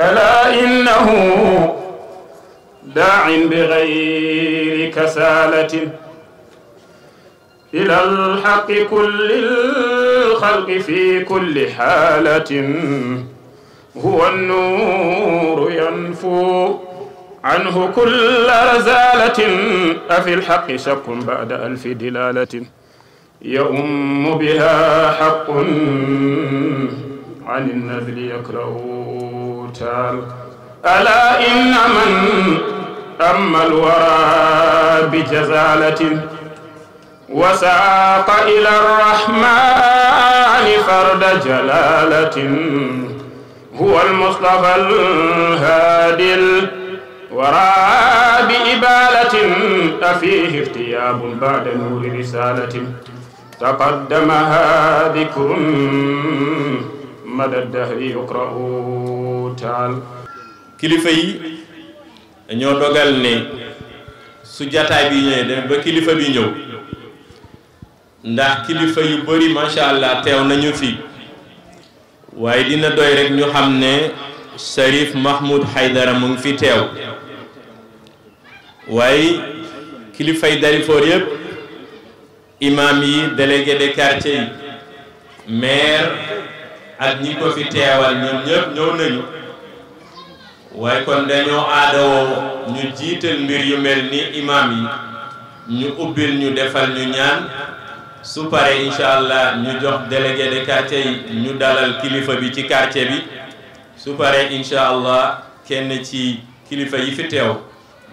ألا إنه داع بغير كسالة إلى الحق كل الخلق في كل حالة هو النور ينفو عنه كل رزالة أفي الحق شق بعد ألف دلالة يؤم بها حق عن النذل يكرهون المختال ألا إن من أما الورى بجزالة وساق إلى الرحمن فرد جلالة هو المصطفى الهادي الورى بإبالة أفيه اغتياب بعد نور رسالة تقدمها ذكر kilifa yi ñoo dogal ne su jataay bi ñëw ndax kilifa yu bëri macha allah teew nañu fi waaye dina doy rek ñu xam ne Cherif Mahmoud Haydara mu ngi fi teew waaye kilifay Dalifort yëpp imam yi délégué de quartier yi maire ak ñi ko fi teewal ñoom ñëpp ñëw nañu waaye kon dañoo aadawoo ñu jiital mbir yu mel ni imaam yi ñu ubbil ñu defal ñu ñaan su pare allah ñu jox délégué de quartier yi ñu dalal kilifa bi ci quartier bi su pare incha allah kenn ci kilifa yi fi teew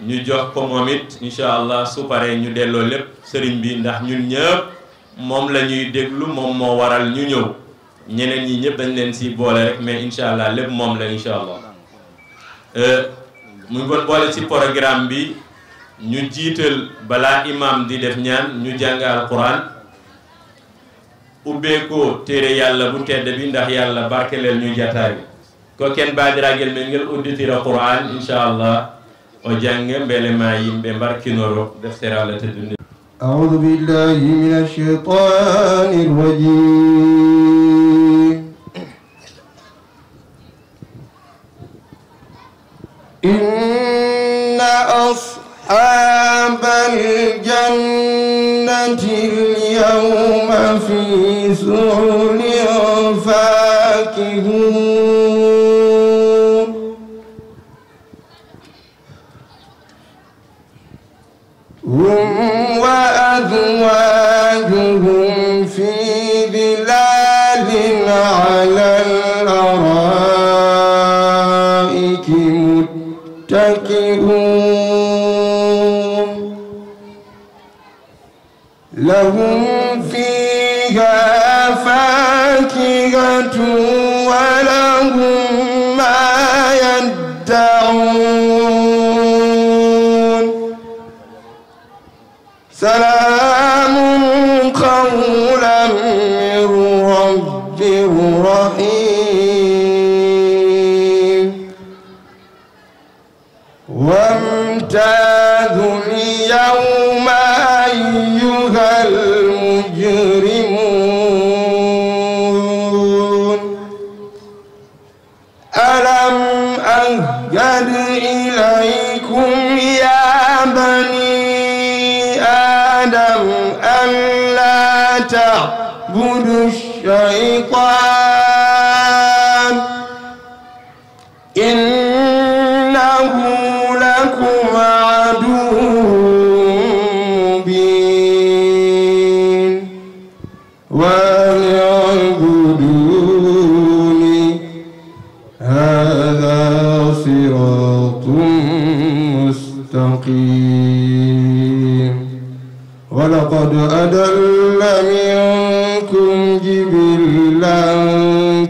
ñu jox ko moom it incha allah su ñu delloo lépp sëriñ bi ndax ñun ñëpp moom lañuy déglu moom moo waral ñu ñëw ñeneen ñi ñëpp dañ leen si boole rek mais incha allah lépp moom la incha allah euh, mu ngi bon boole ci programme bi ñu jiital balaa imam di def ñaan ñu jàng alquran ubbeekoo téere yàlla bu tedd bi ndax yàlla barke leen ñu jataay bi ko ken baadiraagel men ngel udditira quran insha allah o jàng mbele ma yimɓe mbarkinoro deftere allah teddunde أعوذ بالله من الشيطان الرجيم إن أصحاب الجنة اليوم في سعر فاكهون هم وأزواجهم في ظلال على متكئون لهم فيها فاكهة ولهم ما يدعون الطاعة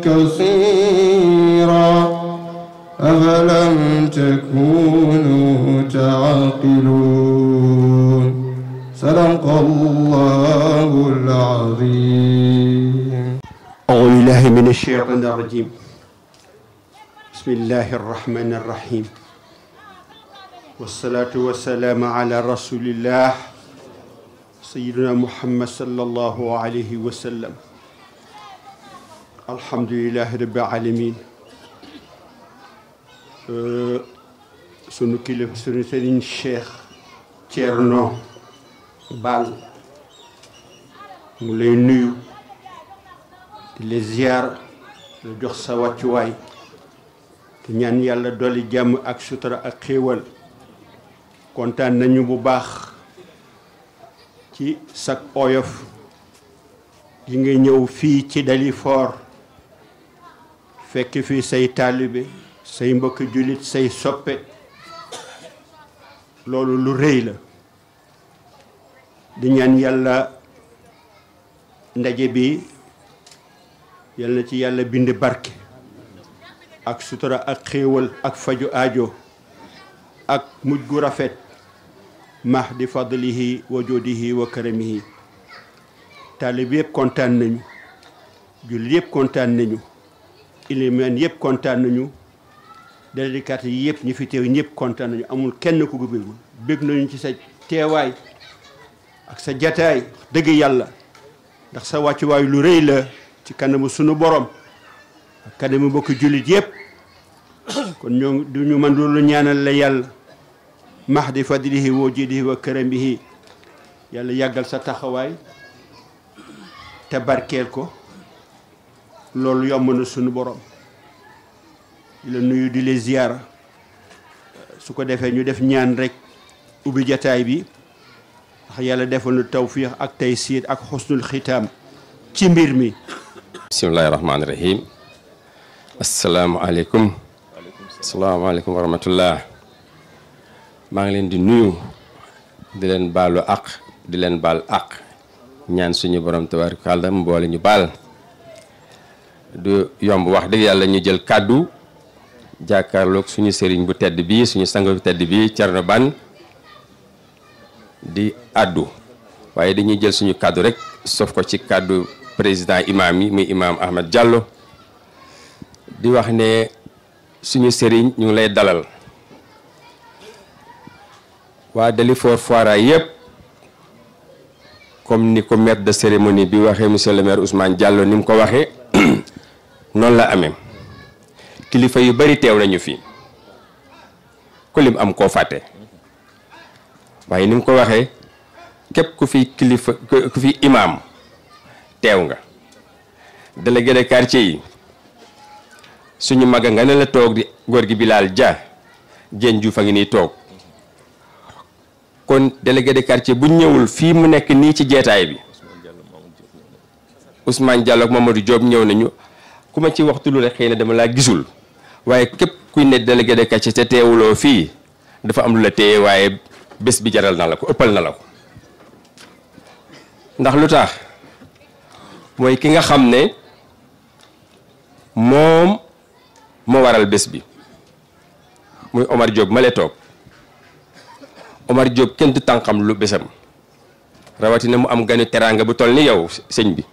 كثيرا أفلم تكونوا تعقلون صدق الله العظيم أعوذ بالله من الشيطان الرجيم بسم الله الرحمن الرحيم والصلاة والسلام على رسول الله سيدنا محمد صلى الله عليه وسلم الحمد لله رب العالمين سونو كيلف سونو سيرين شيخ تيرنو بال مولاي نيو دي لي زيار لو جوخ سا واتي واي نيان يالا دولي جام اك سوترا اك خيوال كونتان نانيو بو باخ تي ساك اويوف دي نيو في تي دالي فور fekk fii say taalibe say mbokk jullit say soppe loolu lu rëy la di ñaan yàlla ndaje bi yàlla na ci yàlla bind barke ak sutura ak xéewal ak faju ajo ak mujj gu rafet mahdi fadlihi wa jodihi wa karamihi taalib yëpp kontaan nañu jullit yëpp kontaan nañu ilimaan yëpp kontaan nañu délégués yi yëpp ñu fi teew ñëpp kontaan nañu amul kenn ku gëbëgul bég nañu ci sa teewaay ak sa jataay dëgg yàlla ndax sa wàccuwaay lu rëy la ci kanamu sunu borom ak kanamu mbokki jullit yëpp kon ñoo du ñu mën loolu ñaanal la yàlla mahdi fadlihi wa jiddihi wa karamihi yàlla yàggal sa taxawaay te barkeel ko loolu yomb na suñu borom di la nuyu di les ziara su ko defee ñu def ñaan rek ubbi jataay bi ndax yàlla defal nu tawfiix ak taysiir ak xusnul xitaam ci mbir mi bismillahi rahim asalaamualeykum asalaamaaleykum wa rahmatullah maa ngi leen di nuyu di leen baalu aq di leen baal aq ñaan suñu borom mu boole ñu baal du yomb wax deug yalla ñu jël kàddu jàkkaarloog suñu serigne bu tedd bi suñu sang bu tedd bi cerno ban di addu waye dañu jël suñu cadeau rek sauf ko ci cadeau président imam yi muy imam Ahmed Diallo di wax ne suñu serigne ñu lay dalal dali for Foira yëpp comme ni ko maître de cérémonie bi waxee monsieur le maire Ousmane Diallo nim ko waxee noonu la amee kilifa yu bari teew nañu fi ku lim am koo fàtte waaye ni mu ko waxee képp ku fi kilifa ku fi imaam teew nga délégué de quartier yi suñu mag a nga ne la toog di góor gi Bilal jaa Dieng Diouf a ngi nii toog kon délégué de quartier bu ñëwul fii mu nekk nii ci jeetaay bi Ousmane Diallo ak Mamadou Diop ñëw nañu ku ma ci waxtu lu rek xëy na dama laa gisul waaye képp kuy ne délégué de quartier te teewuloo fii dafa am lu la téye waaye bés bi jaral na la ko ëppal na la ko ndax lu tax mooy ki nga xam ne moom moo waral bés bi muy Omar Diop ma lay toog Omar Diop kenn du lu bésam rawatina mu am ganu teraanga bu toll ni yow sëñ bi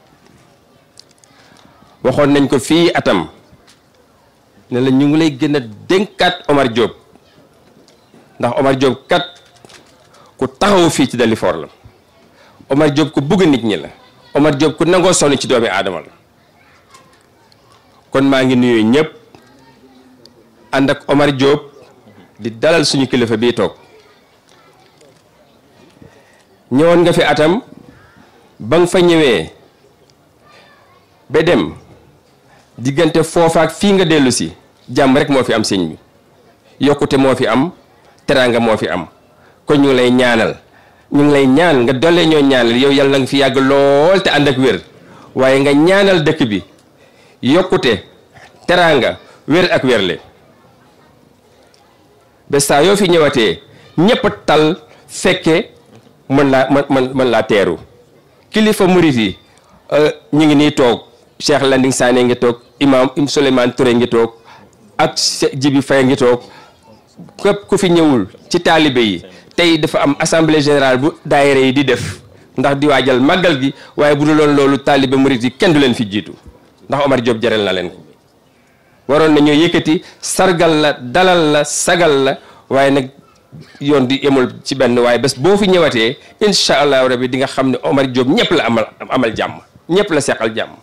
waxoon nañ ko fii atam ne la ñu ngi lay gën a Omar Diop ndax Omar Diop kat ku taxaw fii ci Dalifort la Omar Diop ku bugg nit ñi la Omar Diop ku nangoo sonn ci doomi aadama la kon maa ngi nuyu ñépp ànd ak Omar Diop di dalal suñu kilifa bii toog ñëwoon nga fi atam ba nga fa ñëwee ba dem diggante foofaak fii nga dellusi si jàmm rek moo fi am sëñ bi yokkute moo fi am teraanga moo fi am kon ñu ngi lay ñaanal ñu ngi lay ñaan nga dolle ñoo ñaanal yow yàlla nga fi yàgg lool te ànd ak wér waaye nga ñaanal dëkk bi yokkute teraanga wér ak wérle ba saa yoo fi ñëwatee ñëpp tal fekke mën laa mën mën laa teeru kilifa murit yi euh, ñu ngi nii toog Cheikh Landing Sané ngi toog imam Im Souleymane Touré ngi toog ak Jibi Faye ngi toog képp ku fi ñëwul ci taalibe yi tey dafa am assemblée générale bu daayira yi di def ndax di waajal màggal gi waaye bu duloon loolu taalibe murit yi kenn du leen fi jiitu ndax Omar Diop jaral na leen ko waroon nañoo yëkkati sargal la dalal la sagal la waaye nag yoon di yemul ci benn waaye bés boo fi ñëwatee incha allahu rabi di nga xam ne Omar Diop ñëpp la amal amal jàmm ñëpp la seqal jàmm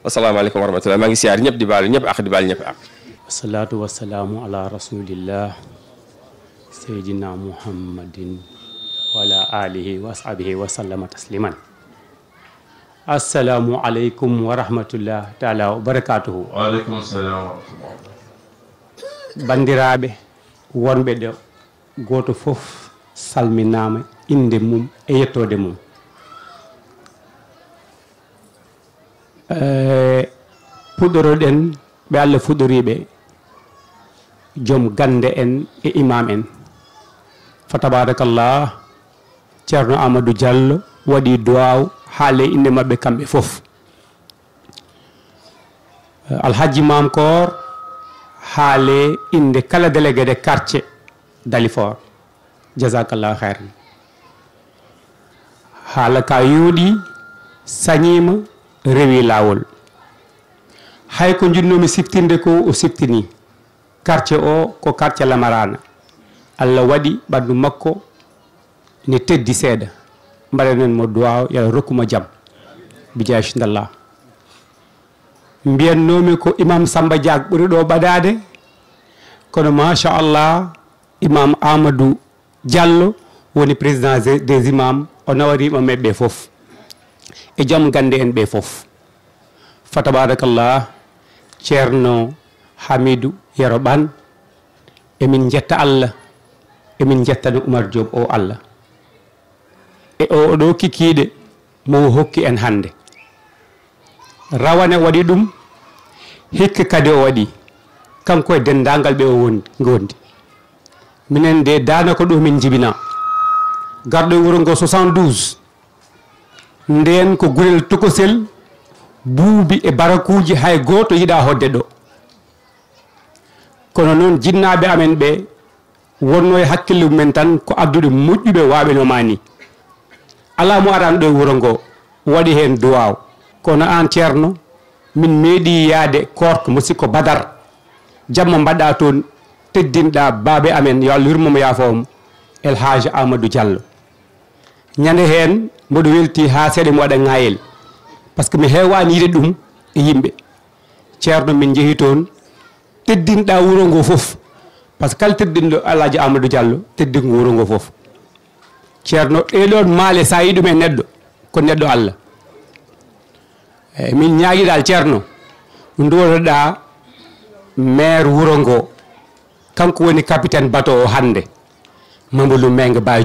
wasalaamaaleykum wa rahmatulah maa ngi siyaar ñëpp di baalu ñëpp ak di baal ñëpp ak. wasalaatu wasalaamu ala rasulillah sayyidina muhammadin wa ala alihi wa ashabihi wa sallama tasliman. asalaamu aleykum wa rahmatullah taala wa barakatuhu. waaleykum salaam wa rahmatullah. bandiraɓe wonɓe ɗo goto fof salminama inde mum e yettode mum Eh, puɗɗoro ɗen ɓe allah fuɗɗoriɓe joom gande en e imam en fa tabarakallah ceerno amadou diallo waɗi duwaw haale inde mabɓe kamɓe fof eh, alhaji mam kor haale inde kala délégué de quartier dalifor jasakallah heyrn haala ka yooɗi sañima rewi laawol hay ko jinnomi siftinde ko o siftini quartier o ko quartier lamarana allah waɗi ɓanndu makko ne teddi seeɗa mbaɗanen mo duwa yala rokkuma jam bijahindallah mbiyannomi ko imam samba diag ɓuri ɗo ɓadade kono machallah imam amadou diallo woni président des imam o nawarima meɓɓe fof e jam gande en ɓe fof fa tabarakallah ceerno hamidou yero ɓan emin jetta allah emin jettano oumar diob o allah e o ɗo kikiiɗe mo hokki en hannde rawane waɗi ɗum hikka kadi o waɗi kanko e denndangal ɓe o wongondi minen de danako ɗo min jibina garɗo e wuro ngo 72 ndeen ko gurel tokosel buubi e barakuuji hay gooto yiɗaa hodde ɗo kono noon jinnaaɓe amen ɓe wonno e hakkille mumen tan ko addude moƴƴuɓe waaɓenomaa nii alaa mo arano ɗo e wuro ngoo waɗi heen duwaaw kono aan ceerno min meeɗii yaade korko mo sikko badar jamma mbaɗɗaa toon teddinɗaa baabe amen yo allah yurmomo yaafoomo el haaji amadou diallo ñande heen mboɗo welti ha seeɗa mi waɗa ŋayel par ce que mi hewani yiide ɗum e yimɓe ceerno min jeehi toon teddinɗa wuro ngo fof par ce que kala teddinɗo alaji amadou diallo teddingo wuro ngo fof ceerno ɗeɗon maale sa yi ɗum e ko neɗɗo allah eyi min ñaaguiɗal ceerno da maire wuro ngo kanko woni capitaine bateau o hannde mamadou mengue ba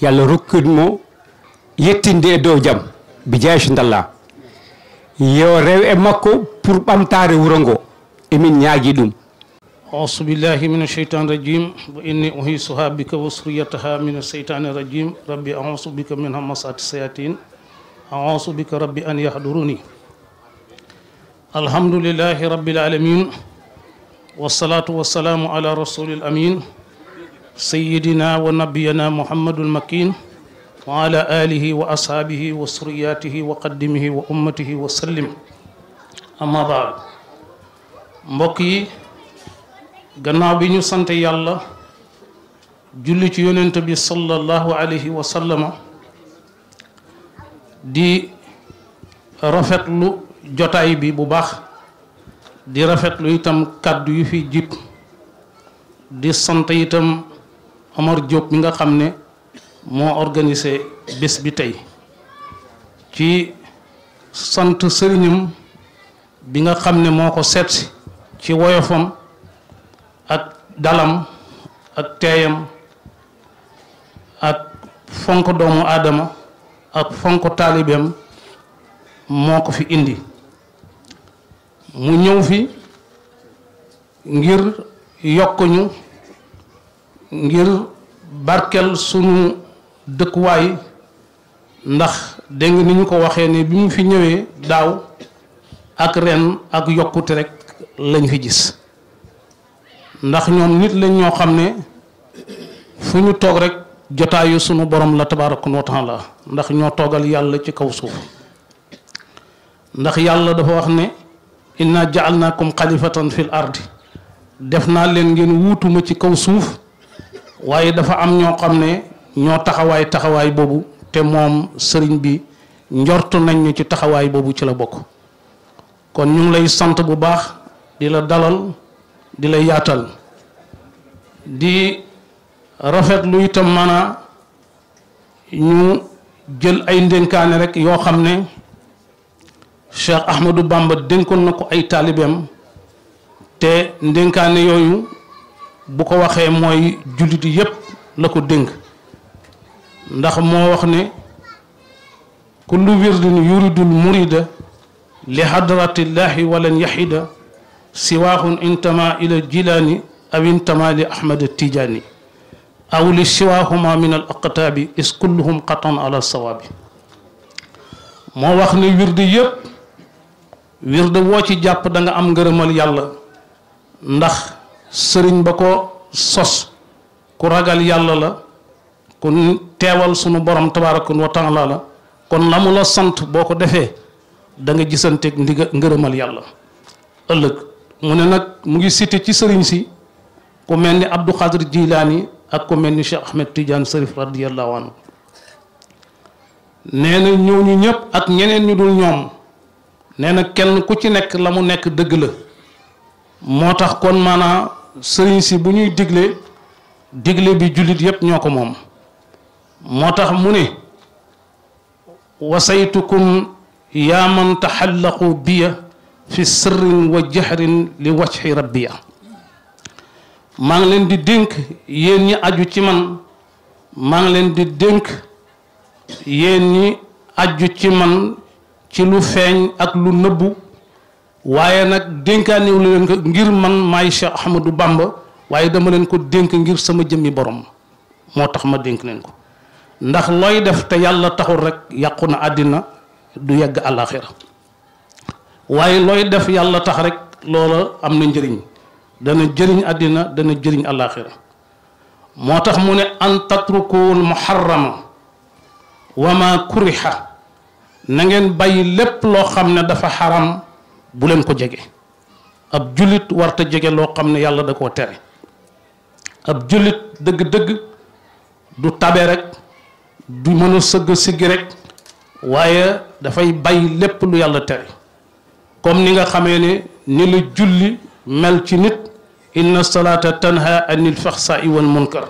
yalla rokkuɗmo yettinde e dow jaam bi ndalla yo rew makko pour ɓamtare wuro ngo emin ñaagui ɗum ausu billahi min alcheytani rajim wa inni uhisuha bika min alcheytani rajim rabbi ausu bika bika rabbi an yahduruni alhamdulillahi rabbil alamin wassalatu wassalamu ala rasulil amin سيدنا ونبينا محمد المكين وعلى آله وأصحابه وسرياته وقدمه وأمته وسلم أما بعد مبكي غناو بي سنت سانت يالا جولي تبي صلى الله عليه وسلم دي رافetlu jotaay bi bu baax دي rafetlu itam kaddu yu fi jip di sant Omar Diop mi nga xam ne organiser bes bi tay ci sant serignum bi nga xam ne set ci woyofam ak dalam ak teyam ak fonko doomu adama ak fonko talibem moko fi indi mu ñew fi ngir yokku ñu ngir barkel sunu dëkkuwaay ndax dégg nga ni ñu ko waxee ne bi mu fi ñëwee daaw ak ren ak yokkute rek lañu fi gis ndax ñoom nit lañ ñoo xam ne fu ñu toog rek jotaayu sunu borom la tabaaraka wa taala ndax ñoo toogal yàlla ci kaw suuf ndax yàlla dafa wax ne inna ja'alnaakum xalifatan fil ardi def naa leen ngeen wuutuma ci kaw suuf waaye dafa am ñoo xam ne ñoo taxawaay taxawaay boobu te moom sëriñ bi njort nañ ñu ci taxawaay boobu ci la bokk kon ñu lay sant bu baax di la dalal di la yaatal di rafet rafetlu itam maanaa ñu jël ay ndénkaane rek yoo xam ne Cheikh Ahmadou Bamba dënkoon na ko ay taalibeem te ndénkaane yooyu bu ko waxee mooy jullit yépp la ko ndax mo wax ne kullu wirdin yuridul murida li hadratillahi walan yaxida siwaahun intama ila jilani aw intama li ahmad tijani aw li siwaahuma min al aqtab is kulluhum qatan ala sawabi mo wax ne wirde yep wirde wo ci jàpp da nga am ngeureumal yàlla ndax sëriñ ba ko sos ku ragal yàlla la ku teewal sunu borom tabaaraka wa taala la kon la mu la sant boo ko defee danga nga gisanteeg ndiga ngërëmal yàlla ëllëg mu ne nag mu ngi cité ci sëriñ si ku mel ni Abdou Khadir yi ak ku mel ni Cheikh Ahmed Tidiane Sërif radiyallahu anhu nee na ñooñu ñëpp ak ñeneen ñu dul ñoom nee na kenn ku ci nekk la mu nekk dëgg la moo tax kon maanaa sëriñ si bu ñuy digle digle bi jullit yépp ñoo ko moom moo tax mu ne wasaytukum yaa man taxallaqu biya fi sirrin wa jahrin li wajhi rabbiya maa ngi leen di dénk yéen ñi aju ci man maa ngi leen di dénk yéen ñi aju ci man ci lu feeñ ak lu nëbbu waaye nag dénkaaniw leen ko ngir man maay Cheikh du Bamba waaye dama leen ko dénk ngir sama jëmmi borom moo tax ma dénk leen ko ndax looy def te yàlla taxul rek yàqu na àddina du yegg àllaaxira waaye looy def yàlla tax rek loola am na njëriñ dana jëriñ àddina dana jëriñ àllaaxira moo tax mu ne an ko muharrama wa ma kuriha na ngeen bàyyi lépp loo xam ne dafa xaram buleen ko jege ab jullit warta jege loo xam ne yàlla da koo tere ab jullit dëgg-dëgg du tabe rek du mën sëgg siggi rek waaye dafay bay lépp lu yàlla tere comme ni nga xamee ne ni la julli mel ci nit inna salaata tanha anil faxsaai wal munkar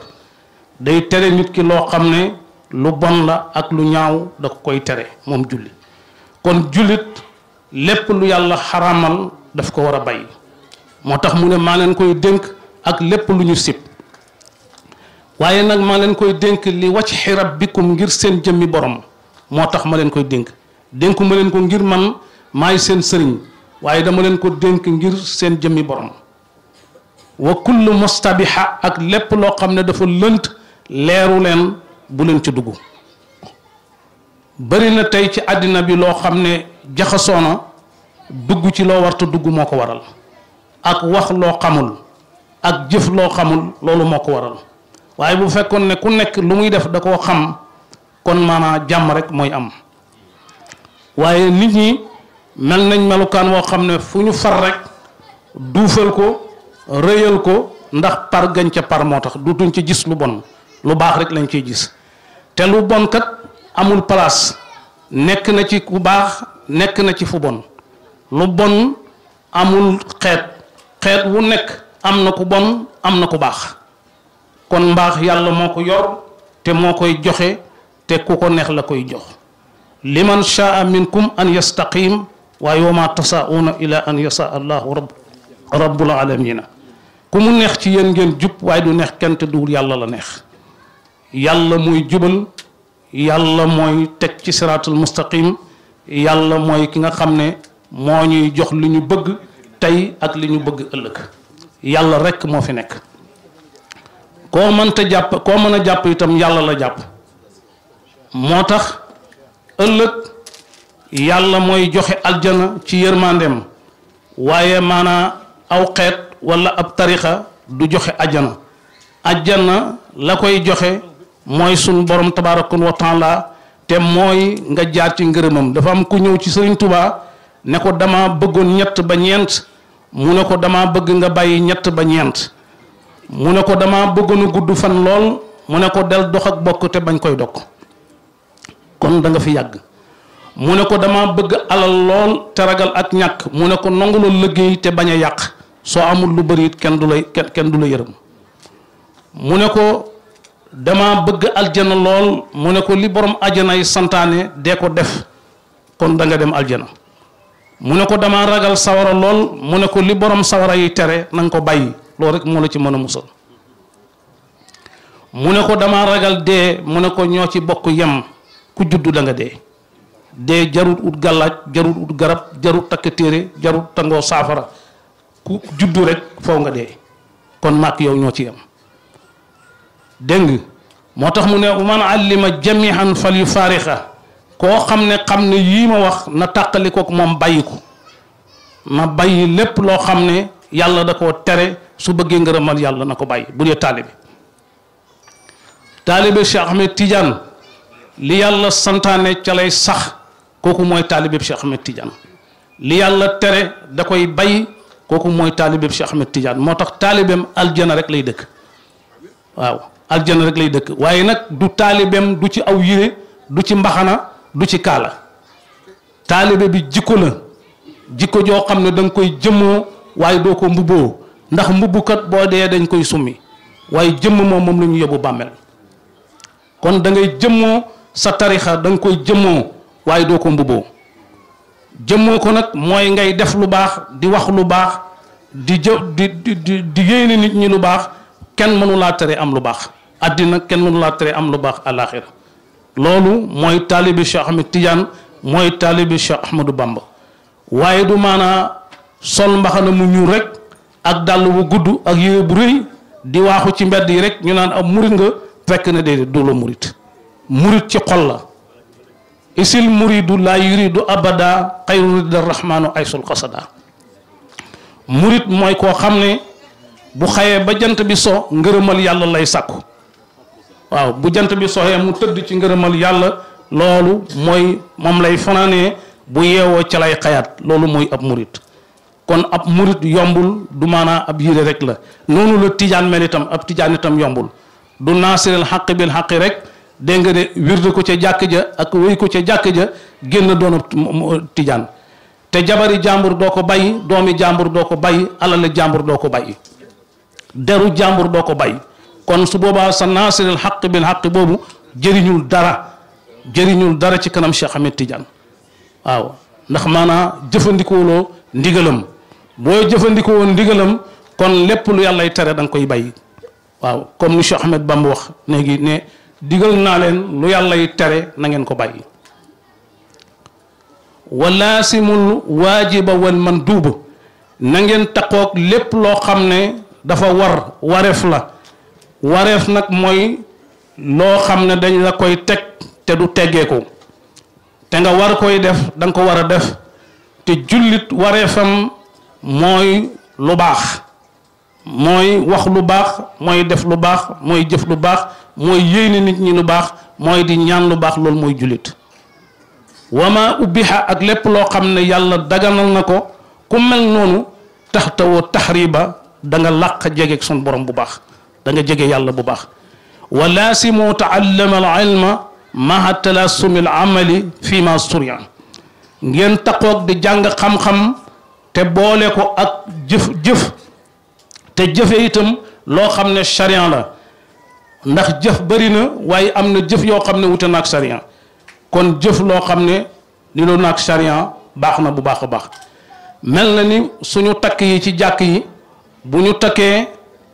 day tere nit ki loo xam ne lu bon la ak lu ñaaw da ko koy tere moom julli kon jullit lépp lu yàlla xaramal daf ko war a bay moo tax mu ne maa leen koy dënk ak lépp lu ñu sib waaye nag maa leen koy dénk li wacc wajhi rabbikum ngir seen jëmmi boroom moo tax ma leen koy dénk dénku ma leen ko ngir man maay seen sëriñ waaye dama leen ko dénk ngir seen jëmmi borom wa kullu mustabiha ak lépp loo xam ne dafa lënt leeru leen bu leen ci dugg bëri tey ci àddina bi loo xam ne jaxasoo na dugg ci loo warta dugg moo ko waral ak wax loo xamul ak jëf loo xamul loolu moo ko waral waaye bu fekkoon ne ku nekk lu muy def da koo xam kon manaa jàmm rek mooy am waaye nit ñi mel nañ melukaan woo xam ne fu ñu far rek duufal ko rëyal ko ndax par gañ ca par moo tax dutuñ ci gis lu bon lu baax rek lañ ciy gis te lu bon amul place nekk na ci ku baax nek na ci fu bon lu bon amul xet xet wu nek amna na ku bon amna na ku baax kon bax yàlla moko yor te mokoy joxe te kuko ko neex la koy jox liman shaa minkum an yastaqim wa yawma tasauna ila an yasa allah rabb rabbul alamin ku mu neex ci yéen ngeen jup way du neex kenn te yàlla la neex yàlla moy jubal yàlla mooy teg ci siraatul mustaqim yàlla mooy ki nga xam ne moo ñuy jox li ñu bëgg tey ak li ñu bëgg ëllëg yàlla rekk moo fi nekk koo mënta jàpp koo mën a jàpp itam yàlla la jàpp moo tax ëllëg yàlla mooy joxe aljana ci yërmandeem waaye maanaa aw xeet walla ab tarixa du joxe ajjana ajjana la koy joxe mooy sunu borom tabaaraka wa te mooy nga jaar ci ngërëmam dafa am ku ñëw ci sëriñ tubaa ne ko dama bëggoon ñett ba ñeent mu ne ko dama bëgg nga bàyyi ñett ba ñeent mu ne ko dama bëggoon gudd fan lool mu ne ko del dox ak bokk te bañ koy dokk kon danga fi yàgg mu ne ko dama bëgg alal lool te ragal ak ñàkk mu ne ko nangu loolu liggéey te bañ a yàq soo amul lu bëri kenn du lay kenn du la yërëm mu ne ko dama bëgg aljana lool mu ne ko li borom aljana yi santaane dee ko def kon danga dem aljana mu ne ko dama ragal sawara lool mu ne ko li borom sawara yi tere na nga ko bàyyi loolu rek moo la ci mën a musal mu ne ko dama ragal dee mu ne ko ñoo ci bokk yem ku juddu danga nga dee dee jarut ut gàllaaj jarut ut garab jarut takk téere jarut tangoo saafara ku juddu rek foo nga dee kon maak yow ñoo ci yem dégg moo tax mu ne man allima jamihan fal yu faarixa koo xam ne xam ne yii ma wax na tàqali kook moom bàyyi ko na bàyyi lépp loo xam ne yàlla da koo tere su bëggee nga ngërëmal yàlla na ko bàyyi bu dee taalibe taalibe Cheikh Ahmed Tidiane li yàlla santaane ca lay sax kooku mooy taalibe Cheikh Ahmed Tidiane li yàlla tere da koy bàyyi kooku mooy taalibe Cheikh Ahmed Tidiane moo tax taalibeem aljana rek lay dëkk waaw aljana rek lay dëkk waaye nag du taalibeem du ci aw yére du ci mbaxana du ci kaala taalibe bi jikko la jikko joo xam ne danga koy jëmmoo waaye doo ko mbubboo ndax mbubbukat boo dee dañ koy summi waaye jëmm moom moom la ñu yóbbu bàmmeel kon dangay ngay jëmmoo sa tarixa danga koy jëmoo waaye doo ko mbubboo jëmmoo ko nag mooy ngay def lu baax di wax lu baax di jë di di di yéene nit ñi lu baax kenn mënu laa tere am lu baax àddina kenn mënu laa tere am lu baax àllaaxira loolu mooy taalibi Cheikh Ahmed Tidiane mooy taalibi Cheikh Ahmadou Bamba waaye du maanaa sol mbaxana mu ñuul rek ak dàll bu gudd ak yére bu rëy di waaxu ci mbedd yi rek ñu naan ab murit nga fekk na déedéet du la murit murit ci xol la isil muridu laa du abada xayru rida rahmaanu aysul xasada murit mooy koo xam ne bu xayee ba jant bi so ngërëmal yàlla lay sàkku waaw bu jant bi soxee mu tëdd ci ngërëmal yàlla loolu mooy moom lay fanaanee bu yeewoo ca lay xayaat loolu mooy ab murit kon ab murit yombul du maanaa ab yére rek la noonu la tijaan mel itam ab tijaan itam yombul du naasiril xaq bil xaqi rek dégg nga de wird ko ca jàkk ja ak wéy ko ca jàkk ja génn doon tijaan te jabari jàmbur doo ko bay doomi jàmbur doo ko bàyyi alale jàmbur doo ko bàyyi deru jàmbur doo ko bay kon su boobaa sa naasiril xaq bil xaq boobu jëriñul dara jëriñul dara ci kanam Cheikh Ahmed Tidiane waaw ndax maanaa jëfandikooloo ndigalam booy jëfandikoo ndigalam kon lépp lu yàllay tere da nga koy bàyyi waaw comme lu Cheikh Ahmed Bamba wax léegi ne digal naa leen lu yàllay tere na ngeen ko bàyyi wa laasimul waajiba wal manduuba na ngeen takok lépp lo xam ne dafa war wareef la wareef nag mooy loo xam ne dañ la koy teg te du ko te nga war a koy def danga ko war a def te jullit wareefam mooy lu baax mooy wax lu baax mooy def lu baax mooy jëf lu baax mooy yéene nit ñi lu baax mooy di ñaan lu baax loolu mooy jullit wama ubbiha ak lépp loo xam ne yàlla daganal na ko ku mel noonu taxtawoo taxari ba danga làq jegeeg son borom bu baax da nga jege yàlla bu baax wa laasimu taallama al ilma maha talasumi al amali fi ma suriya ngeen taqoog di jàng xam-xam te boole ko ak jëf jëf te jëfe itam loo xam ne charian la ndax jëf bëri na waaye am na jëf yoo xam ne wute naag charian kon jëf loo xam ne ni loo naag charian baax na bu baax a baax mel na ni suñu takk yi ci jàkk yi bu ñu takkee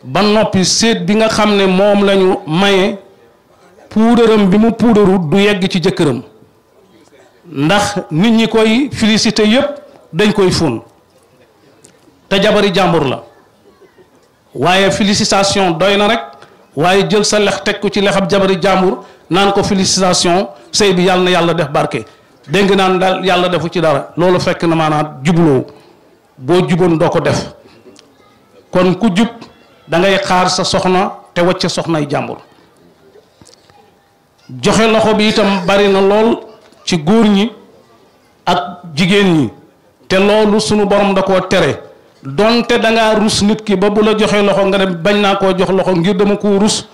ba noppi séet bi nga xam ne moom lañu maye puudaram bi mu puudaru du yegg ci jëkkëram ndax nit ñi koy félicité yépp dañ koy fóon te jabari jàmbur la waaye félicitation doy na rek waaye jël sa lex teg ko ci lexab jabari jàmbur naan ko félicitation sëy bi yàlla na yàlla def barke dégg naan daal yàlla defu ci dara loolu fekk na maanaat jubloo boo juboon doo ko def kon ku jub da ngay xaar sa soxna te wacc soxnay jàmbur joxe loxo bi itam bari na lool ci góor ñi ak jigéen ñi te loolu sunu borom da koo tere donte da ngaa rus nit ki ba bu la joxe loxo nga dem bañ naa koo jox loxo ngir dama koo rus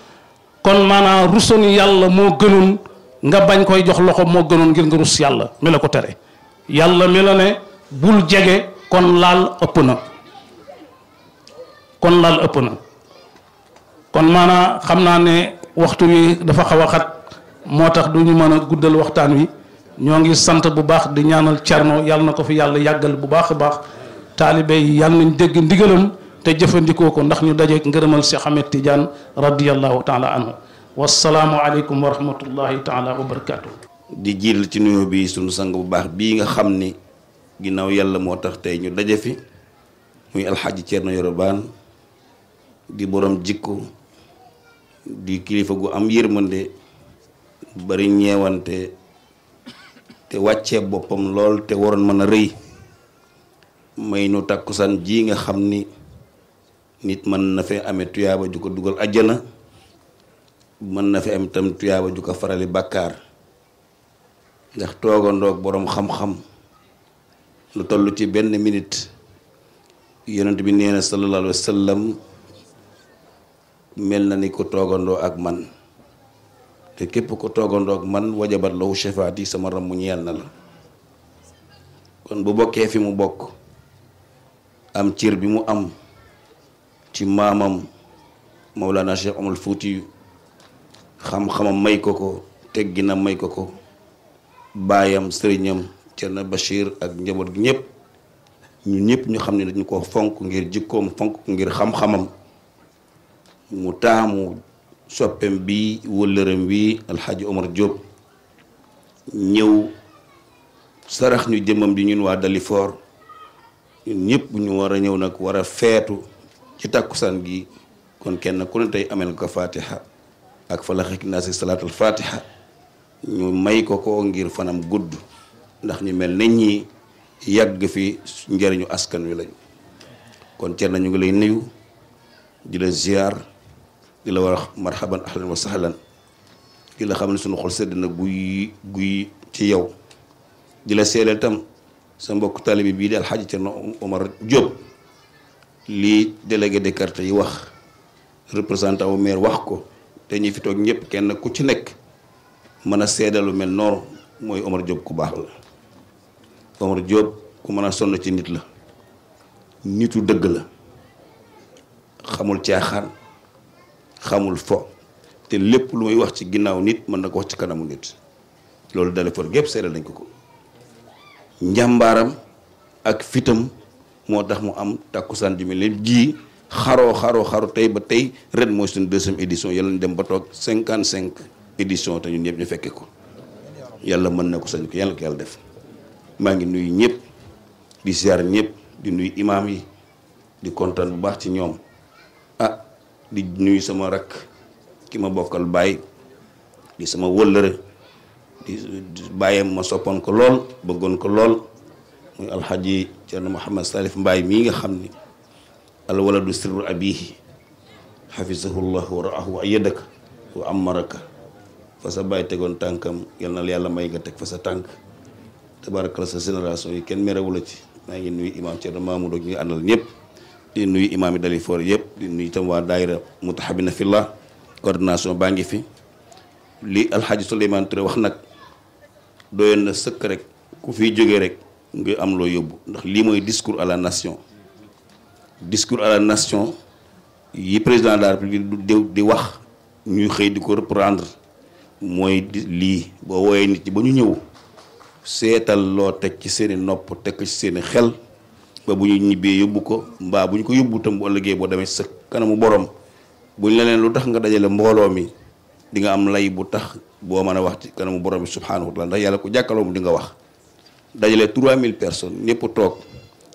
kon maanaam rusoon yàlla moo gënoon nga bañ koy jox loxo moo gënoon ngir nga rus yàlla mi la ko tere yàlla mi la ne bul jege kon laal ëpp na. kon laal ëpp na kon maanaa xam naa ne waxtu wi dafa xaw a xat moo tax du ñu mën a guddal waxtaan wi ñoo ngi sant bu baax di ñaanal Thierno yàlla na ko fi yàlla yàggal bu baax a baax taalibe yi yàlla nañ dégg ndigalam te jëfandikoo ko ndax ñu dajeeg ngërëmal Cheikh Ahmed Tidiane radiyallahu taala anhu wasalaamu aleykum wa rahmatullahi taala wa barakaatu. di jiital ci nuyoo bi sunu sang bu baax bii nga xam ni ginnaaw yàlla moo tax tey ñu daje fi muy alxaaji Thierno Yoro di borom jikko di kilifa gu am yermande bari ñewante te wacce bopam lol te waron mën reuy may nu takusan ji nga xamni nit man na fe amé tuyaaba juko duggal dugal man na fe am tam tuyaaba juko farali bakar ndax toogandoog borom xam-xam lu tollu ci ben minute yonent bi neena sallallahu alaihi wasallam mel na ni ko toogandoo ak man te képp ko toogandoo ak man wajabat lawu chefaat yi sama ram mu ñeel na la kon bu bokkee fi mu bokk am ciir bi mu am ci maamam Mawlana Cheikh amul fuuti xam-xamam may ko ko tegginam may ko ko baayam sëriñam na Bachir ak njaboot gi ñëpp ñu ñëpp ñu xam ne dañu ko fonk ngir jikkoom fonk ngir xam-xamam mu taamu soppem bi wëllëram wi alxaaji Omar Diop ñëw sarax ñu jëmmam di ñun waa Dalifort ñun ñu war a ñëw nag war a feetu ci tàkkusaan gi kon kenn ku ne tey amel nga ko fatiha ak falaxek naa si salaatul fatiha ñu may ko ko ngir fanam gudd ndax ñu mel nañ ñi yàgg fi njëriñu askan wi lañu kon Thierno ñu ngi lay nuyu di la di la wax marhaban ahlan wa sahlan di la xam ne sunu xol sedd na guy guy ci yow di la seedeel tam sa mbokk taalibi bii daal di alxaaji Cerno Omar Diop lii délégué de yi wax représentant bu maire wax ko te ñi fi toog ñëpp kenn ku ci nekk mën a seedeel lu mel noonu mooy Omar Diop ku baax la Omar Diop ku mën a sonn ci nit la nitu dëgg la xamul caaxaan xamul fo te lepp lu muy wax ci ginnaw nit man nako wax ci kanamu nit lolou dalé for gep seeral nañ ko ko njambaram ak fitam mo tax mu am takusan di mel ne ji xaro xaro xaru tey ba tay ren mo sun deuxième édition yalla ñu dem ba tok 55 édition te ñun ñep ñu fekké ko yalla man nako sañ ko yalla ko yalla def ma ngi nuyu ñep di ziar ñep di nuyu imam yi di kontaan bu baax ci ñom di nuyu sama rak ki ma bokal bay di sama wëllëre di bayam ma sopon ko lol al ko lool muy hadji cheikh muhammad salif mbay mi nga xamni al waladu sirru abihi xafisahullah wa raahu ayyadak wa ammaraka fa sa bay tegon tankam yal yalla may nga tek fa sa tank tabarakala sa generation yi kenn merewula ci ngi nuyu imam cheikh mamoud ñu andal di nuyu imaam yi dali foor yëpp di nuyu itam waa daayira mutahabina fillah coordination baa ngi fi li alxaaji Souleymane Touré wax nag doyoon na sëkk rek ku fiy jóge rek ngi am loo yóbbu ndax lii mooy discours à la nation discours à la nation yi président dal la république di di wax ñuy xëy di ko reprendre mooy lii boo wooyee nit ñi ba ñu ñëw seetal loo teg ci seeni nopp teg ci seeni xel ba bu ñu ñibbee yóbbu ko mbaa bu ñu ko yóbbu tam bu ëllëgee boo demee sa kanamu borom buñ la leen lu tax nga dajale mbooloo mi di nga am lay bu tax boo mën a wax ci kanamu borom bi subhanahu wa taala ndax yàlla ko jàkkaloo di nga wax dajale mille personnes ñëpp toog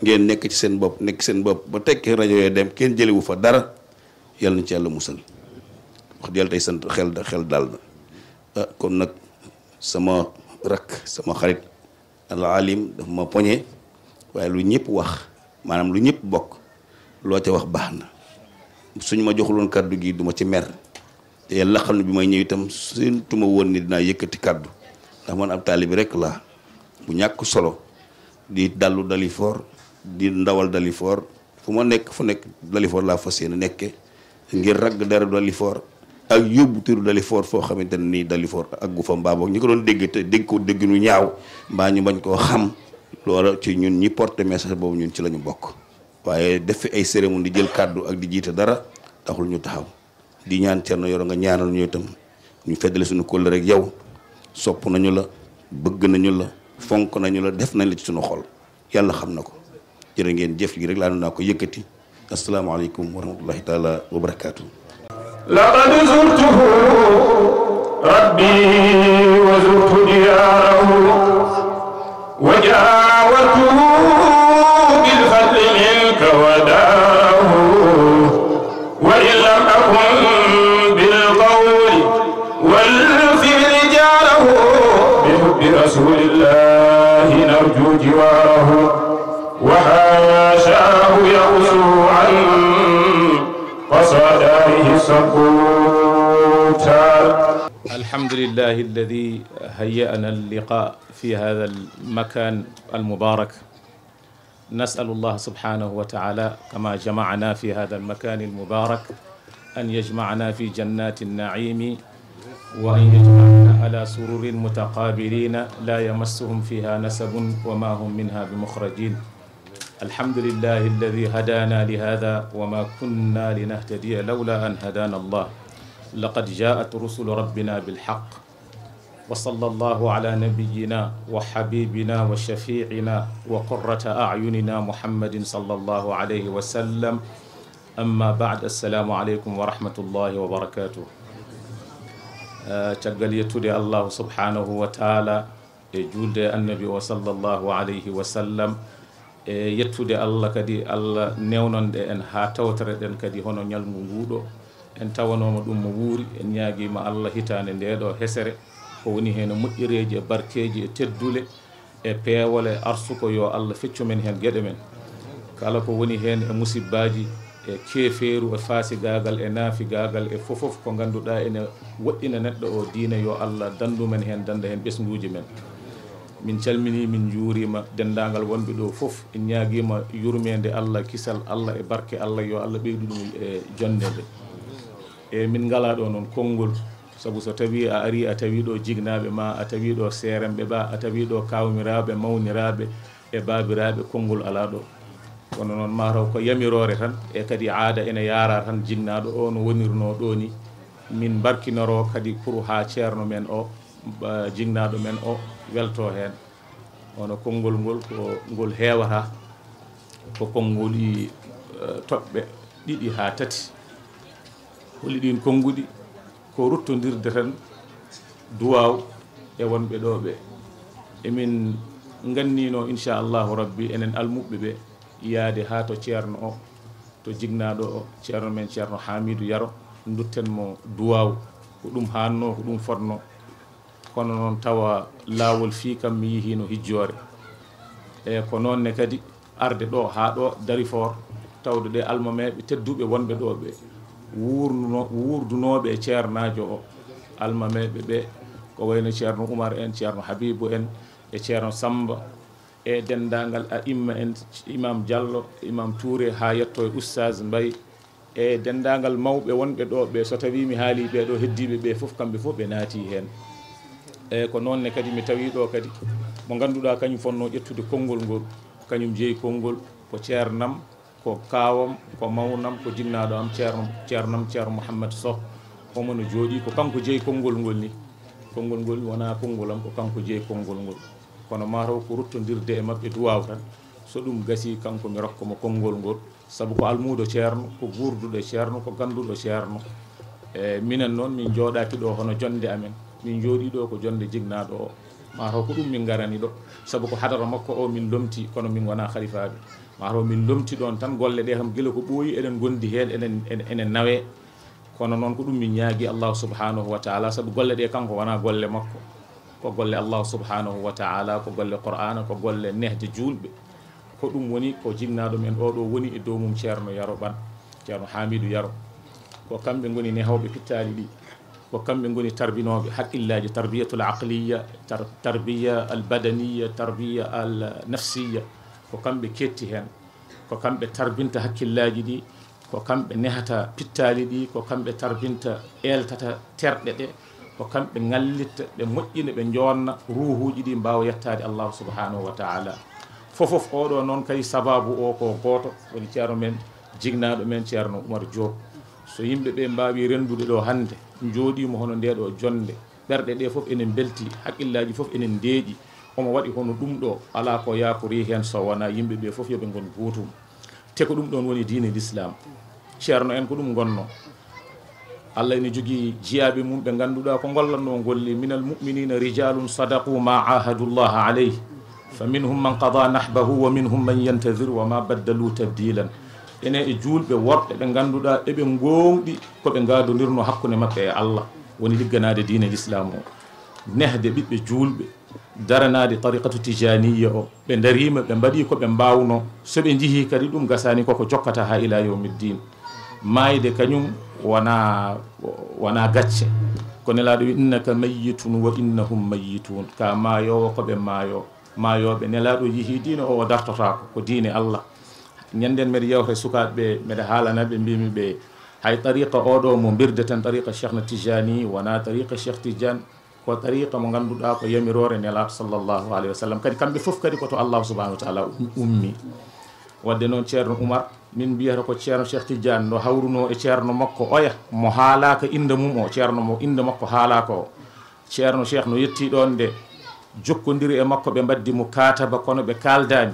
ngeen nekk ci seen bopp nekk seen bopp ba tekki rajo yee dem kenn jëlewu fa dara yàlla na ci yàlla musal wax dëgg yàlla tey sant xel xel daal na ah, kon nag sama rakk sama xarit al alim daf ma poñe waaye lu ñëpp wax maanaam lu ñëpp bokk loo ca wax baax na suñ ma joxuloon kàddu gi duma ci mer te yàlla xam ne bi may ñëw itam suntuma woon ni dinaa yëkkati kàddu ndax man ab taalibi rek laa bu ñàkk solo di dallu dalifoor di ndawal dalifoor fu ma nekk fu nekk dalifoor laa fas yéene nekke ngir ragg dara dalifoor ak yóbbu turu dalifoor foo xamante ne nii dalifoor ak gu fa mbaa boog ñu ko doon dégg te dégg ko dégg nu ñaaw mbaa ñu bañ koo xam loolu ci ñun ñi porté message boobu ñun ci la ñu bokk waaye def fi ay cérémonie di jël kàddu ak di jiite dara taxul ñu taxaw di ñaan Thierno Yoro nga ñaanal ñu itam ñu feddale suñu kóllëre rek yow sopp nañu la bëgg nañu la fonk nañu la def nañ la ci suñu xol yàlla xam na ko jërë ngeen jëf gi rek laa naa ko yëkkati asalaamaaleykum wa rahmatullahi taala wa barakaatu laqad zurtuhu rabbi wa zurtu diyaarahu وجاورته بالفضل منك وداه وإن لم أكن بالقول والفعل جاره بحب رسول الله نرجو جواره وحاشاه يغزو عن فصدائه السقوط الحمد لله الذي هيأنا اللقاء في هذا المكان المبارك نسأل الله سبحانه وتعالى كما جمعنا في هذا المكان المبارك أن يجمعنا في جنات النعيم وأن يجمعنا على سرور متقابلين لا يمسهم فيها نسب وما هم منها بمخرجين الحمد لله الذي هدانا لهذا وما كنا لنهتدي لولا أن هدانا الله لقد جاءت رسل ربنا بالحق وصلى الله على نبينا وحبيبنا وشفيعنا وقرة أعيننا محمد صلى الله عليه وسلم أما بعد السلام عليكم ورحمة الله وبركاته تقل يتودي الله سبحانه وتعالى جود النبي صلى الله عليه وسلم يتودي الله كدي الله نيونان دي ان هاتو تردن كدي هونو نيال en tawanoma ɗum mo wuuri en ñaaguima allah hitande ndeɗo hesere ko woni hen moƴƴereji e barkeji e teddule e peewole e arsuko yo allah feccu men hen gueɗe men kala ko woni hen e musibbaji e keeferu e faasigagal e naafigagal e fofoof ko ganduɗa ene woɗɗina neɗɗo o diine yo allah dandumen hen danda hen ɓesguji men min calmini min juurima dendagal wonɓe ɗo foof en ñaaguima yurmede allah kisal allah e barke allah yo allah ɓeydu ɗum e jonde nde eyyi min ngala ɗo noon konngol saabu so tawi a ari a tawi ɗo jignaɓe ma a tawi ɗo seeremɓe ɓa a tawi ɗo kawmiraɓe mawniraɓe e babiraɓe konngol ala ɗo kono noon mataw ko yamirore tan e kadi aada ene yara tan jinnaɗo o no wonirno ɗo ni min barkinoro kadi pour ha ceerno men o jinnaɗo men o welto hen ono konngol ngol ko ngol hewata ko konngoli eh, toɓɓe ɗiɗi ha tati holi ɗin konnguɗi ko ruttodirde tan duwaw e wonɓe ɗo ɓe emin gannino inchallahu rabbi enen almuɓɓe ɓe yaade ha to ceerno o to jignaɗo o ceerno men ceerno hamidou yaro duttenmo duwaw ko ɗum hanno ko ɗum fotno kono noon tawa laawol fi kam mi yihino hijjore eyi ko noonne kadi arde ɗo ha ɗo darifort tawde ɗe alma meɓe tedduɓe wonɓe ɗo ɓe wurno wurdunoɓe e ceernajo o almameɓe ɓe ko wayno ceerno oumar en ceerno habibou en e ceerno samba e dendagal a imma en imam diallo imam touré ha yetto e oustage mbayi e dendagal mawɓe wonɓe ɗo ɓe so tawi mi haali ɓeɗo heddiɓe ɓe foof kamɓe fof ɓe naati hen eyyi ko nonne kadi mi tawi ɗo kadi mo ganduɗa kañum fonno ƴettude konngol ngol kañum jeeyi konngol ko ceernam ko kawam ko mawnam ko jinnaɗo am ceerno ceernam ceerno mouhammado sow omono jooɗi ko kanko jeeyi konngol ngol ni konngol ngol wona konngol am ko kanko jeeyi konngol ngol kono mataw ko ruttodirde e mabɓe duwaw tan so ɗum gasi kanko mi rokkamo konngol ngol saabu ko almudo ceerno ko guurduɗo ceerno ko ganduɗo ceerno e minen noon min jooɗaki ɗo hono jonde amen min jooɗi ɗo ko jonde jignaɗo o mataw ko ɗum min garani ɗo saabu ko hadara makko o min lomti kono min wona halifaɓe maaro min lomti ɗon tan golle ɗe kam gila ko ɓooyi eɗen gondi heen eɗen enen nawe kono noon ko ɗum min ñaagi allahu subhanahu wa taala saabu golle ɗe kanko wona golle makko ko golle allahu subhanahu wa taala ko golle qur'ana ko golle nehde julɓe ko ɗum woni ko jinnaɗo men oɗo woni e dow mum ceerno yaro ɓan ceerno hamidou yaro ko kamɓe goni nehawɓe pittali ɗi ko kamɓe goni tarbinoɓe haqqillaji tarbiyatul aqliya tarbiya al badaniya tarbiya al nafsiya ko kamɓe ketti hen ko kamɓe tarbinta hakkillaji ɗi ko kamɓe nehata pittali ɗi ko kamɓe tarbinta eltata terɗe ɗe ko kamɓe gallitta ɓe moƴƴina ɓe jonna ruhuji ɗi mbawa yettade allahu subhanahu wa taala fofof oɗo noon kadi sababu o ko goto woni ceerno men jignaɗo men ceerno oumar diop so yimɓeɓe mbawi rendude ɗo hande joɗima hono ndeɗo jonde ɓerɗe ɗe foof enen belti haqqillaji foof enen deeƴi omo waɗi hono ɗum ɗo ala ko yakori hen so wona yimɓe ɓe foof yooɓe gon gotum te ko ɗum ɗon woni diine l' islam ceerno en ko ɗum gonno allah ene jogii jiyaaɓe mum ɓe ngannduɗaa ko ngollatnoo golli minal muminina rijalum sadaqu ma ahadullah alayh fa minhum man qada nahbahu wa minhum man yantadir wa ma baddalu tabdilan ene e juulɓe worɓe ɓe ngannduɗaa eɓe ngoomɗi ko ɓe ngaadondirno hakkunde maɓɓe e allah woni ligganaade diine l' islam o nehde ɓiɓɓe juulɓe daranaade tariqatu tijaniyo o ɓe darima ɓe mbaɗi ko ɓe mbawno soɓe jihi kadi ɗum gasani koko jokkata ha ila yawmiddin mayde kañum wona wona gacce ko nelaɗo wi innaka mayyitun wa innahum mayyitun ka mayowo koɓe mayo mayoɓe nelaɗo yeehi dina o o dartotako ko dine allah ñanden mbeɗa yewta e sukaɓeɓe mbeɗa haalanaɓe mbimi ɓe hay tariqa oɗo mo birdeten tariqa cheikh na tijani wona tariqa cheikh tidiane ko tariqa mo ngannduɗaa ko yamirore nelaɗo sallllahu alayhi wa sallam kadi kamɓe fof kadi koto allahu subahanahu wa taala um, ummi wadde noon ceerno oumar min mbiyata ko ceerno cheikh tidiane no hawruno e ceerno makko oya mo haalaka innde mum o ceerno mo innde makko haalaka o ceerno cheikh no yetti ɗon nde jokkodiri e makko ɓe mbaddi mo kataba kono ɓe kaldani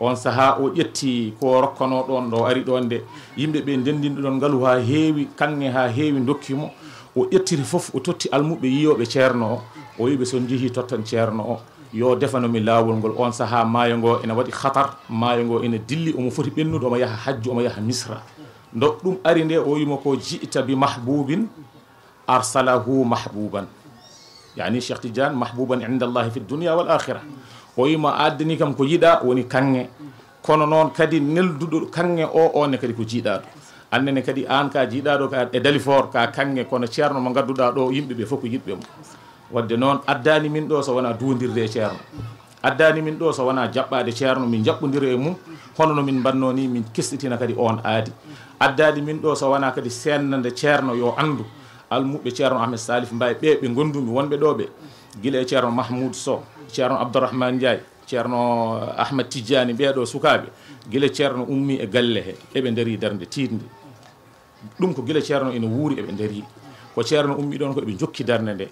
on sahaa o ƴetti ko rokkano ɗon ɗo ari ɗon nde yimɓe ɓe ndendinɗo ɗon ngaalu ha heewi kange ha heewi dokkimo o ƴettiri fof o totti almuɓe yiyoɓe ceerno o o wiɓe son jeehi tottan ceerno o yo defanomi laawol ngol on sahaa maayo ngo ene waɗi khatar maayo ngo ene dilli omo foti ɓennude omo yaha hajju omo yaha misra ndo ɗum ari nde o wimo ko jiita bi mahbubin arsalahu mahbuban yani cheikh tidiane mahbuban inda allahi fi dunia wal akhira o wima addani kam ko yiɗa woni kanŋe kono noon kadi nelduɗo kanŋe o onne kadi ko jiiɗa annene kadi an ka do ka e dalifor ka kange kono cierno mo gadduɗa ɗo yimɓeɓe fof ko yiɗɓe mo wadde non addani min do so wana duwodirde cierno addani min do so wana jaɓɓade cierno min jaɓɓodiri e mum hono no min mbanno ni min kistitina kadi on aadi addani min do so wana kadi sennande cierno yo andu almuɓe cierno ahmed salif mbay be be gondumi wonbe ɗo ɓe guila e mahmoud so cierno abdourahmane jay cierno ahmed tidiani be do sukabe gile cierno ummi e galle he eɓe deri darnde tindi ɗum ko gila ceerno ene wuuri eɓe nder yiɗi ko ceerno ummi ɗon ko eɓe jokki darde nde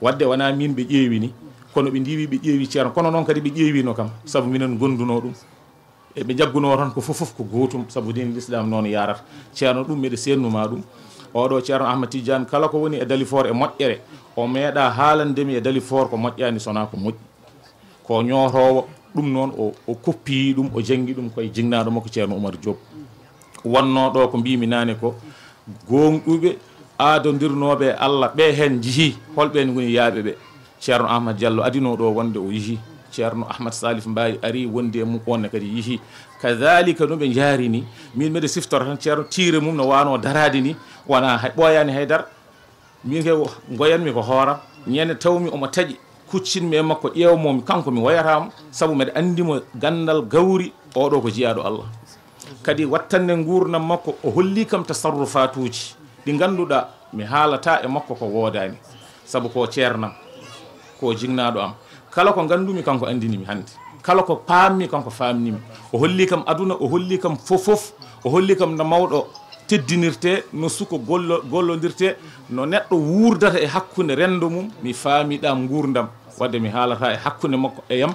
wadde wona min ɓe ƴeewi ni kono ɓe ndiwi ɓe ƴeewi ceerno kono noon kadi ɓe ƴeewino kam saabu minen gonduno ɗum eɓe jagguno tan ko fofof ko gootum saabu dine l' islam noon yarata ceerno ɗum meɗe sennuma ɗum oɗo ceerno ahmad tidiane kala ko woni e dalifort e moƴƴere o meeɗa haalandemi e dalifort ko moƴƴani sona ko moƴƴi ko ñootowo ɗum noon o o koppiyi ɗum o jangui ɗum koye jinnaɗo makko ceerno oumar diob wonno ɗo ko mbimi nane ko gonɗuɓe aadodirnoɓe allah ɓe hen jeehi holɓen goni yaaɓe ɓe ceerno ahmad diallo adinoɗo wonde o yeehi ceerno ahmad salif mbawi ari wondi e mum onne kadi yeehi kadhalika ɗum ɓe jaari ni min mbiɗe siftoro tan ceerno tiire mum no wano darade ni wona ɓoyani haydar min ke goyanmi ko hooram ñande tawmi omo taaƴi kuccinmi e makko ƴewmomi kanko mi woyatamo saabu mbeɗa andimo gandal gawri oɗo ko jiyaɗo allah kadi wattande gurnam makko o holli kam tasarrufat uji ɗi ganduɗa mi haalata e makko ko woodani saabu ko ceernam ko jignaɗo am kala ko gandumi kanko andinimi hannde kala ko paammi kanko famnimi o holli kam aduna o holli kam fofoof o holli kam no mawɗo teddinirte no suko gollo gollodirte no neɗɗo wurdata e hakkude rendo mum mi faamiɗam gurdam wadde mi haalata e hakkude makko e yam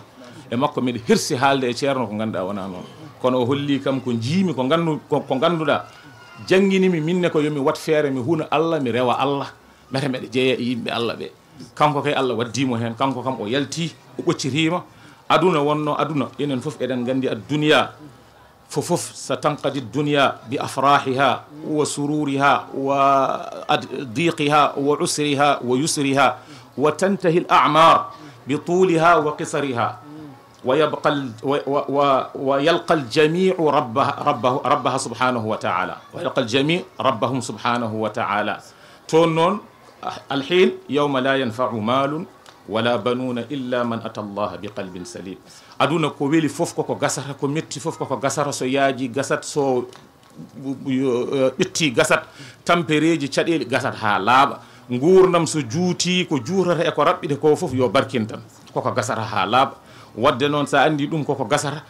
e makko mbiɗa hirsi haalde e ceerno ko ganduɗa wona noon kono o holli kam ko jiimi ko gandu ko ganduɗa jangguinimi minne ko yomi wat feere mi huuna allah mi rewa allah mete mbeɗa jeeya e yimɓe allah ɓe kanko kay allah waddimo hen kanko kam o yalti o ɓoccitima aduna wonno aduna enen foof eɗen gandi a duniya fo foof so tankadi duniya bi afrahiha wa sururiha wa diqiha wa usriha wa yusriha wa tantahi l amar bi tuliha wa qisariha ويبقى ويلقى الجميع ربه ربه ربها سبحانه وتعالى ويلقى الجميع ربهم سبحانه وتعالى تونون الحين يوم لا ينفع مال ولا بنون إلا من أتى الله بقلب سليم أدونا كو فوف كوكو غسر كو ميتي فوف كوكو غسر سو ياجي غسر سو بيتي gasat tampereji caɗele gasat ها لابا gurdam سو جوتي كو juurata اكو ko كو فوف يو باركينتام كوكو tan ها لابا wadde noon sa andi ɗum koko gasata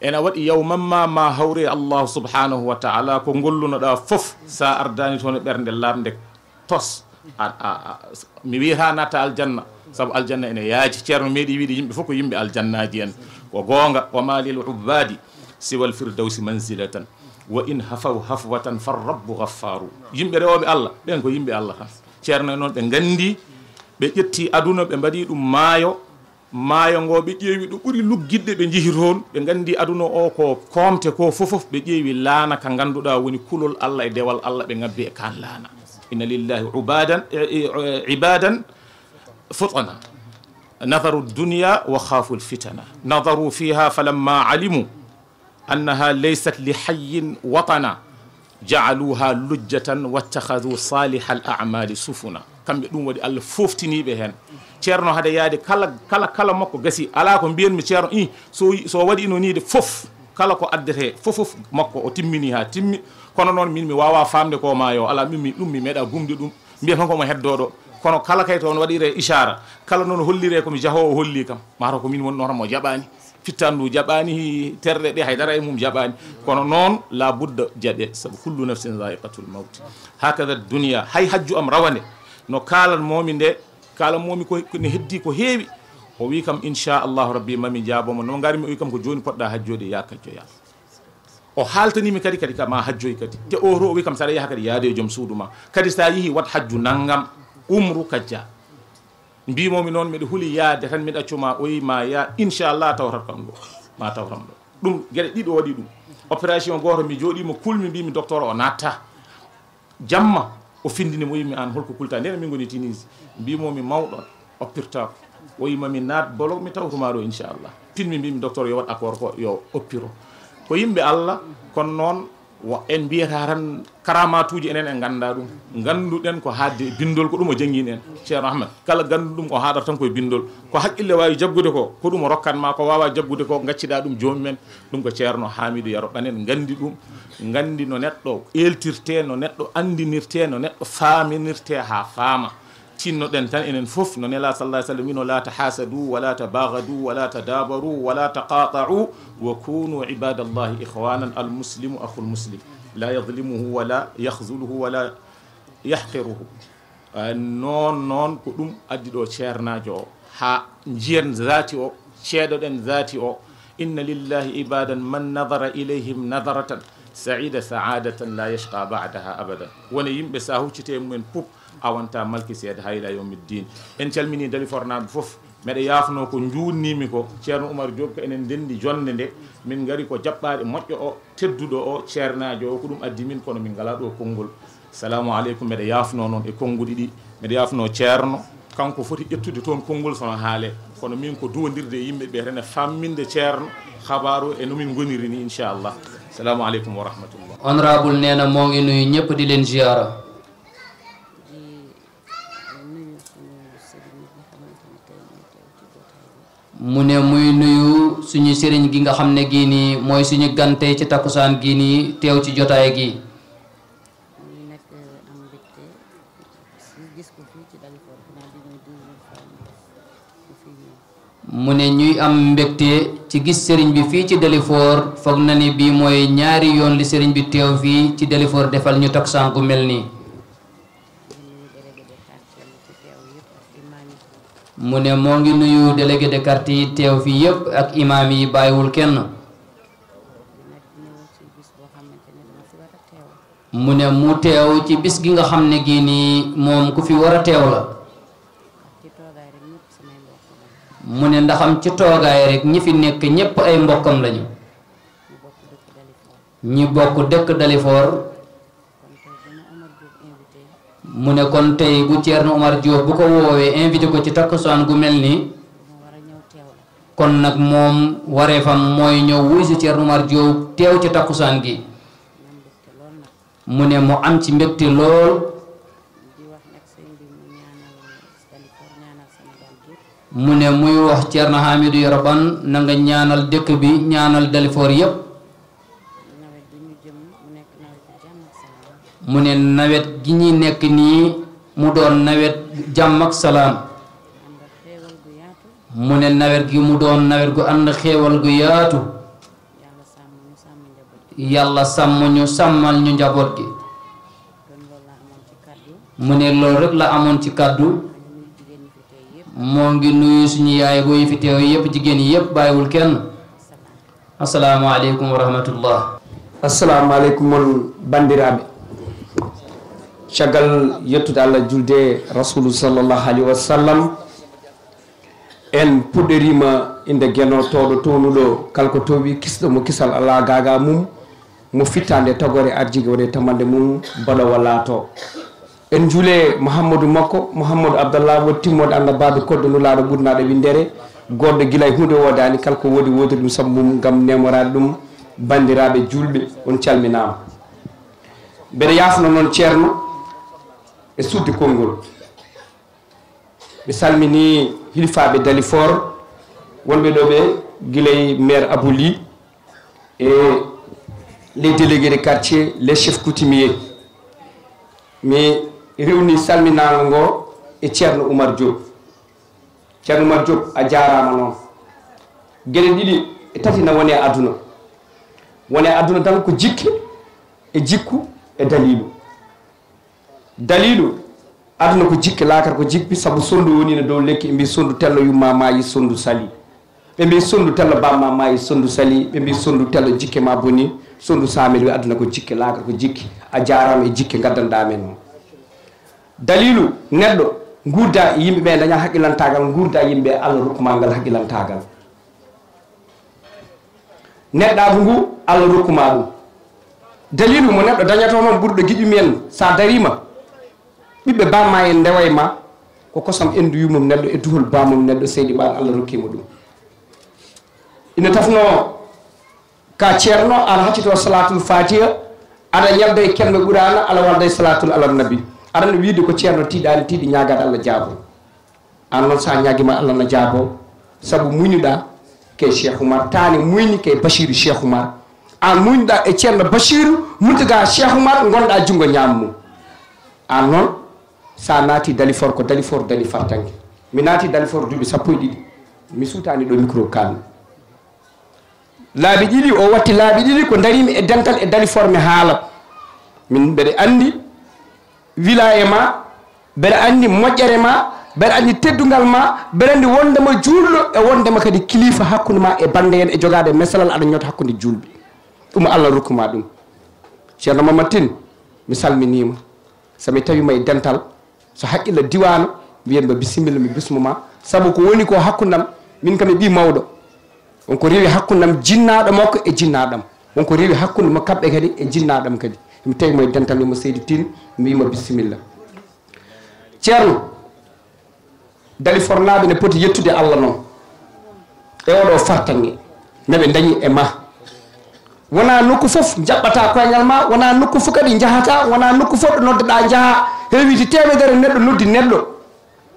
ene waɗi yaw mamma ma hawre allahu subhanahu wa taala ko gollunoɗa foof sa ardani toon e ɓernde lamde tos a, a, a, mi wi ha natta aljanna saabu aljanna ene yaaji ceerno meeɗi wiide yimɓe fof ko yimɓe aljannaji en ko goonga wamalil ubbadi siwal firdawsi mansilatan wa in hafaw hafwatan fa rabbu gaffaru yimɓe rewoɓe allah ɓen ko yimɓe allah tan ceerno e noon ɓe gandi ɓe ƴetti aduna ɓe mbaɗi ɗum maayo maayo ngo ɓe ƴeewi ɗo ɓuri luggidde ɓe jehi toon ɓe nganndi aduna o ko koomte ko fofof ɓe ƴeewi laana ka ngannduɗaa woni kulol allah e dewal allah ɓe ngabbi e kan laana inna lillahi ubadan ibadan futana nadaru dunia wa khafu lfitana nadaru fiha falamma alimu annaha laysat li hayyin watana jaaluha lujjatan wattahadu saliha al amali sufuna kamɓe ɗum waɗi allah foftiniɓe hen ceerno hade yaade kala kala kala makko gasi ala ko mbiyanmi ceerno i so so waɗino niide fof kala ko addete fofof makko o timmini ha timmi kono noon min mi wawa famde ko ma yo ala mimmi ɗum mi meeɗa gumde ɗum mbiya tan komo heddoɗo kono kala kay to on waɗire ichara kala noon hollire komi jahowo holli kam mataw ko min wonnoramo jaɓani fittandu jaɓani terɗe ɗe haydara e mum jaɓani kono noon la budda jaaɓe saabu kullu nafsin zaiqatul mawti hakada duniya hay hajju am rawande no kalanmomi nde kalanmomi kone heddi ko heewi o wi kam inchallahu rabbi mami jaabomo no garimi o wi kam ko joni poɗɗa hajjode ya kaccoya o haltanimi kadi kadi ka ma hajjoy kadi te oto o wi kam saɗa yaha kadi yaade e joom suudu ma kadi sa yeehi wat hajju naggam umru kacca mbimomi noon mbiɗa huuli yaade tan mbiɗa accuma o wi ma ya inchallah tawtat kam ɗo ma tawtam ɗo ɗum gueɗe ɗiɗo waɗi ɗum opération goto mi jooɗimo kulmi mbimi docteur o natta jamma o findini mo wimi an holko kulta ndene min goni tunisi mbimomi mawɗon oppirtako o wimami nat bolog mi tawtuma ɗo inchallah pinmi mbimi docteur yo waɗ accord ko yo oppiro ko yimɓe allah kono noon en mbiyata tan karamatuji enen en ganda ɗum ganduɗen ko haadde e bindol ko ɗum o jangguini en ceerno ahmad kala gandu ɗum o haɗata tan koye bindol ko haqqille wawi jaggude ko ko ɗum o rokkanma ko wawa jaggude ko gaccida ɗum joomi men ɗum ko ceerno hamidou yaro ɓanen gandi ɗum gandi no neɗɗo eltirte no neɗɗo andinirte no neɗɗo faminirte ha faama tinno tinnoɗen tan enen fof no nela sallah sallam wino la tahasadu wala tabagadu wala tadabaru wala taqata'u wa kunu ibadallahi ihwanan almuslimu akhul muslim la yadlimuhu wala yahzuluhu wala yahqiruhu non non ko ɗum addi ɗo ceernajo o ha jiyen zati o ceeɗoɗen zati o inna lillahi ibadan man nadara ilayhim nadaratan saida saadatan la yashqa badaha abadan wona yimɓe sa huccite mumen pouf awanta malkiseede hayla yomi dine en calmini dalifornaaɓe fof mbeɗa yaafno ko juutnimi ko ceerno oumar jooɓi ko enen ndenndi jonde nde min ngari ko jaɓɓaaɗe moƴƴo o tedduɗo o ceernaajo o ko ɗum addi min kono min ngala ɗo konngol salamu aleykum mbeɗa yaafno noon e konnguɗi ɗi mbeɗa yaafno ceerno kanko foti ƴettude toon konngol sono haalee kono min ko duwondirde e yimɓe ɓe tene famminde ceerno habaru e nomin ngoniri ni inchallah salamu aleykum wa rahmatullah honorable nena mowi noyi ñeppdilen jiyara mu ne muy nuyu suñu sëriñ gi nga xam ne gii nii mooy suñu gante ci takkusaan gii nii teew ci jotaay gi mu ne ñuy am mbégte ci gis sëriñ bi fii ci Dalifort foog na ni bii mooy ñaari yoon li sëriñ bi teew fii ci Dalifort defal ñu takkusaan gu mel mu ne moo ngi nuyu délégué de quartier yi teew fii yépp ak imaam yi bàyyiwul kenn mu ne mu teew ci bis gi nga xam ne gii nii moom ku fi war a teew la mu ne ndaxam ci toogaay rek ñi fi nekk ñépp ay mbokkam lañu ñi bokk dëkk Dalifor mu ne kon tey bu Thierno Omar Diop bu ko woowee invité ko ci takkusaan gu mel nii kon nag moom wareefam mooy ñëw wuy si Thierno Omar Diop teew ci takkusaan gi mu ne mu am ci mbégte lool mu ne muy wax Thierno Hamidou Yoroban na nga ñaanal dëkk bi ñaanal Dalifort yépp mune nawet gi ñi nekk nii mu doon nawet jàmm ak salaam mu ne nawet gi mu doon nawet gu ànd xéewal gu yaatu yàlla sàmm ñu sàmmal ñu njaboot gi mu ne loolu rek la amoon ci kàddu moo ngi nuyu suñu yaay booy fi teew yep jigéen yi yépp bàyyiwul kenn asalaamaaleykum wa rahmatullah asalaamaaleykum caggal yettude allah julde rasulu sallllahu alihi wasallam en puɗɗorima inde guenotoɗo townuɗo kalko towi kisɗo mo kisal alaa gaga mum mo fittande tagore arjigue wone tamande mum baɗowa laato en juule mouhamadou makko mouhamadou abdallah wodi timmoɗo anda baɓe koɗɗo no laaɗo ɓurnaɗo windere goɗɗo guila e hunde wodani kalko woodi wodiri ɗum saabu mum gam nemorade ɗum bandiraɓe julɓe on calminama mbeɗa yasno noon ceerno e suddi konngol ɓe salmini hilfaaɓe dalifor wonɓe ɗo ɓe gilay maire aboly e les délégué de quartier les chef coutumier mi rewni salminaago ngo e ceerno oumar diop ceerno oumar diop a jaarama noon gueɗe ɗiɗi e tati na wone aduna wone aduna tan ko jikke e jikku e dalilu dalilu aduna ko jikki laakar ko jikpi sabu sondu woni no dow lekki ɓe mbi sondu tello yumma maayi sondu sali ɓe mbi sondu tello bamma maayi sondu sali ɓe mbi sondu tello jikke ma boni sondu saamel wi aduna ko jikki laakar ko jikki a jarama e jikki gaddandamen o dalilu neɗɗo gurda yimɓeɓe daña haqqillantagal gurda yimɓe allah rokkuma ngal haqqillantagal neɗɗago ngu allah rokkuma ɗum dalilu mo neɗɗo dañatonoon ɓurɗo giƴumen sa darima bibbe bama en ndewa ma ko kosam endu yumum neddo e duhol bamum neddo seydi ɓan allah rokkimo ɗum ina tafno ka ceerno aɗa haccito salatul fatiha aɗa ñabda e kenno e ala aɗa salatul e nabi alannabi aɗana wiide ko cerno tiiɗani tidi ñagade allah jabo an sa ñaguima allah na sabu saabu muñuɗa ke cheikh oumar tani muñi ke bashir cheikh oumar an muñda e cerno bashir mutaga cheikh oumar gonda junggo nyammu mum sa naati dalifor ko dalifor dali fartanke mi naati dalifor duuɓi sappo e ɗiɗi mi suutani ɗo micro kalmi laabi ɗiɗi o watti laabi ɗiɗi ko darimi e dental e dalifor mi haala min mbeɗe andi wila e ma mbeɗa andi moƴƴere ma mbeɗa andi teddugal ma mbeɗa andi wondema juulɗo e wondema kadi kilifa hakkude ma e bande hen e jogade e mesalal aɗa ñota hakkude julɓe ɗum allah rokkuma ɗum ceerno mamadtin mi salminima somi tawima e dental so haqqille diwano mbiyatmba bisimilla mi bismuma saabu ko woni ko hakkudam min kam mi e ɓi mawɗo wonko rewi hakkudam jinnaɗo makko e jinnaɗam wonko rewi hakkudema kamɓe kadi e jinnaɗam kadi mi tawimo e dental mimo seydi tine mi wima bisimilla ceerno dali fornaɓe ne poti yettude allah noon e oɗo fartange neɓe dañi e ma wona nokku foof jaɓɓata koyñal ma wona nokku fo kadi jahata wona nokku fof ɗo noddaɗa jaaha heewiti temedere neɗɗo noddi neɗɗo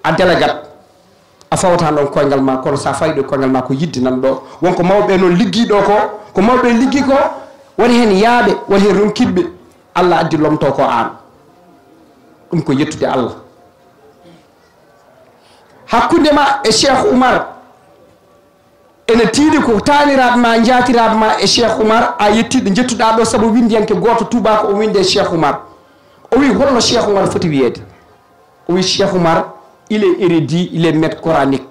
a délégat a fawata noon koyngal ma kono sa fawi ɗo koyngal ma ko yidde nan ɗo wonko mawɓe noon liggiɗo ko ko mawɓe liggi ko woni hen yaaɓe woni hen ronkiɓɓe allah addi lomto ko an ɗum ko yettude allah hakkundema e cheikh oumar ene tiiɗi ko taniraɓe ma jatiraɓe ma e cheikh oumar a yettiɗo jettuɗa ɗo saabu windiyanke goto tubako o winde cheikh oumar Oui, voilà Cheikh Omar Oui, Cheikh il est érudit, il est maître coranique.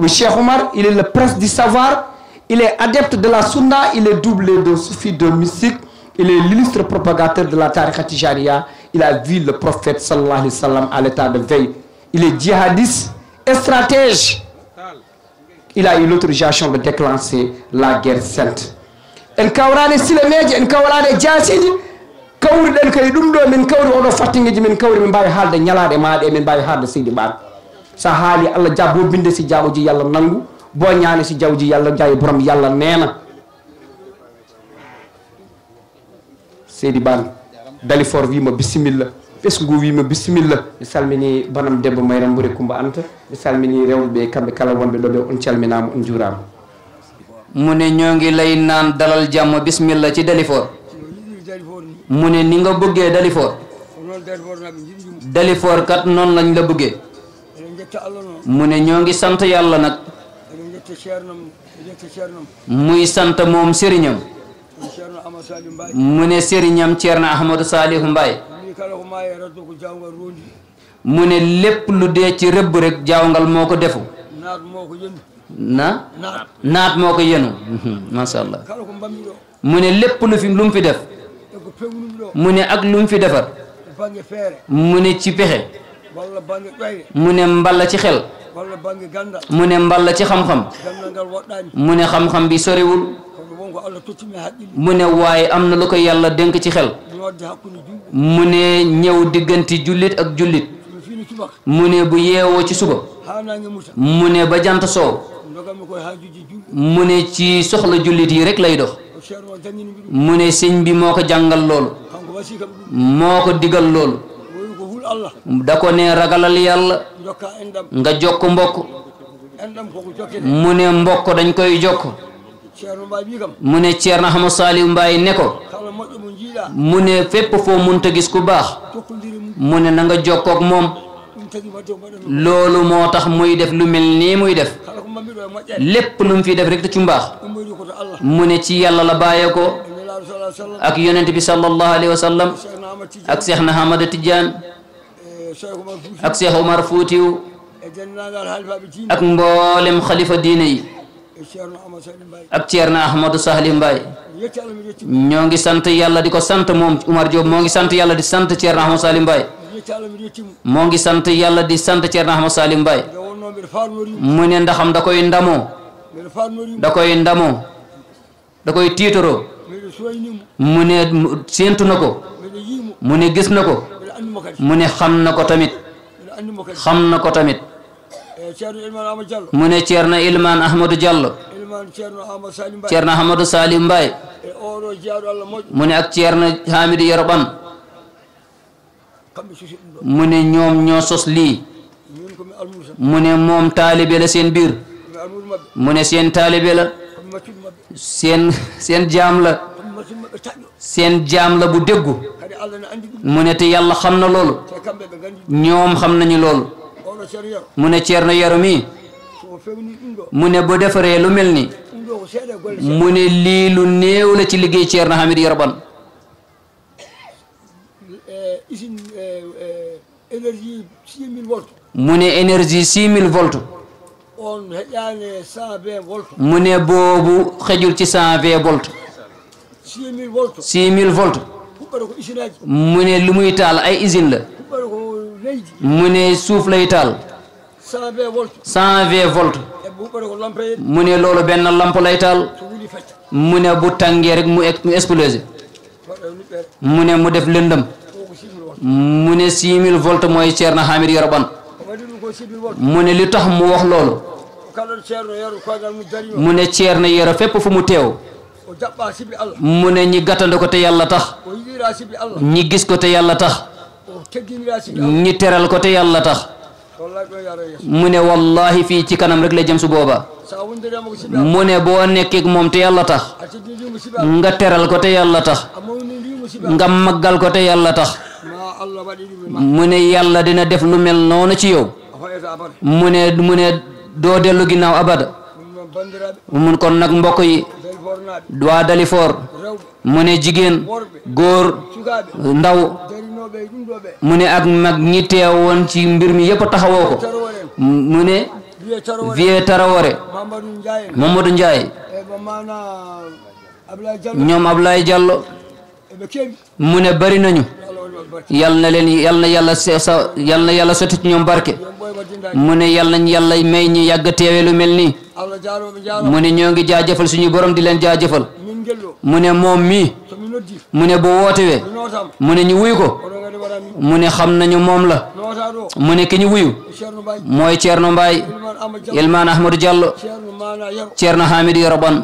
Oui, Cheikh Omar, il est le prince du savoir, il est adepte de la sunna, il est doublé de soufi de mystique, il est l'illustre propagateur de la tariqa tijaria, il a vu le prophète sallallahu alayhi wa sallam à l'état de veille. Il est djihadiste et stratège. Il a eu l'autorisation de déclencher la guerre sainte. le Kaurane Silemeji, en Kaurane djihadiste, den kay dum do min kawri oɗo fattingeji min kawri min baye halde nyalaade maade min baye halde seydi ɓaɗo sa haali allah binde si ji yalla nangu bo nyaani si jawji yalla jay borom yalla nena seydi ɓan dalifor wima bisimilla wi ma bismillah. mi salmini banam debbo mayram buri kumba anta mi salmini rewɓeɓe kambe kala wonbe do ɓe on calminama on jurama mu ne ñoo lay naan dalal jamm bismillah ci for mu ne ni nga bëggee Dalifort Dalifort kat noonu lañ la bëggee mu ne ñoo ngi sant yàlla nag muy sant moom sëriñam mu ne sëriñam na Ahmadou Salihu Mbaye mu ne lépp lu dee ci rëbb rek jaawngal moo ko defu na naat moo ko yenu masha mu ne lépp lu fi lu mu fi def mu ne ak lu fi defar mu ne ci pexe mu ne mballa ci xel mu ne mballa ci xam-xam mu ne xam-xam bi soriwul mu ne waaye am na lu ko yàlla dénk ci xel mu ne ñëw diggante jullit ak jullit mu ne bu yeewoo ci suba mu ne ba jant soow mu ne ci soxla jullit yi rek lay dox mu ne sëñ bi moo ko jàngal loolu moo ko digal loolu da ko ne ragalal yàlla nga jokk mbokk mu ne mbokk dañ koy jokk mu ne na Ahmad Saliou ne ko mu ne fépp foo munta gis ku baax mu ne na nga jokkoog moom loolu moo tax muy def lu mel nii muy def lepp lu fi def rek te ci mbax mu ne ci yalla la baye ko ak yonent bi sallallahu alaihi wasallam ak Cheikh na Tidiane ak Cheikh Omar Foutiou ak mboolem khalifa dine yi eh, ak Thierno ahmad sahlim bay ñongi sante yalla diko di ko Umar Diop moo ngi sante yalla di sante Thierno ahmad sahlim bay moo ngi sant yàlla di sant Ceerno Ahmad Salim Mbaye mu ne ndaxam da koy ndamoo da koy ndamoo da koy tiitaroo mu ne séentu na ko mu ne gis na ko mu ne xam na ko tamit xam na ko tamit eh, mu ne Ceerno Ilman Ahmadou Diallo Ceerno Ahmadou Salim Mbaye eh, mu ne ak Ceerno Hamidou Yoroban mune ñom ñoom ñoo sos li mune mom talibé la seen bir mune ne seen taalibe la seen seen jam la seen jam la bu deggu mune te yalla xamna na ñom ñoom xam nañu loolu mu ne ne lu melni mune li lu la ci liggey cierna hamid yarban Euh, usine euh, euh, mu ne énergie six mille volt on heƴaani mu ne boobu xejul ci cent vingt volt six mille volt mille volt huɓɓata mu ne lu taal ay usine la mu ne suuf lay taal cent vingt volt mu ne loolu benn lamp lay taal mu ne bu tàngee rek mu exploser mu ne mu def lëndëm mu ne six mille volts mooy Ceerno Hamid Yoroban mu ne li tax mu wax loolu mu ne Ceerno Yoro fépp fu mu teew mu ne ñi gàttandi ko te yàlla tax ñi gis ko te yàlla tax ñi teral ko te yàlla tax mu ne wallahi fii ci kanam rek la jëm su booba mu ne boo nekkee moom te yàlla tax nga teral ko te yàlla tax nga màggal ko te yàlla tax mu ne yàlla dina def lu mel noonu ci yow mu ne mu ne doo dellu ginnaaw abada mun kon nag mbokk yi waa Dalifort mu ne jigéen góor ndaw mu ne ak mag ñi ci mbir mi yëpp taxawoo ko mu ne Vieux Tarawore Mamadou Ndiaye eh ñoom eh mu ne bari nañu yal na leen yal yalla yàlla sa yal na yàlla sotti ci ñoom barke mu ne yal nañ yàlla may ñu yàgg teewe lu mel nii mu ne ñoo ngi jaajëfal suñu borom di leen jaajëfal mu ne moom mii mu ne bu wootewee mu ne ñu wuyu ko mu ne xam na moom la mu ne ki ñu wuyu mooy Ceerno Mbaay Ilmaan Ahmadou Diallo Ceerno Hamid Yoroban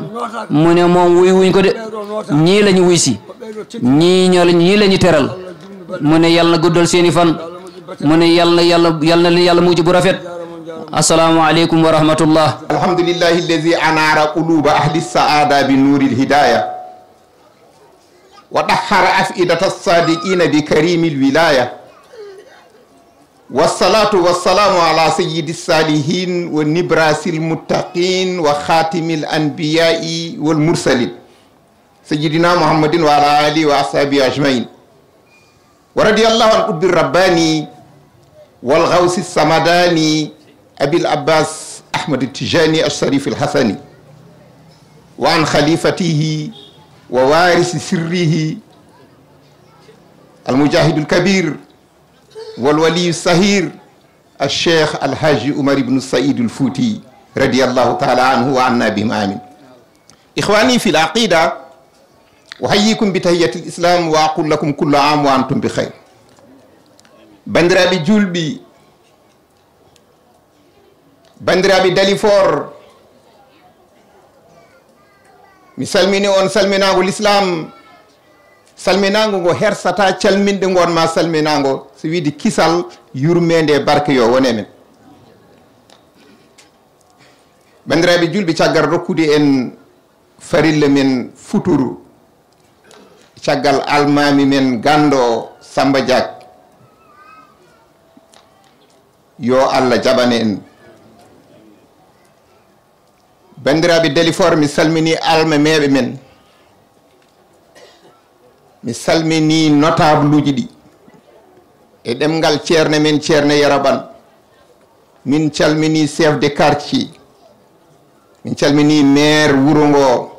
mu ne moom wuyu wuñ ko de ñii la ñu wuy si ñii ñoo ñii la teral mu ne yàlla na guddal seeni fan mu ne yàlla na yàlla yàlla na leen yàlla mujj bu rafet assalaamu aleykum wa rahmatullah alhamdulillahi alladi anaara quluba ahli saada bi nuuri lhidaya wa dahara afidata alsadiqina bi karimi lwilaya wassalatu wassalamu ala sayidi salihin wa nibrasi lmuttaqin wa khatimi lanbiyai walmursalin sayidina muhammadin wa ala alihi wa ashabihi ajmain ورضي الله عن قطب الرباني والغوث السمداني أبي العباس أحمد التجاني الشريف الحسني وعن خليفته ووارث سره المجاهد الكبير والولي الصهير الشيخ الحاج عمر بن السيد الفوتي رضي الله تعالى عنه وعنا بهم آمين إخواني في العقيدة uhayyikum bi tahiyati l islam wa aqul lakum kulle am wa antum bi hayr bandiraɓe julɓi bandiraɓe dalifor mi salmini on salminago l' islam salminago ngo hersata calminɗe gon ma salminago so wiide kisal yurmede barke yo wone men bandiraɓe julɓe caggar rokkude en farilla men futuru caggal almami men gando samba diag yo allah jaɓani en bandiraɓe délifort mi salmini alma meɓe men mi salmini notable uji ɗi e ɗemgal ceerne men ceerne yaraɓan min calmini chef de quartier min calmini maire wuro ngoo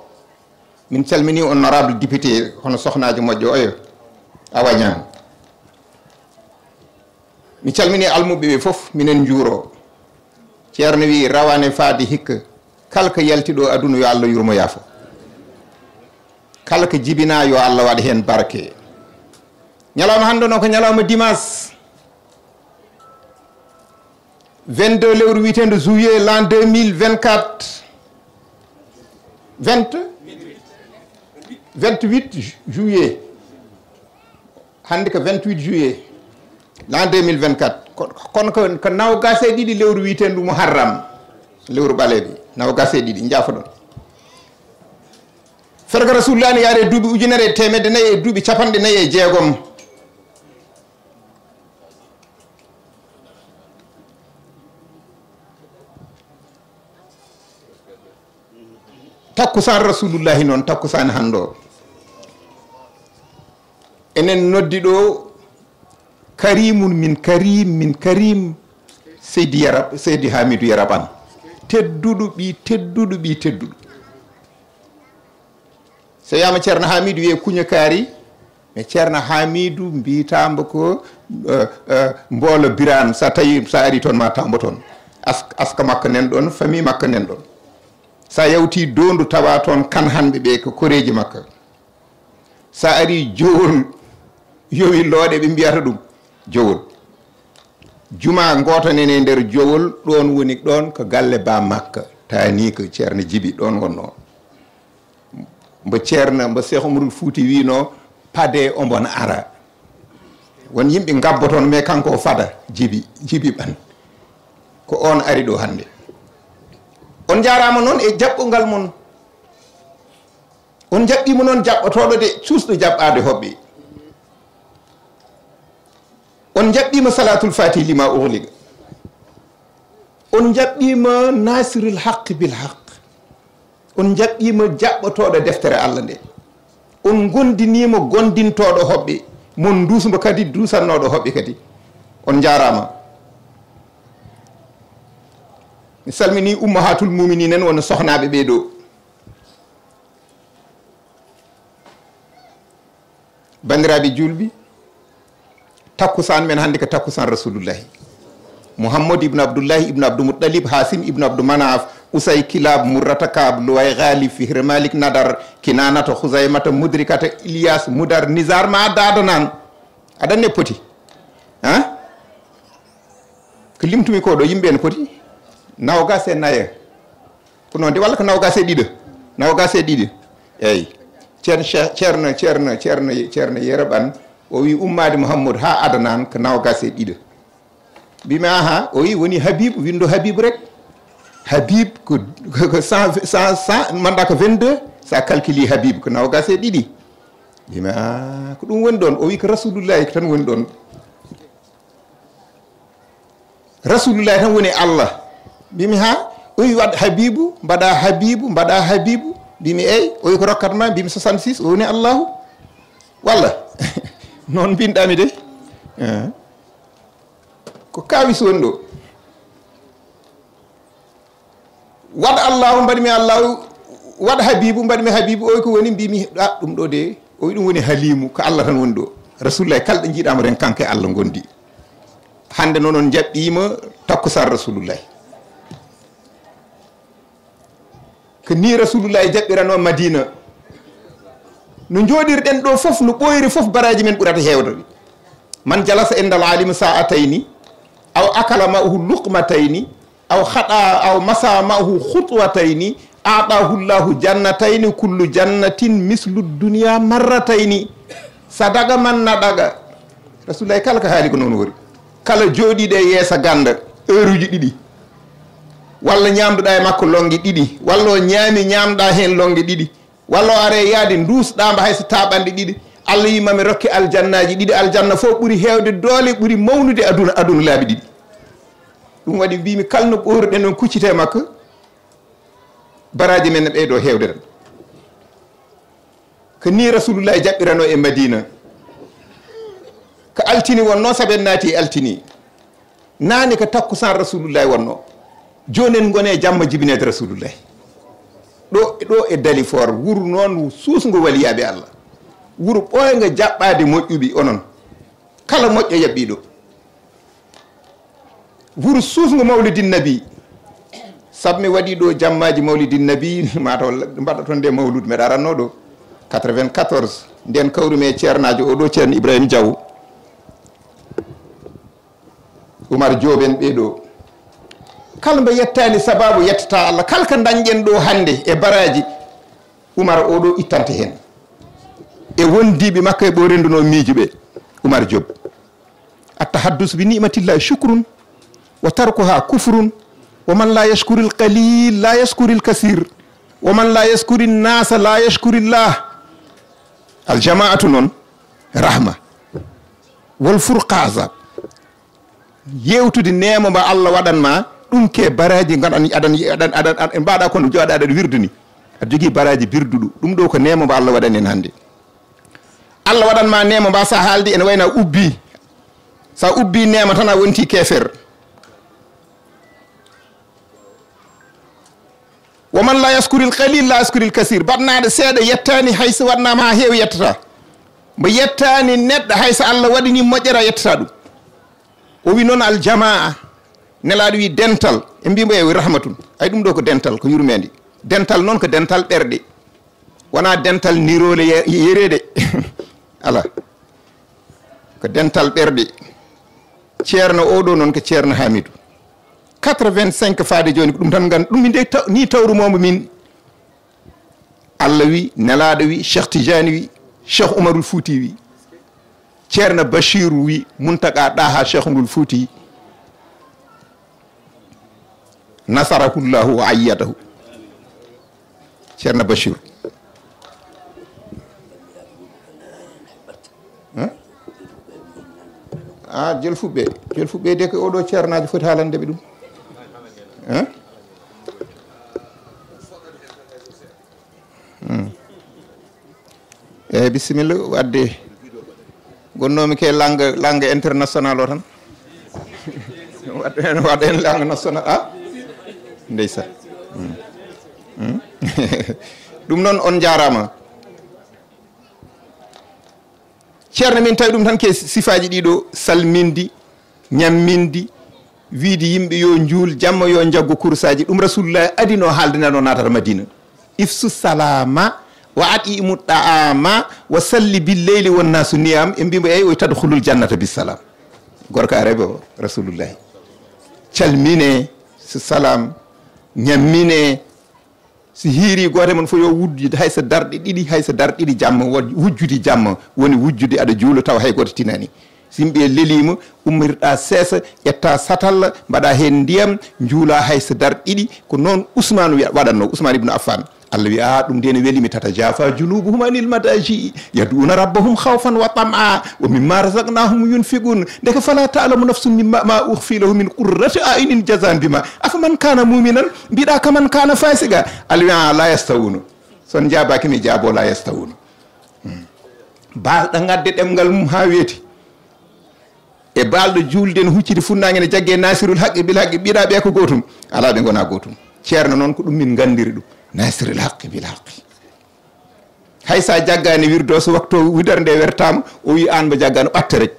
min calmini honorable député hono sohnajo moƴƴo oyo awañan mi calmini almuɓeɓe foof minen juuro ceerno wi rawane faade hikka kalako yaltiɗo aduna yo allah yurmo yaafo kala ko jibina yo allah waɗa hen barke ñalawma hande noon ko ñalawma dimanche 22 lewru wiitede juillet lan 2024 20 28 juillet 28 juillet l'an 2024 que a dit e le lewru wiiten ɗum harram lewru ɓaleeɓe nawgas a a dit don. ferga rasulullah ne yaare duuɓi takkusan rasulullahi noon takkusan hande o enen noddi ɗo karimun min karim min karim seydi yarab seydi hamidou yaraban tedduɗo ɓi tedduɗo ɓi tedduɗo so wiyama ceerno hamidou wiye kuña kaari mi ceerno hamidou mbitamba ko uh, uh, mboolo biran sa tawi sa ari toon ma tamba toon as aska makko nan ɗon famille makko nan ɗon so a yawti dondu tawa toon kan hanɓe ɓe ko koreji makka so ari jowol yowi looɗe ɓe mbiyata ɗum jowol juma gotanene nder jowol ɗon woni ɗon ko galle ba makka tani ko ceerno jibi ɗon wonno mbo ceerno mbo cheikh omarul fouti wino pade omon ara won yimɓe gabbo toon mais kanko fada jibi jibi ɓan ko on ari ɗo hannde on jaarama noon e jaɓɓongal mon on jaɓɓima noon jaɓɓotoɗo de suusɗo jaɓɓade hoɓɓe on jaɓɓima salatul fati lima ohliga on jaɓɓima nasirul haq bil haq on jaɓɓima jaɓɓotoɗo deftere allah nde on gondinima gondintoɗo hoɓɓe mon dusmo kadi dusannoɗo hoɓɓe kadi on jarama mi salmini ummahatul muminin en wona sohnaɓe ɓe ɗo bandiraɓe julɓi takkusan men hannde ko takkusan rasulullahi mouhammad ibnu abdoullahi ibnu abdoumoutalib hasim ibnu abdou manaf ousay kilab mourata kab louway ghali fihre malik nadar kinanata husaymata mudrikata ilias mudar nisar ma dada nan aɗanne poti han ah? ko limtumi koɗo yimɓe ne poti nawgas e naye ko non di wala ko di e ɗiɗo nawgas e ɗiɗi eyyi cerna cerna cerna cerna ceerno yereban o wi ummade muhammad ha adanan ko nawgas e ɗiɗo mbimi ha o wi woni habib windo habib rek habib ko 100 100 manda ko 22 sa calculi Habib ko nawgas e ɗiɗi mbimi a ko dum won don o wi ko rasulullah tan won don rasulullah tan woni allah Bimihah, ha oyi wad habibu bada habibu bada habibu ay o oyi ko rokkatma bimi 66 woni allahu wala, non bindami de ko kawis woni wad allah allahu mi allahu wad habibu mi habibu oyi ko woni bimi a ɗum ɗo de oyi dum woni halimu ko allah tan wondo rasulullah kala ɗo jiiɗama ren kanke allah gondi hande nonon jabbima takusar Rasulullah. ko ni rasulullah jaɓɓirano madina no joɗirɗen ɗo foof no ɓoyri foof baraji men ɓurata hewdeɗe man jalasa endal alim sa'atayni aw akala mahu luqmatayni aw haɗa aw masa mahu hutwatayni aɗahullahu jannatayni kullu jannatin mislu duniya marratayni sadaga man naɗaga rasulullah kala ko haali ko noon wori kala joɗiɗe yeesa ganda heure uji ɗiɗi walla ñamduɗa e makko longue ɗiɗi walla o ñaami ñamɗa hen longue ɗiɗi walla o are yaade dusɗamba hayso taɓanɗe ɗiɗi allah yima mi rokke aljannaji ɗiɗi aljanna fo ɓuuri hewde doole ɓuuri mawnude aduna aduna laaɓi ɗiɗi ɗum waɗi mbimi kalno ɓoruɗen on kuccite makko baraji men ne ɓeydo hewde tan ko ni rasulullah jaɓɓirano e madina ko altini wonno saaɓen naati e altini nani ko takkusan rasulullah wonno joni en gone e jamma jibinede rasulullahi ɗo ɗo e dalifor wuro noon suusgo waliyaɓe allah wuro ɓoyga jaɓɓade moƴƴuɓi onon kala moƴƴo yaɓɓiɗo wuro suusgo mawlidin nabi sabmi waɗi ɗo jammaji mawlidin nabi mataw mbaɗa toon nde mawlude meɗa ranno ɗo 94 nden kawrumi e ceernajo oɗo ceerno ibrahima diaw oumar jooɓen ɓeɗo kala mbo yettani sababu yettata allah kala ko dañƴen ɗo hannde e baraji umar oɗo ittanta hen e wondiɓe makko e ɓo renduno miijo ɓe umar job attahaddus bi nimatillahi chucrun wa tarkuha kufrun wa man la yashkuri lqalil la yashkuri lkasir wa man la yashkuri nnasa la yashkuri llah aljama'atu noon rahma wol furqa azab yewtude nema mba allah waɗanma ɗum ke baraji gaɗan aɗan aɗan aɗan e mbaɗa kono jooɗa aɗan wirdu ni aɗa jogui baraji birduɗo ɗum ɗo ko nemo mba allah waɗan en hannde allah waɗan ma nemo mba sa haaldi ene wayna ubbi sa ubbi nema tan a wonti kefer woman la yaskuril kalil la yaskuril kasir baɗnaɗo seeɗa yettani hayso waɗnama ha heewi yettata mo yettani neɗɗo hayso allah waɗini moƴƴata yettata ɗum o wi noon aljama'a nelaaɗo wii dental e mbimo ewi rahmatun ay ɗum ɗo ko dental ko yurmeendi dental noon ko dental ɓerɗe wonaa dental niroole yereede ala ko dental ɓerɗe ceerno oo ɗo noon ko ceerno haamidu 85 faade jooni ko ɗum tan ngan ɗum inde ni tawrumoomo min allah wi nelaaɗo wi cheikh tijani wi cheikh oumarul fouti wi ceerno bachir wi muntaga ɗaha cheikh ngol fouti nasarahu llahu wa ayyadahu ceerno bachir a ah, jolfuɓɓe jolfuɓɓe de ko oɗo ceernajo foti haalande ɓe ɗum eyi hmm. eh, bisimilla wadde gonnomi ke langue langue international o tan wadde hen wadde hen langue national a ah? ndeysa hmm. hmm. ɗum noon on jarama ceerno min tawi ɗum tan ke sifaji ɗiɗo salmindi ñammindi wiide yimɓe yo juul jamma yo jaggu kursaji ɗum rasulullah adino haaldinano natata madina ifsu salama wa aɗimu ɗaama wa salli billeyli wonnasu niyam e mbimo eyyi oy tadhulul jannata bisalam gorko arebe o rasulullahi calmine su salam ñammine si hiiri goote mon fof yo wujjude hay so darɗe ɗiɗi hay so darɗe ɗiɗi jamma wujjudi jamma woni wujjude aɗa juulo taw hay goto tinani so yimɓe leliima ummirɗa seesa ƴetta satalla mbaɗa hen ndiyam juula hay so darɗe ɗiɗi ko noon ousmane waɗatno ousmane ibnu affane allah wi a ɗum nde ne weeli mi tata jaafa junubuhum anil madaji yaduna rabbahum hawfan wa tama wa mimma razaqnahum yunfiqun ndeke fala talamu nafsum mimma ma ukhfi lahu min qurrati ainin jasan bima afa man kana muminan mbiɗa kaman kana fasiga allah wi a la yastawuno son jabaki mi jaabo la yastawuno balɗo gadde ɗemgal mum ha weeti e balɗo julde ne huccidi funnage ne jaggue nasirul haqqe bila haqqe ɓiɗaɓe ko gotum ala ɓe gona gotum ceerno noon ko ɗum min gandiri ɗum nasiril haqqi bil haqqi hay sa jaggani wirdo so waktu widar nde e wertama o wi an mo jaggano ɓatta rek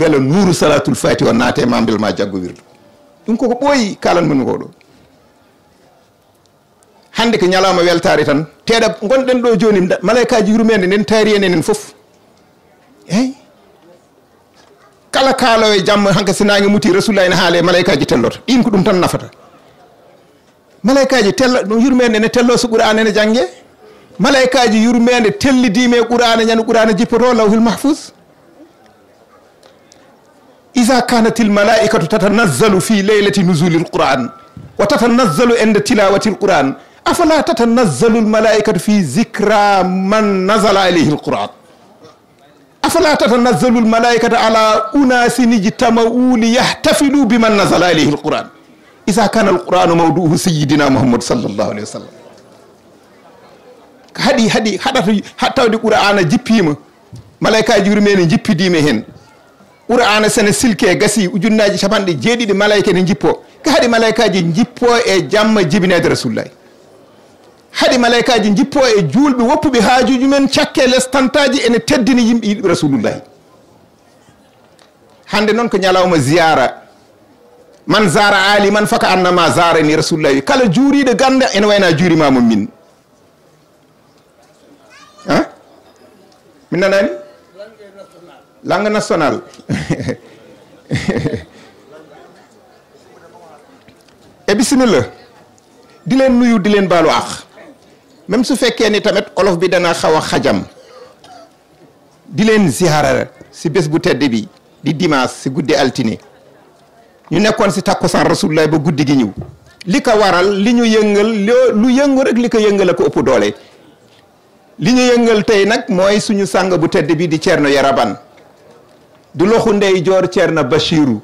beele nuru salatul fati o naate e ma bel ma jaggo wirdo ɗum koko ɓooyi kalan mon koɗo hande ko ñalawma weltare tan teeɗa gonɗen ɗo joni malaika ji yurmede nden taari en enen foof eyi kala kaalo e jamma hanka sinage muti rasulullah ina haale malaika ji tellota ɗin ko ɗum tan nafata malaikaji tello ɗum yurmede ne tello so qur'an ene jangge malaikaji yurmede tellidime qur'ana ñande qur'ana jippoto lawhul mahfus isa kanatil malaikatu tatanazzalu fi leylati nusuli l qur'an wa tatanazzalu inde tilawati l qur'an afala fi zicra man nazala alayhi l qur'an afala tatanazzalu l ala unasin ijtamau yahtafilu biman nazala alayhi l qur'an isa kana alqouranu mawduhu sayidina mouhammadou sallllahu alih wa sallam haɗi haɗi haɗata ha tawde qouran a jippima malaikaji wuri mene jippidima hen qouran sene silke gasi ujunnaji capanɗe jeeɗiɗi malaika ne jippo ka haɗi malaikaji jippo e jamma jibinede rasulllahi haɗi malaikaji jippo e julɓe woppuɓe haajuji men cakke lestantaji ene teddini yimɓe yiɗɓe rasulullahi hande noon ko ñalawma ziyara man zara aliman faka annama zarani rasulullahi kala juuriɗo ganda ene wayna juurimamo min han min nanani langue national e bisimilla di leen nuyu di leen baalu ax même su fekkee ni tamit olof bi dana xaw a xajam di leen ziyaara si bés bu tedd bi di dimanche si guddi altine ñu nekkoon si tàkkusaan rasulullah ba guddi gi ñëw li ko waral li ñu yëngal lu yëngu rek li ko yëngal ko ëpp doole li ñu yëngal tey nag mooy suñu sàng bu tedd bi di Thierno Yaraban du loxu ndey joor Thierno Bachiru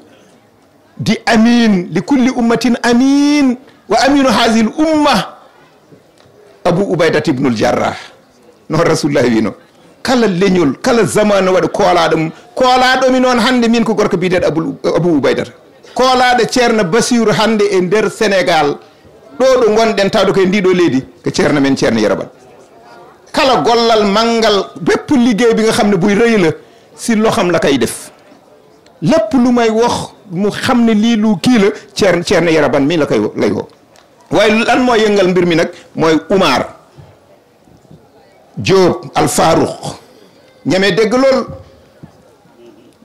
di amin li kulli ummatin amin wa aminu hazil umma abu ubaydat ibnul jarrah noon rasulullah wino kala leñol kala zamanu waɗa koolaɗo mum koolaɗomi noon hannde min ko gorko biyeteɗo abu ubaydata kola de cerna basiru hande e ender Senegal do do gonden tawdo ko ndido leedi ke cerna men chairna yarabal kala gollal mangal bepp liggéey bi nga xamne buy reey la si xam la kay def lepp lu may wax mu xamne lilu lu ki la cerna cerna yaraban mi la kay lay woo way lan moy yengal mbir mi nak moy Umar Job Al Farouq ñame dégg lol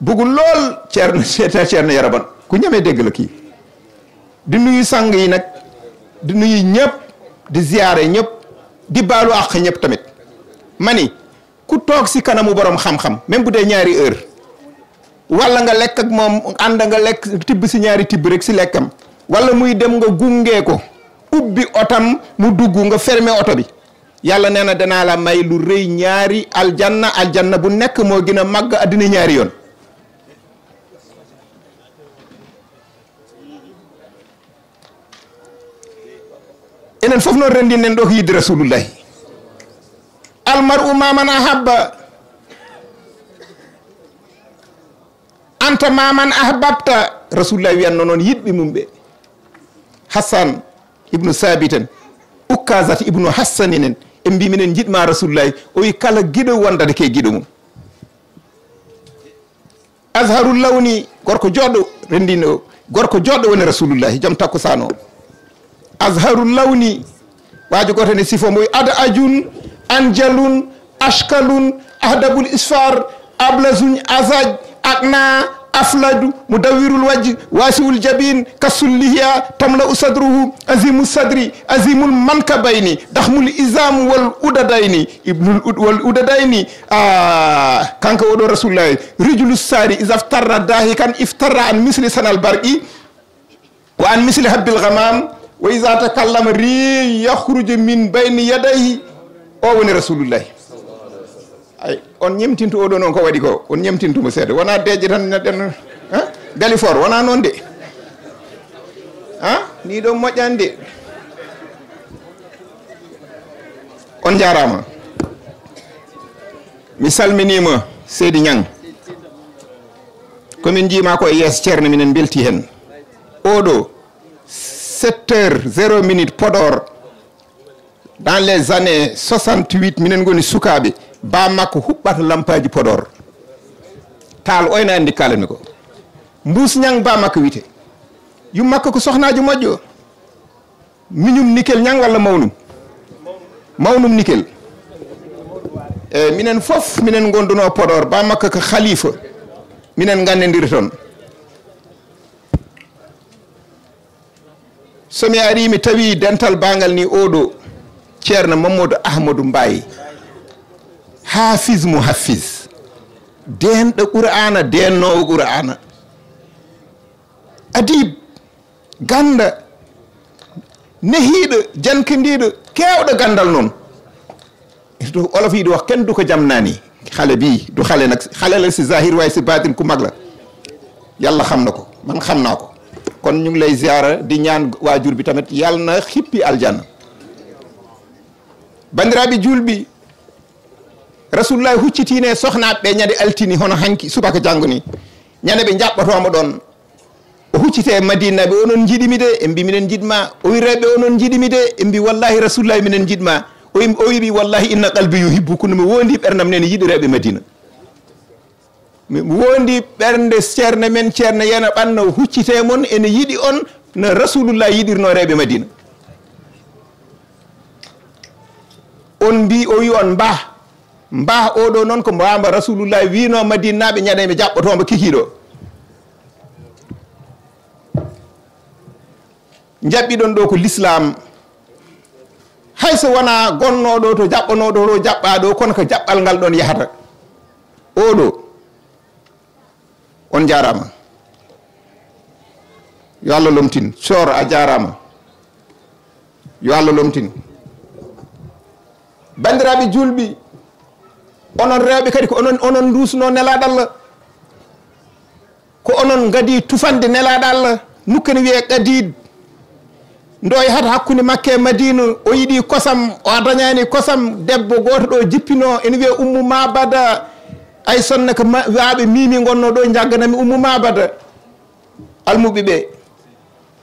bugul lol cerna cerna yaraban ku ñame dégg la ki di nuyu sang yi nak di nuyu ñëpp di ziaré ñëpp di balu ak ñëpp tamit mani ku tok si kanamu borom xam-xam même bu dé ñaari heure wala nga lek ak mom and nga lek tib si ñaari tib rek ci lekam wala muy dem nga gungé ko ubbi otam mu dugg nga fermé auto bi yalla nee dana la may lu reuy ñaari aljanna aljanna bu nek mo gina mag adina ñaari enen fof noon renndinnen ɗo ko yidde rasulullahi almar'u maman ahabba anta maman ahbabta rasulullahi wiyanno noon yiɗɓe mum ɓe hassan ibnu sabiten ukkasat ibnu hassani nen en mbi minen jiɗma rasulullahi o wi kala giɗo wondade ke giɗo mum asharul lawni gorko joɗɗo renndino gorko joɗɗo woni rasulullahi jom takkusanoo azharul lawni wajo goto ne sifo mbo ada ajun anjalun ashkalun ahdabul isfar ablasun azaj akna afladu mudawirul wajji wasiul jabin kasullihiya tamla usadruhu azimu sadri azimul mankabayni dahmul isam wal udadayni ibnul ud wal udadayni kanko oɗo rasulullahi rijulus sari isaftarra dahi kan iftarra an misli sanal barqi wa an misli habbil gamam wa ida takallama ri yahruju min bayni yadayhi o woni rasulullahi ay on ñemtinta oɗo noon ko waɗi ko on ñemtintuma seeda wona deeje tan neɗɗen galifort wona noon de ni ɗo moƴan de on jarama mi salminima seydi ñang komin jiima ko e yeeso ceerno minen belti hen oɗo sept heures zéro minute Podor dans les années soixante huit minen ngoni sukaaɓe ba makko huɓɓata lampaji Podor taal oyna andi kalanmi ko mbusñang ba makko wiyete yum makko ko sohnajo moƴƴo miñum nikel ñang walla mawnum mawnum nikel eh, minen fof minen gonduno Podor ba makko ko khalifa minen gandendir somi ari mi tawi dental bangal ni oɗo ceerno mamadou ahmadou mbayi hafis mo hafiz denɗo qur'ana dennowo qur'ana adib ganda nehiɗo jankidiɗo kewɗo gandal noon to olof yiɗo wax ken du ko jamnani xale bi du xale nag xale la si zahir way si batin ku magla yalla yàlla xam na ko man xam ko kon ñu ngi lay ziara di ñaan waajur bi tamit yàll na xippi aljanna bandiraa bi juul bi rasulullahi huccitiine soxnaa ɓe ñade altini hono hanki subaka jàngu ni ñande ɓe njaɓɓotooma ɗoon o huccitee madina ɓe onon njiɗimi de e mbi minen jiɗmaa o wireeɓe onon njiɗimi de e mbi wallahi rasulullahi minen jiɗmaa o wiɓi wallahi inna qalbi yuhibbu kunno mi woondi ɓernam nene yiɗireeɓe madina mi wondi ɓernde ceerne men ceerne yana ɓanno huccite mon ene yiɗi on no rasulullah yiɗirno rewɓe madina on mbi o wi on mba mba oɗo noon ko mbawamba rasulullah wino madine naɓe ñaɗeme jaɓɓotomba kikiɗo jaɓɓiɗon ɗo ko l'islam hayso wona gonnoɗo to jaɓɓanoɗo to jaɓɓaɗo kono ko jaɓɓal ngal ɗon yahata oɗo on jarama yo allah lomtin sor a jarama yo allah lomtin bandiraɓe julbi onon rewbe kadi ko onon onon dusno neladal, ko onon gadi tufande nelaɗo allah nukkani wiye qadid ndo e makke e madina o yidi kosam o ini kosam debbo goto do jippino en wiye ummu mabada ay sonne ko waaɓe mimi gonno ɗo e jagganami ummu mabada almuɓe ɓe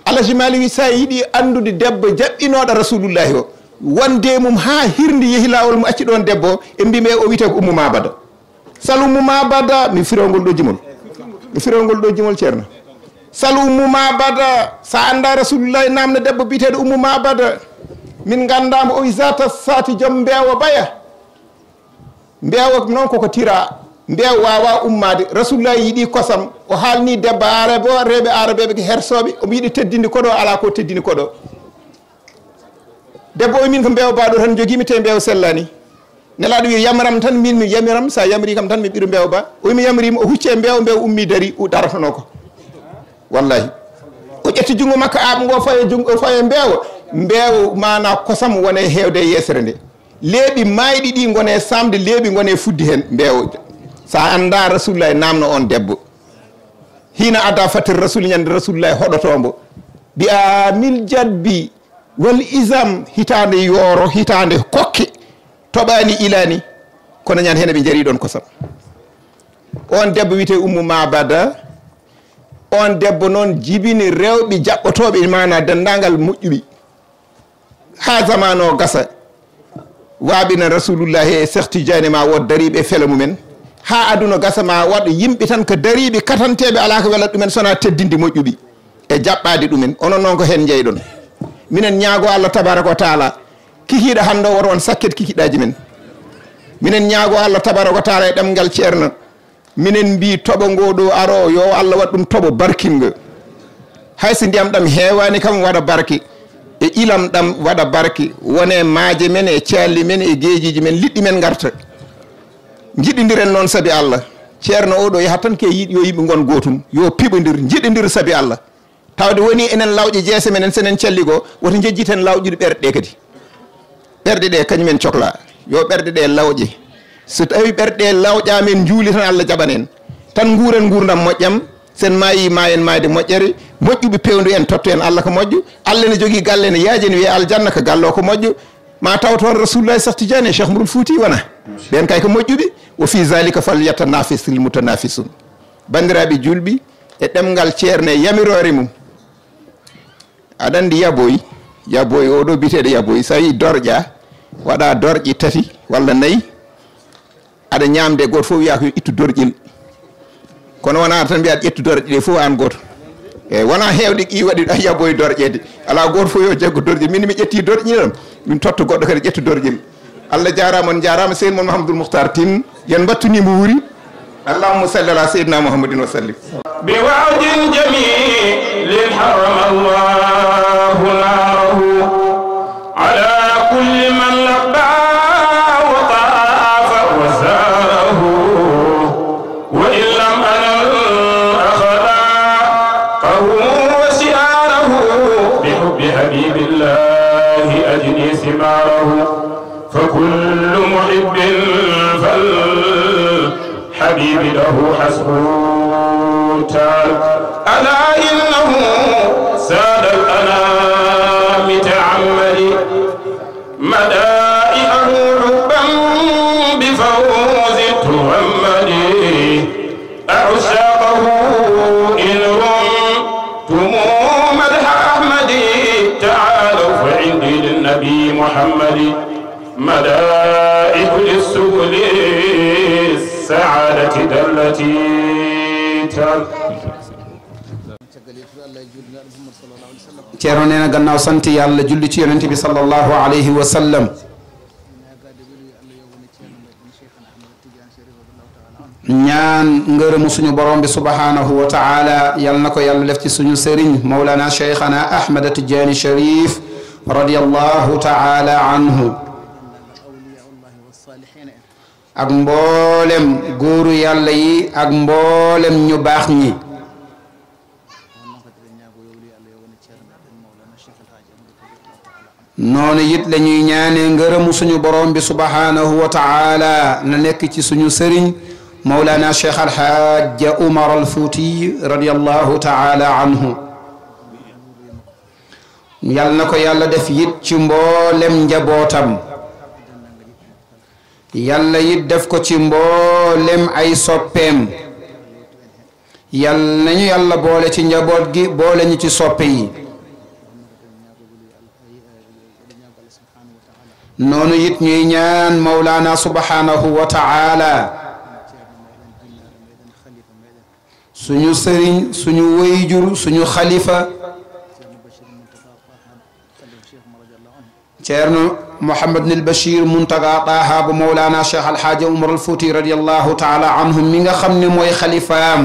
alaji mali wi sa yiiɗi andude debbo jaɓɓinoɗo rasulullahi o wonde mum ha hirdi yeehi lawol mu acci ɗon debbo e mbimi o wiite ko ummu mabada sal ummu mabada mi firongol ɗo jimol mi firongol ɗo jimol ceerno sal ummu mabada sa anda rasulullahi namde debbo biteɗo ummu mabada min gandama o wi zata sati joom mbewo baya mbewo noon koko tira nde wawa ummade rasulullah yiiɗi kosam o haalni debba arabe o rewɓe arabeɓe ko hersoɓe omo yiiɗi teddinde koɗo ala ko teddini koɗo debbo o min ko mbewa baɗo tan joguimi te mbewa sellani nelaɗo wi yamram tan min mi yamiram sa yamri kam tan mi ɓiru mbewa ba o wimi yamrima o hucce mbewa mbewa ummi daari u ɗaratono ko wallahi o ƴetti junggo makko aɓa ngo faye jungo faye mbewa mbewa mana kosam wone hewde e yesere nde leeɓi mayɗi ɗi gone samde leeɓi gone fuddi hen mbewa so a annda rasulullah namno on debbo hina adda fatir rasul ñande rasulullah hoɗotombo bi amil jadbi wal isam hitande yooro hitande kokke toɓani ilani kono ñande hene ɓe jari ɗon kosam on debbo wiite ummu mabada on debbo noon jibini rewɓe jaɓɓotoɓe mana dendagal moƴƴuɓi ha zaman o gasa waɓina rasulullahi e cheikh tidiane ma wo dariɓe fela mumen ha aduna gasa ma waɗa yimɓe tan ko dariɓe katanteɓe ala ko welat ɗumen sona teddinde moƴƴuɓi e jaɓɓade ɗumen onon noon ko hen jeyɗon minen ñaago allah tabaraka wa taala kikiɗa hande o woto won sakket kikiɗaji men minen ñaago allah tabaraka wa taala e ɗemgal ceerna minen mbi toɓo ngo ɗo aro yo allah waɗ ɗum toɓo barkinga hayso ndiyam ɗam hewani kam waɗa barke e ilam ɗam waɗa barke wone maaje men e calli men e geejiji men liɗɗi men garta jiɗidiren noon saabi allah ceerno o ɗo yaha tan ke yiiɗi yo yimɓe gon gootum yo piɓodir jiɗidir saabi allah tawde woni enen lawƴe jeese menen senen calli go woto jejjiten lawƴude ɓerɗe ɗe kadi ɓerɗe ɗe kañumen cohla yo ɓerɗe ɗe lawƴe so tawi ɓerɗe lawƴamen juuli tan allah jaɓan en tan guuren gurdam moƴƴam sen maayi ma en maayde moƴƴere moƴƴuɓe pewndu en totto en allah ko moƴƴu allah ne jogui galle ne yaaji ne wiye aljanna ko galloo ko moƴƴu ma taw toon rasulullahi sarti diane e cheikh mourum fouti wona ɓen kay ko moƴƴuɓe wo fi zalika fal yatta nafis lil mutanafisun bandiraɓe julɓi e ɗemgal ceerne yamirore mum aɗa andi yaboyi yaboyi oɗo biteɗo yaboyi so wi dorƴa waɗa dorƴi tati walla nayyi aɗa ñamde goto fof wiya ko ittu dorƴil kono wona tan mbiyaɗa ƴettu dorƴi ɗe fof an goto eyyi wona hewde qi waɗi ɗa yaboye dorƴede ala goto fof yo jaggo dorƴe min mi ƴetti dorƴe ɗam min totta goɗɗo kadi ƴetta dorƴe mi allah jarama on jarama seydi moon mahamadoul mouhtar tin yen battunimo wuuri allahumma salli ala seydina mouhamadin wa sallim بوعد الجميع حرم الله ناره على كل من الحبيب له حسبه تعالى ألا إنه سال الأنام تعمل مدائعه حبا بفوز تغمدي أعشاقه إن تمو مدح أحمد تعالوا فعندي للنبي محمد مدائعه التي تر ceerno nee na gannaaw sant yàlla julli ci yonente bi sallallahu alayhi wa sallam ñaan ngërëmu suñu borom bi subhanahu wa taala yal na ko yàlla def ci suñu sëriñ mawlana cheikhana ahmada tijaani sharif radiallahu taala anhu ak mbollem goru yàlla yi ak mbollem ñu bax ñi non yit lañuy ñaané ñaanee suñu borom bi subhanahu wa taala na nek ci suñu sëriñ مولانا cheikh الحاج عمر الفوتي رضي الله تعالى عنه na يالا ديف ييت it مبولم mboolem yàlla it def ko ci mboolem ay soppeem yàlla nañu yàlla boole ci njaboot gi boole ñu ci soppe yi noonu it ñuy ñaan mawlaana subhanahu wa ta'ala suñu sëriñ suñu wayjur suñu xalifa ceerno mouhamad nil bachir muntaga taaha bu mawlaana cheikh alhaaji umar al fouti radiallahu taala anhum mi nga xam ne mooy xalifaam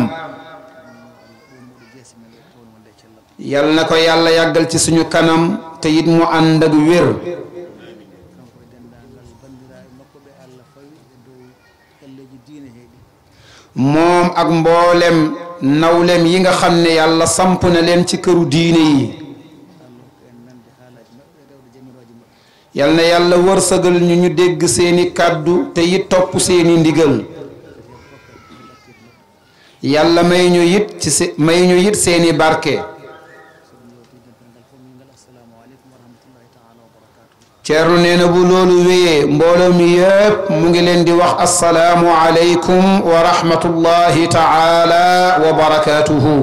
yal na ko yàlla yàggal ci suñu kanam te it mu ànd ak wér moom ak mboolem nawlem yi nga xam ne yàlla samp na leen ci këru diine yi Yalna na yàlla wërsëgal ñu ñu dégg seeni kàddu te it topp seeni ndigal yàlla may ñu it ci may ñu it seeni barke ceerno nee na bu loolu wéyee mbooloo mi yépp mu ngi leen di wax assalaamu aleykum wa rahmatullahi taala wa barakatuhu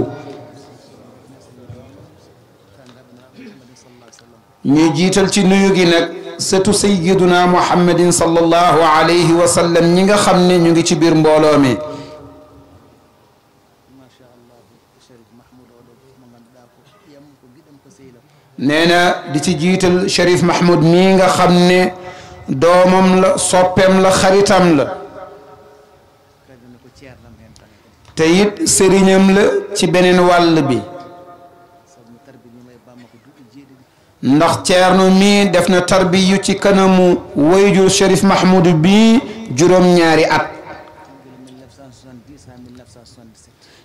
ني جيتال سي نويو غي نك ستو سيدنا محمد صلى الله عليه وسلم نيغا خامني نيغي سي بير مبولو مي نينا دي سي جيتال شريف محمود ميغا خامني دومم لا سوبم لا خريتام لا تيت سيرينم لا سي بنين وال بي ndax ceerno mii def na tarbiyu ci kanamu wayjur Cherif Mahmoud bii juróom-ñaari at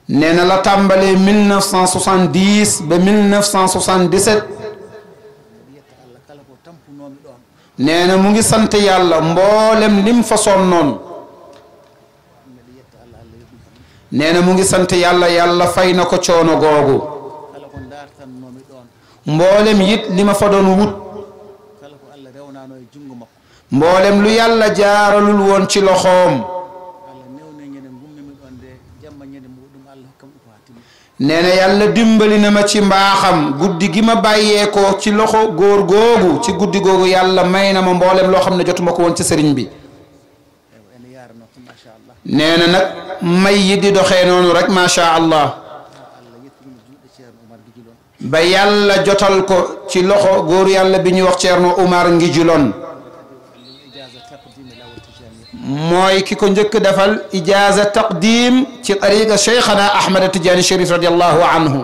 nee na la tàmbalee 1970 ba 1977 nee na mu ngi sant yàlla mboolem lim fa sonnoon nee na mu ngi sant yàlla yàlla fay na ko coono googu mboolem it li ma fa doon wut mboolem lu yàlla jaaralul woon ci loxoom nee na yàlla dimbali na ma ci mbaaxam guddi gi ma bàyyeekoo ci loxo góor googu ci guddi googu yàlla may na ma mboolem loo xam ne jotuma ko woon ci sëriñ bi nee na nag may yi di doxee noonu rek macha allah. ba yàlla jotal ko ci loxo góor yàlla bi ñuy wax Ceerno Umar ngi juloon mooy ki ko njëkk defal ijaaza taqdim ci tariqa Cheikhana Ahmad Tidiane Chérif radiallahu anhu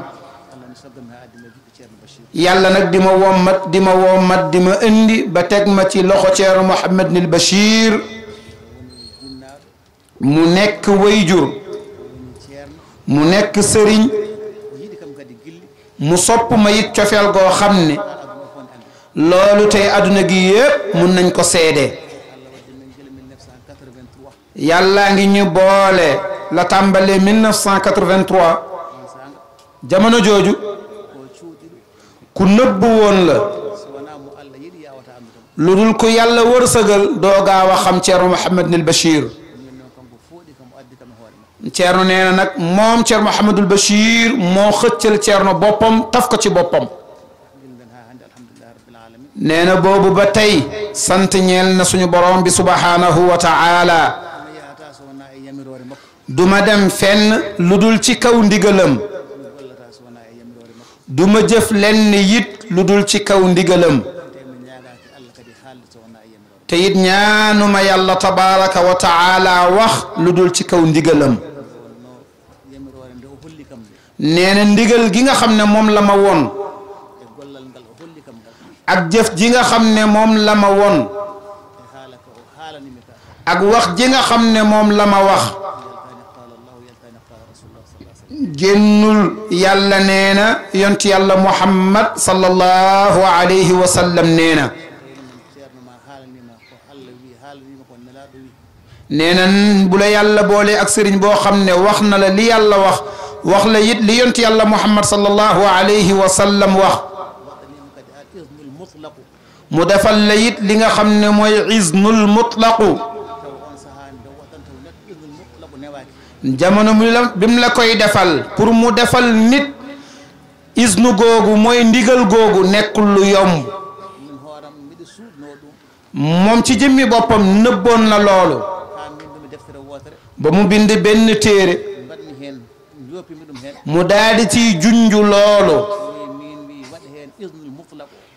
yàlla nag di ma wommat di ma wommat di ma indi ba teg ma ci loxo Ceerno Mouhamed Nil Bachir mu nekk wayjur mu nekk sëriñ مصوب ميت تفعل غو خمني لولو تي أدنى جيب من ننكو سيدي يالا نجي نبولي لتنبالي 1983 جمانو جوجو كنبوون لا لولو كو يالا ورسغل دوغا وخمتير محمد البشير تيرنو نينا نك موم تير محمد البشير مو خيتل تيرنو بوبام تاف كو سي بوبام نينا بوبو باتاي سانت نيل نا سونو بوروم وتعالى دوما دم فن لودول سي كاو نديغلم دوما جيف لن ييت لودول سي كاو نديغلم تيد نيا نوما يالله تبارك وتعالى واخ لودول سي كاو نديغلم nee ndigal gi nga xamne mom lama won ak jëf ji nga xamne mom lama won ak wax ji nga xamne mom lama wax génnul yàlla nena yont yàlla muhammad sallallahu alayhi wa sallam nena na bu la yàlla bolé ak sëriñ bo xamne wax na la li yàlla wax واخلا يد لينت يلا محمد صلى الله عليه وسلم واخ مدفل ليت لينا خمن موي اذن المطلق جامونو بيم لا كوي دفال بور مو دفال نيت اذن غوغو موي نديغال غوغو نيكول لو يوم موم تي جيمي بوبام نيبون لا لولو بامو بيند بن تيري mu daadi ci junju loolu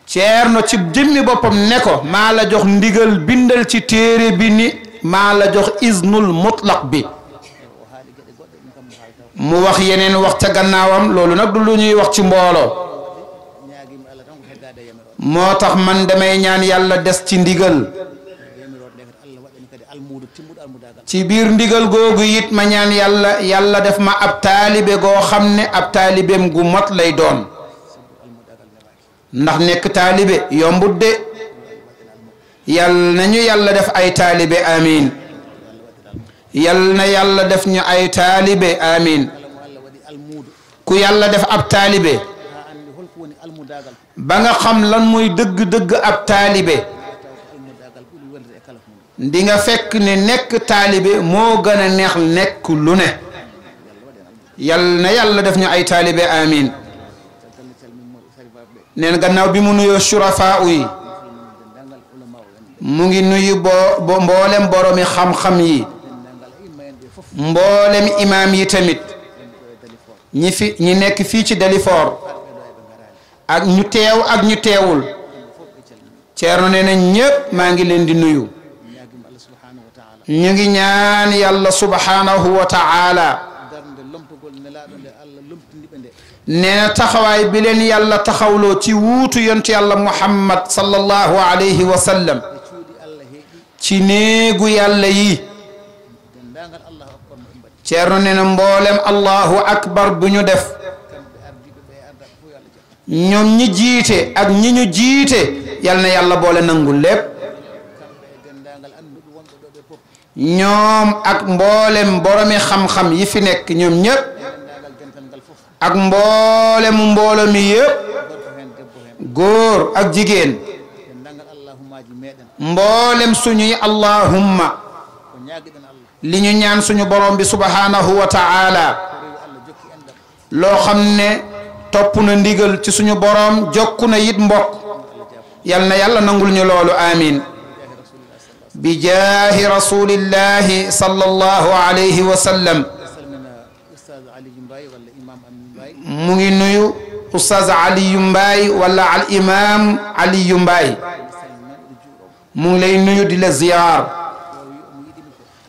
ceerno ci jëmmi boppam ne ko maa la jox ndigal bindal ci téere bi ni maa la jox isnul mutlaq bi mu wax yeneen wax ca gannaawam loolu nag du lu ñuy wax ci mbooloo moo tax man damay ñaan yàlla des ci ndigal ci biir ndigal googu it ma ñaan yàlla yàlla def ma ab taalibe goo xam ne ab taalibeem gu mot lay doon ndax nekk taalibe yombut de yàlla na ñu yàlla def ay taalibe amiin yàlla na yàlla def ñu ay taalibe amiin ku yàlla def ab taalibe ba nga xam lan muy dëgg-dëgg ab taalibe di nga fekk ne nekk taalibe moo gën a neex nekk lu ne yal na yàlla def ñu ay taalibe amin neen gannaaw bi mu nuyoo surafaa yi mu ngi nuyu boo mboolem boroomi xam-xam yi mboolem imaam yi tamit ñi fi ñi nekk fii ci Dalifort ak ñu teew ak ñu teewul ceerno nee na ñépp maa ngi leen di nuyu ñu ngi ñaan yàlla subhaanahu wa taxawaay bi leen yàlla taxawloo ci wuutu yontu yàlla muhammad sallallahu alayhi wa sallam ci néegu yàlla yi ceerno ne na mboolem allahu akbar bu ñu def ñoom ñi jiite ak ñi jiite yal na yàlla boole nangul ñoom ak mboolem boromi xam-xam yi fi nekk ñoom ñëpp ak mboolem mboolo mi yëpp góor ak jigéen mboolem suñuy allahumma li ñu ñaan suñu borom bi subhanahu wa loo xam ne topp na ndigal ci suñu boroom jokku na it mbokk yal na yàlla nangul ñu loolu amiin بجاه رسول الله صلى الله عليه وسلم موغي نويو استاذ علي يمباي ولا الامام علي يمباي مون لاي نويو دي لا زيار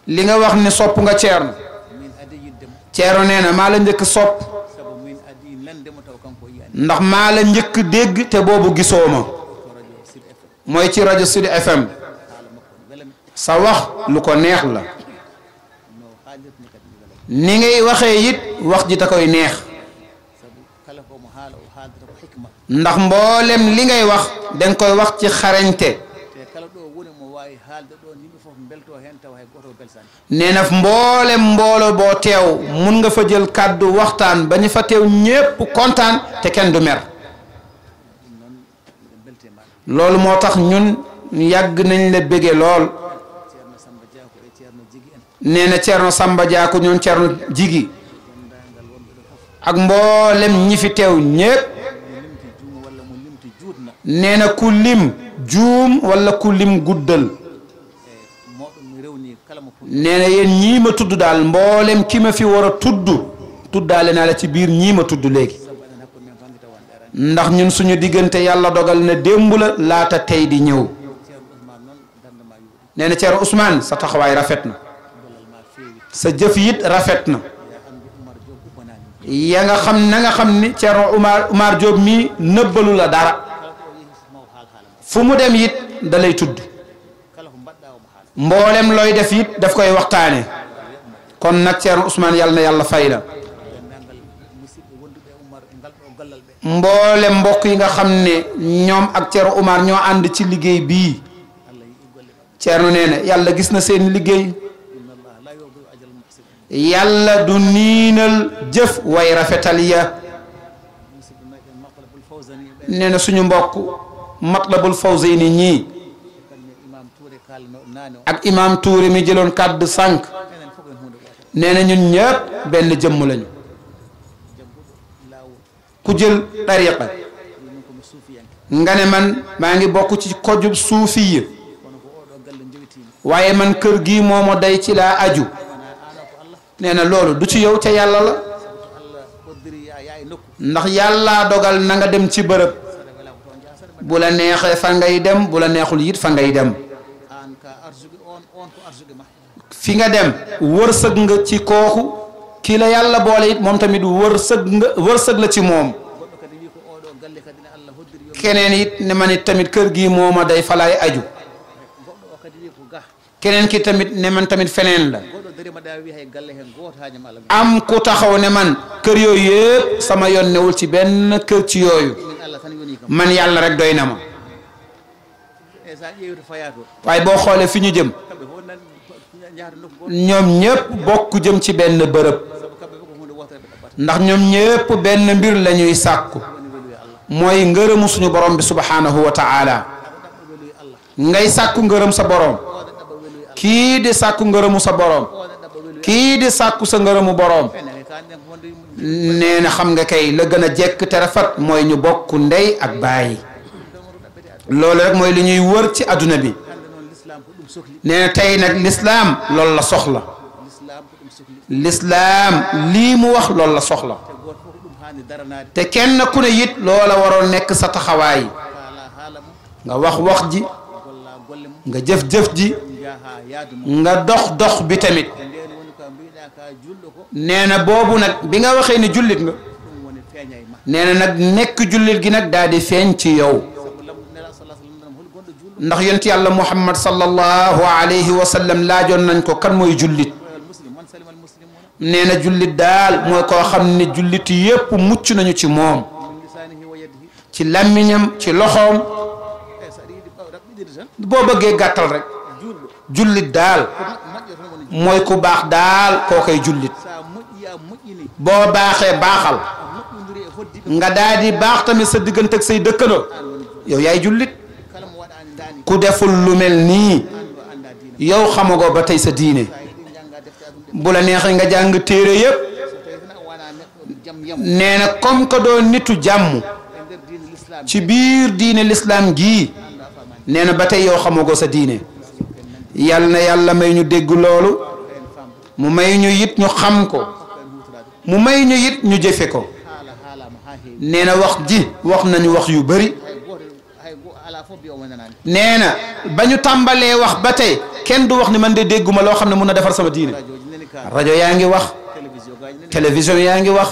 ليغا واخني صوب غا تيرن تيرو نينا مالا نديك صوب ناخ مالا نديك ديغ تي بوبو غيسوما موي تي راديو سيدي اف sa wax lu ko neex la ni ngay waxee it wax ji ta koy neex ndax mboolem li ngay wax danga koy wax ci xarañte nee na mboolem mboolo boo teew mun nga fa jël kàddu waxtaan ba ñu fa teew ñépp kontaan te kenn du mer loolu moo tax ñun yàgg nañ la bége lool nee na Thierno Samba Diako ñoom Thierno Jigi ak mboolem ñi fi teew ñépp nee na ku lim juum walla ku lim guddal nee na ñii ma tudd daal mboolem kii ma fi war a tudd tuddaale naa la ci biir ñii ma tudd léegi ndax ñun suñu diggante yàlla dogal na démb la laata tey di ñëw nee na Thierno sa taxawaay rafet na. sa jëf yit rafet na ya nga xam na nga xam ni Ceerno Umar Umar Diop mii nëbbalu la dara fu mu dem yit dalay tudd mboolem looy def it daf koy waxtaane kon nag Ceerno Ousmane yàlla yàlla fay la mboolem mbokk yi nga xam ne ñoom ak Ceerno Umar ñoo ànd ci liggéey bii Ceerno nee yàlla gis na seen liggéey Yalla du ninal jëf way rafetal ya neena suñu mbokk matlabul fawzaini ak imam Touré mi jëlon kaddu sank neena ñun ñepp benn jëm lañu ku jël tariqa nga ne man ma ngi bokku ci kojub waye man kër gi momo day ci la aju nee na loolu du ci yow ca yàlla la ndax yàllaa dogal na nga dem ci bërëb bu la neexee fa ngay dem bu la neexul it fa ngay dem fi nga dem wërsëg nga ci kooku kii la yàlla boole it moom tamit wërsëg nga wërsëg la ci moom keneen it ne ma nit tamit kër gii mooma day falaay aju keneen ki tamit ne man tamit feneen la am ku taxaw ne man keur yoy yeb sama yoon newul ci ben keur ci yoy man yalla rek doyna ma way bo xole fiñu jëm ñom ñepp bokku jëm ci ben beurep ndax ñom ñepp ben mbir lañuy sakku moy mooy suñu borom bi subhanahu wa taala ngay sakku ngërëm sa borom Ki di sakku ngërëmu sa borom كيدي دي ساكو سنغرم بروم نينا خمغا كي لغنا جيك ترفت موي نيو بوك كوندي اك لولا لول رك موي لي نيو وور ادونا بي نينا تاي نك الاسلام لول لا سوخلا الاسلام لي مو واخ لول لا سوخلا te kenn ku ne yit loola waroon nekk sa taxawaay nga wax wax ji nga jëf jëf ji nga dox dox nee na boobu nag bi nga waxee ne jullit nga nee na nag nekk jullit gi nag daal di feeñ ci yow ndax yonent yàlla muhammad sallallahu alayhi wa sallam laajoon nañ ko kan mooy jullit nee na jullit daal mooy koo xam ne jullit yépp mucc nañu ci moom ci làmmiñam ci loxoom boo bëggee gàttal rek julit dal, moy ku bax dal koo koy jullit boo baaxee nga dadi di baax tamit sa digënt ak say dëkkandoo yow yaay julit ku deful lu mel nii yow xamago ba tey sa diiné bu la neex nga jang téré yépp comme nitu jamm ci bir diiné l'islam gi nee ba yow xamago sa diiné yal na yàlla may ñu dégg loolu mu may ñu it ñu xam ko mu may ñu yit ñu jëfe ko nee na wax ji wax nañu wax yu bari nee na ba ñu tàmbalee wax ba tey kenn du wax ni man de dégguma loo xam ne mun na defar sama diine rajo yaa ngi wax télévision yaa ngi wax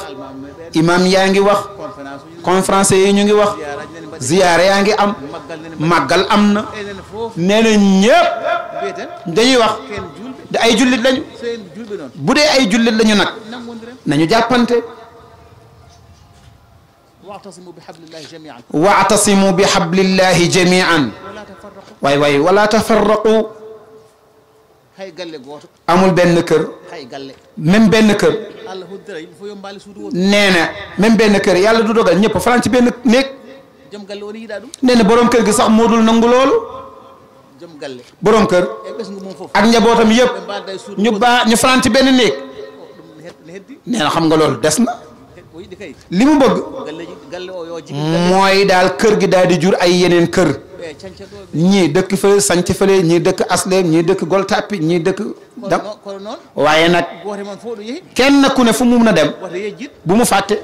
imam yaa wax conférence yi ñu ngi wax ziyaare yaa am magal amna na ñëpp dañuy wax da ay julit lañu bu dee ay julit lañu nak nañu jàppante واعتصموا بحبل الله جميعا واعتصموا بحبل الله جميعا واي واي ولا تفرقوا hay galle gooto amul benn kër hay galle même benn kër nee na même benn kër yàlla du dogal ñëpp fanaan ci benn néeg jom galle woni yiɗaa ɗum nee na borom kër gi sax moo dul nangu loolu jom borom kër eh, ak njabootam yëpp ñu baa ñu fanaan benn néeg nee xam nga loolu des na li mu bëgg mooy daal kër gi daal di jur ay yeneen kër ñii dëkk fële sanc fële ñii dëkk asleem ñii dëkk goltappi ñii dëkk dam waaye nag kenn ku ne fu mu mun a dem bu mu fàtte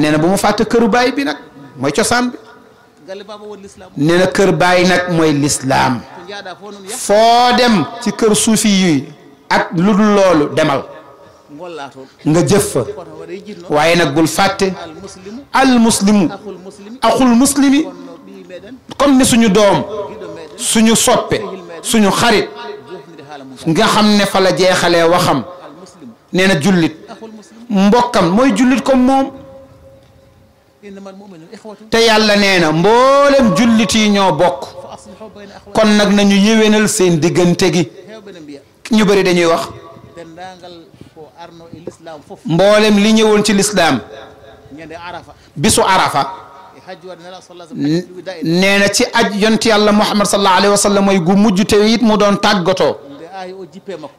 nee na bu mu fàtte këru baay bi nag mooy cosaan bi nee na kër baay nag mooy lislaam foo dem ci kër suufi yuy ak lu dul loolu demal nga jëf fa waaye nag bul fàtte al muslimu axul muslimi comme ni suñu doom suñu soppe suñu xarit nga xam ne fala la jeexalee waxam nee na jullit mbokkam mooy jullit comme moom te yàlla nee na mboolem jullit yi ñoo bokk kon nag nañu yéwénal seen diggante gi ñu bëri dañuy wax mboolem li ñëwoon ci lislaam bisu arafa nee na ci aj yonti yàlla Muhammad sallallahu alayhi wa sallam mooy gu mujj te it mu doon tàggatoo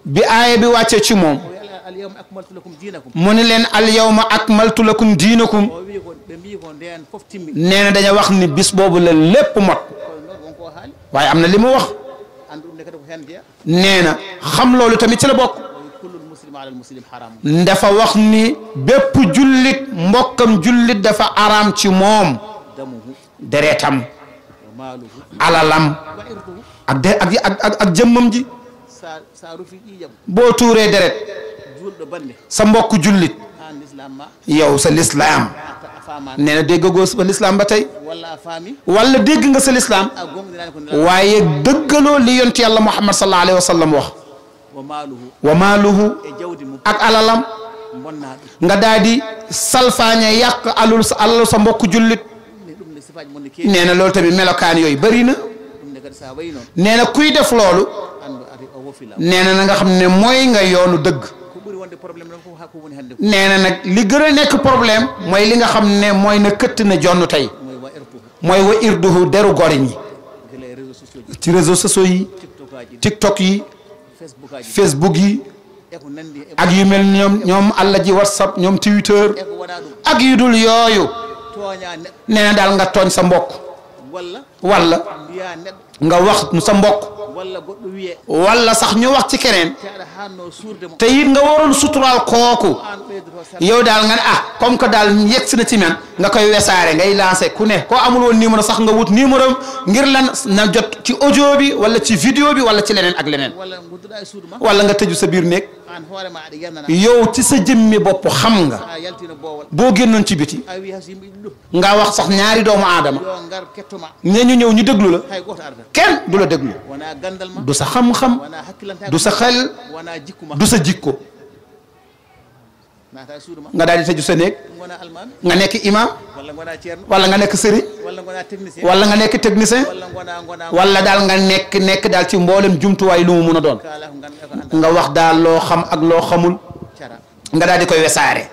bi aaya bi wàccee ci moom mu ni leen al yawma akmaltu lakum diinakum nee na dañoo wax ni bis boobu la lépp mot waaye am na li mu wax nee na xam loolu tamit ci la bokk dafa wax ni bépp jullit mbokkam jullit dafa araam ci moom deretam alalam ak de ak ak ak deret sa mbokk jullit yow sa lislaam nee na déggagoo sa lislaam ba tey wala dégg sa lislaam waaye dëggaloo li yonti muhammad sallallahu alayhi wa wa maaluhu ak alalam nga daal di salfaañe yàq alul sa alalu sa mbokk jullit nee na loolu tamit melokaan yooyu bëri na nee na kuy def loolu nee na na nga xam ne mooy nga yoonu dëgg nee na nag li gën a nekk problème mooy li nga xam ne mooy na këtt na jonn tey mooy wa irduhu deru gor ñi ci réseaux sociaux yi tiktok yi facebook yi ak yu mel ñoom ñoom àlla ji whatsapp ñoom twitter ak yu dul yooyu nee na daal nga tooñ sa mbokk walla nga wax sa mbokk walla sax ñu wax ci keneen te it nga waroon suturaal kooku yow daal nga ne ah comme que daal yegg si na ci man nga koy wesaare ngay lancé ku ne koo amul woon numéro sax nga wut numéro ngir lan na jot ci audio bi walla ci vidéo bi walla ci leneen ak leneen walla nga tëju sa biir néeg yow ci sa jëmmi bopp xam nga ah, boo génnoon ci biti ah, nga wax sax ñaari doomu aadama ne ñu ñëw ñu déglu la kenn du la déglu du sa xam-xam du sa xel du sa jikko nga daal di tëju sa néeg nga nekk imam wala nga nekk sëriñ wala nga nekk technicien wala daal nga nekk nekk daal ci mboolem jumtuwaay lu mu mun a doon nga wax daal loo xam ak loo xamul nga daal koy wesaare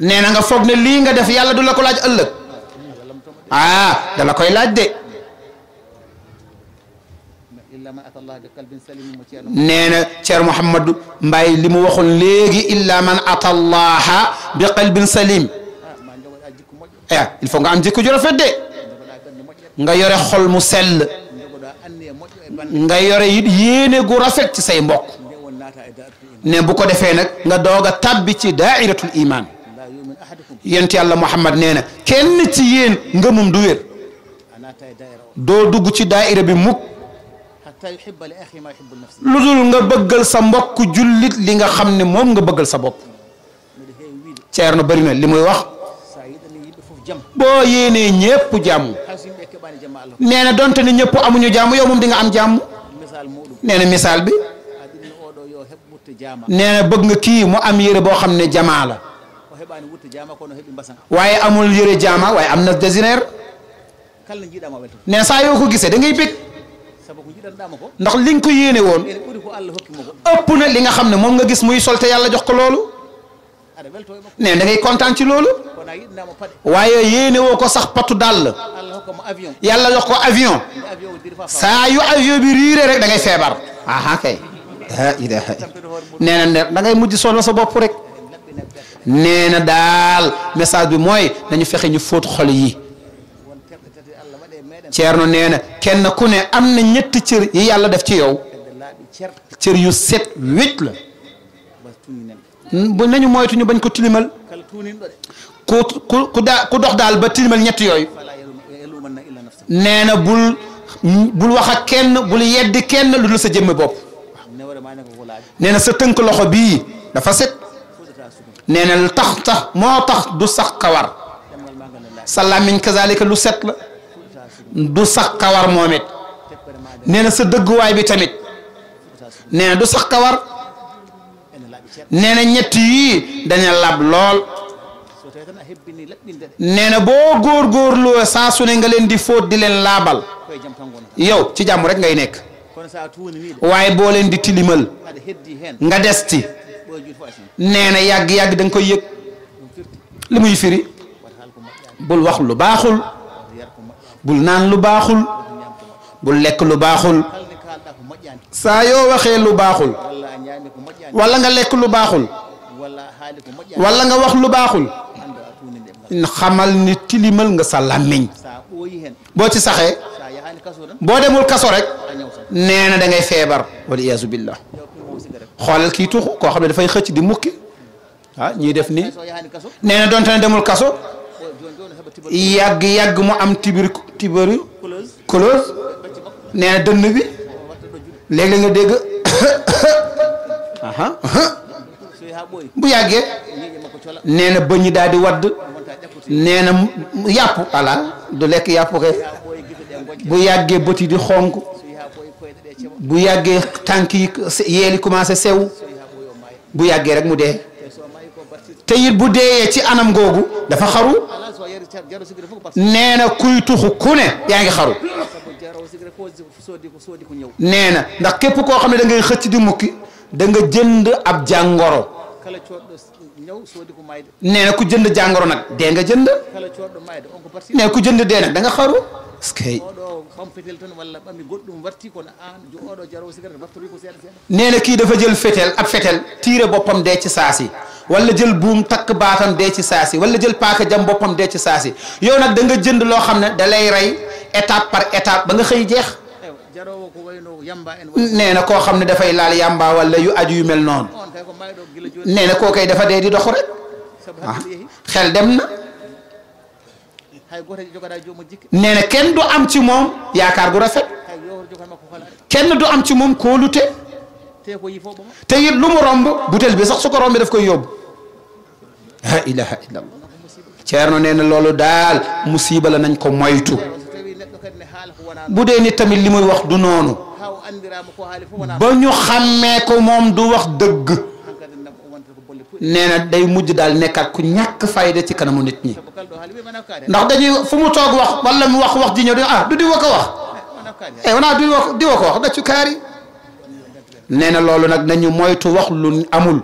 nee na nga foog ne lii nga def yàlla du la ko laaj ëllëg ah da la koy laaj de. nee na Ceer Mouhamadou Mbaye li mu waxoon léegi illa man ata allaha bi qalbin salim ah il faut nga am jikko ju rafet de nga yore xol mu sell nga yore it yéene gu rafet ci say mbokk ne bu ko defee nag nga doog tabbi ci daairatul iman yent yàlla Muhammad nee na kenn ci yéen ngëmum du wér doo dugg ci daaira bi mukk lu dul nga bëggal sa mbokk jullit li nga xam ne moom nga bëggal sa bopp ceer ceerno bari na li muy wax boo yéenee ñépp jàmm nee na donte ne ñëpp amuñu jàmm yow moom di nga am jàmm nee na misaal bi nee na bëgg nga kii mu am yére boo xam ne jamaa la waaye amul yére jaama waaye am na désinaire nee saa yoo ko gisee da ngay ndax li nga ko yéene woon ëpp na li nga xam ne moom nga gis muy solte yàlla jox ko loolu ne dangay ngay kontaan ci loolu waaye yéene woo ko sax patu dàll yàlla jox ko avion saa yu avion bi riire rek da ngay feebar aha kay la ilaha nee na da ngay mujj solo sa bopp rek nee na daal message bi mooy nañu fexe ñu fóot xol yi ceerno neena kenn ku ne am na ñett cër yi yàlla def ci yow cër yu set wit la bu nañu moytu ñu bañ ko tilimal ku ku ku ku dox dal ba tilimal ñett yoy neena bul bul wax ak kenn bul yedd kenn lu dul sa jëm bop neena sa teunk loxo bii dafa set neena na tax tax mo tax du sax kawar salamin kazalika lu set la du sax kawar momit neena sa deug way bi tamit neena du sax kawar neena na yi dañ daña lol neena bo gor gor lo sa su ne nga len di fóot di len laabal yow ci rek ngay nek waye bo len di tilimal nga des ti nee yag yàgg koy yek limuy firi bul wax lu baxul bul naan lu baaxul bul lekk lu baaxul saa yoo waxee lu baaxul wala nga lek lu baxul wala nga wax lu baxul in xamal ni tilimal nga sa bo ci saxé bo demul kasso rek neena da ngay febar wal iyaasu billah xolal ki tuxu ko xam da fay xëc di mukki ha ñi def ni neena don donte demul kasso yàgg-yàgg mu am tibir tibéru close nee na dënn bi léeg nga dégg aha bu yàggee nee bëñ daal di wadd nee yàpp ala du lekk yàpp kay bu yàggee bët yi di xonk bu yàggee tànk yi yeel sew bu yàggee rek mu dee تيل بودي تي انام غوغو دا فخرو نانا كويتو خوكوني يعني خرو نانا دا كيبو كو خامي دا نغي ختي دي موكي دا جند اب جانغورو نانا كو جند جانغورو نك دي جند نانا كو جند دي نك دا خرو skey nee na kii dafa jël fetel ab fetel tiire boppam dee ci saasi wala jël buum takk baatam dee ci saasi wala jël paaka jam boppam dee ci saasi yow nag da nga jënd loo xam ne da lay rey étape par étape ba nga xëy jeex nee na koo xam ne dafay laal yamba wala yu aju yu mel noonu nee na koo kay dafa dee dox rek ah, xel dem na nee na kenn du am ci moom yaakaar gu rafet kenn du am ci moom kóolute te it lu mu romb butel bi sax su ko romb daf koy yóbbu la ilaha illa allah ceerno nee na loolu daal musiba la nañ ko moytu bu dee nit tamit li muy wax du noonu ba ñu ko moom du wax dëgg nee na day mujj daal nekkaat ku ñàkk fayda ci kanamu nit ñi ndax dañuy fu mu toog wax wala mu wax wax ji ñëw di ah du di wa ko wax e eh, wonaa du di wa ko wax gaccu kaari nee na loolu nag nañu moytu wax lu amul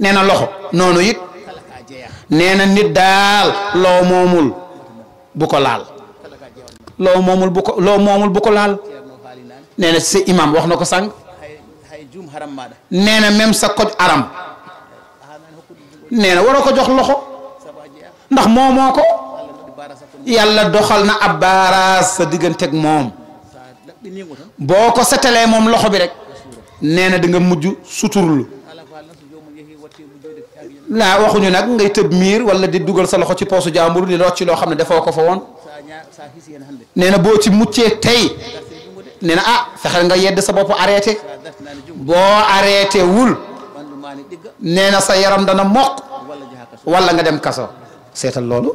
nee na loxo noonu it nee na nit daal loo moomul bu ko laal loo moomul bu ko loo moomul bu ko laal nee si imam wax na ko sànq nee na même sa koj aram nee na waroo ko jox loxo ndax moomoo ko yàlla doxal na ab baaraas sa digganteeg moom boo ko setalee moom loxo bi rek nee na di nga mujj suturlu laa waxuñu nag ngay tëb miir wala di dugal sa loxo ci poosu jàmbur di rocci loo xam ne defoo ko fa woon nee na boo ci muccee tey nee na ah fexeel nga yedd sa bopp arrêté boo arrêté wul. nee na sa yaram dana mokk walla nga dem kaso seetal loolu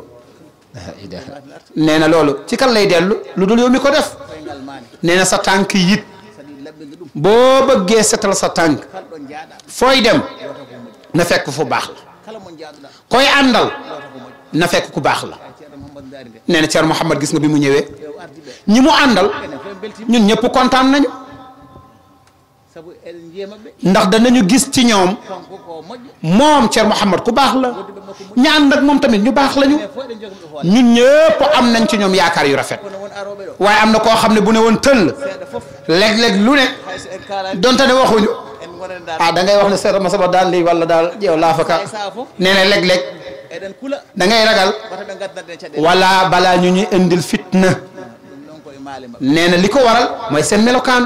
nee na loolu ci kan lay dellu lu dul yow mi ko def nee na sa tànk yit boo bëggee setal sa tànk fooy dem na fekk fu baax la koy àndal na fekk ku baax la nee na Thierno Mouhamed gis nga bi mu ñëwee ñi mu àndal ñun ñëpp kontaan nañu. ndax danañu gis ci ñoom moom cheikh mohammed ku baax la ñaan nak ak moom tamit ñu baax lañu ñun ñëpp am nañ ci ñoom yaakaar yu rafet waaye am na koo xam ne bu ne woon tëll léeg-léeg lu ne donte ne waxuñu ah da ngay wax ne sama ma sama daal lii wala daal yow laa fa ka nee na léeg-léeg da ngay ragal wala balaa ñu ñuy indil fitna nee na li ko waral mooy seen melokaan.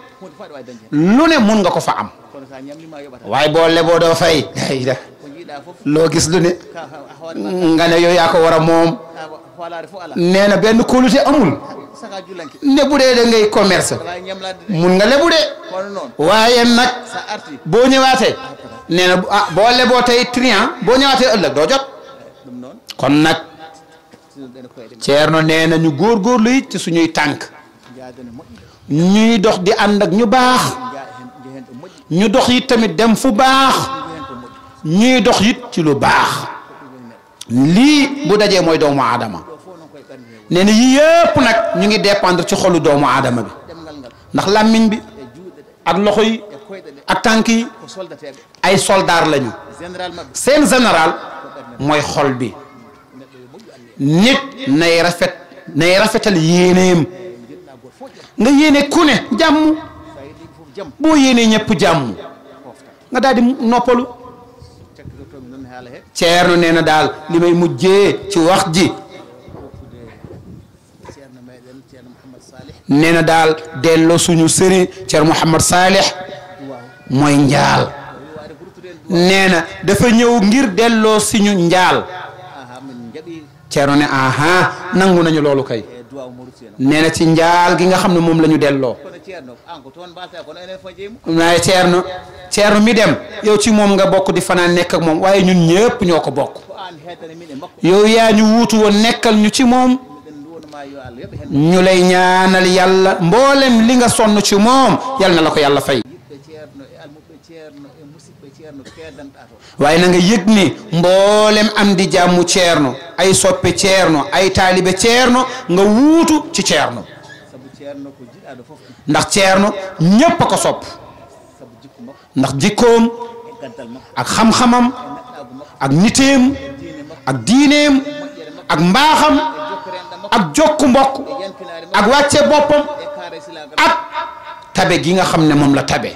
lu ne mun nga ko fa am waaye boo leboo doo fay loo gis lu ne nga ne yow yaa ko war a moom ah, nee na benn kóolute amul ne bu dee da ngay commerce mun nga bu de waaye nag boo ñëwaatee nee na ah boo leboo tey trian boo ñëwaatee ëllëg doo jot kon nag Ceerno nee na ñu góorgóorlu it ci suñuy tànk ñuy dox di ànd ak ñu baax ñu dox it tamit dem fu baax ñuy dox yit ci lu baax lii bu dajee mooy doomu aadama nee na yii yëpp nag ñu ngi dépendre ci xolu doomu aadama bi ndax làmmiñ bi ak loxo yi ak tànk yi ay soldaar lañu seen général mooy xol bi nit nay rafet nay rafetal yéeneem nga yene ku ne jàmm yene yéenee ñëpp jàmm nga dal di noppalu ceerno neena dal limay mujjé ci wax ji neena dal delo suñu sëriñ ceer Mouhamad Salih moy njaal neena dafa ñew ngir delo suñu njaal ne aha nangu nañu lolu kay nee na ci njaal gi nga xam ne moom la ñu delloo naa ceer ceerno mi dem yow ci moom nga bokk di fanaan nekkak moom waaye ñun ñëpp ñoo ko bokk yow yaa ñu wuutu woon nekkal ñu ci moom ñu lay ñaanal yàlla mboolem li nga sonn ci moom yàlla na la ko yàlla fay waaye na nga yëg ne mboolem am di jàmmu no ay soppe ceerno ay taalibe ceerno nga wuutu ci ceerno ndax ceerno ñépp a ko sopp ndax jikkoom ak xam-xamam ak niteem ak diineem ak mbaaxam ak jokku mbokk ak wàcce boppam ak tabe gi nga xam ne moom la tabe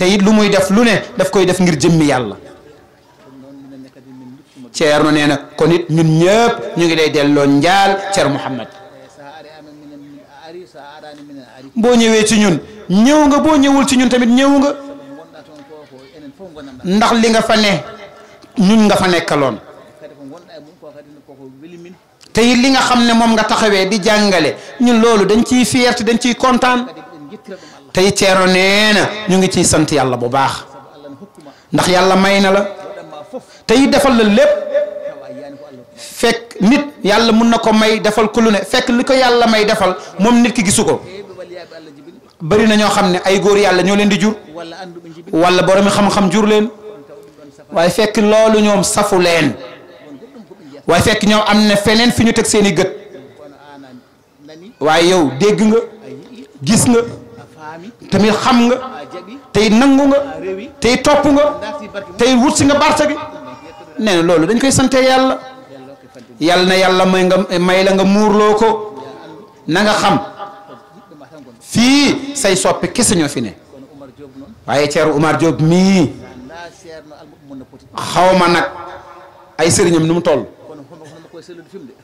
te it lu muy def lu ne def koy def ngir jëmm yàlla ceerno nee na kon it ñun ñëpp ñu ngi lay delloo njaal ceer Muhammad boo ñëwee ci ñun ñëw nga boo ñëwul ci ñun tamit ñëw nga ndax li nga fa ne ñun nga fa nekkaloon te it li nga xam ne moom nga taxawee di jàngale ñun loolu dañ ciy fierté dañ ciy kontaan tey ceero nee na ñu ngi ci sant yàlla bu baax ndax yàlla may na la tey defal la lépp fekk nit yàlla mun na ko may defal ku lu ne fekk li ko yàlla may defal moom nit ki gisu ko bari na ñoo xam ne ay góor yàlla ñoo leen di jur wala boromi xam-xam jur leen waaye fekk loolu ñoom safu leen waaye fekk ñoom am na feneen fi ñu teg seeni gët waaye yow dégg nga gis nga. tamit xam nga tey nangu nga tey topp nga tey wut si nga barta gi neena na loolu dañ koy sante yalla yalla na yalla may nga may la nga muurloo ko na nga xam fi say soppi kess ñoo fi ne waye Ceerno Umar job mi xawma nak ay sëriñam nu toll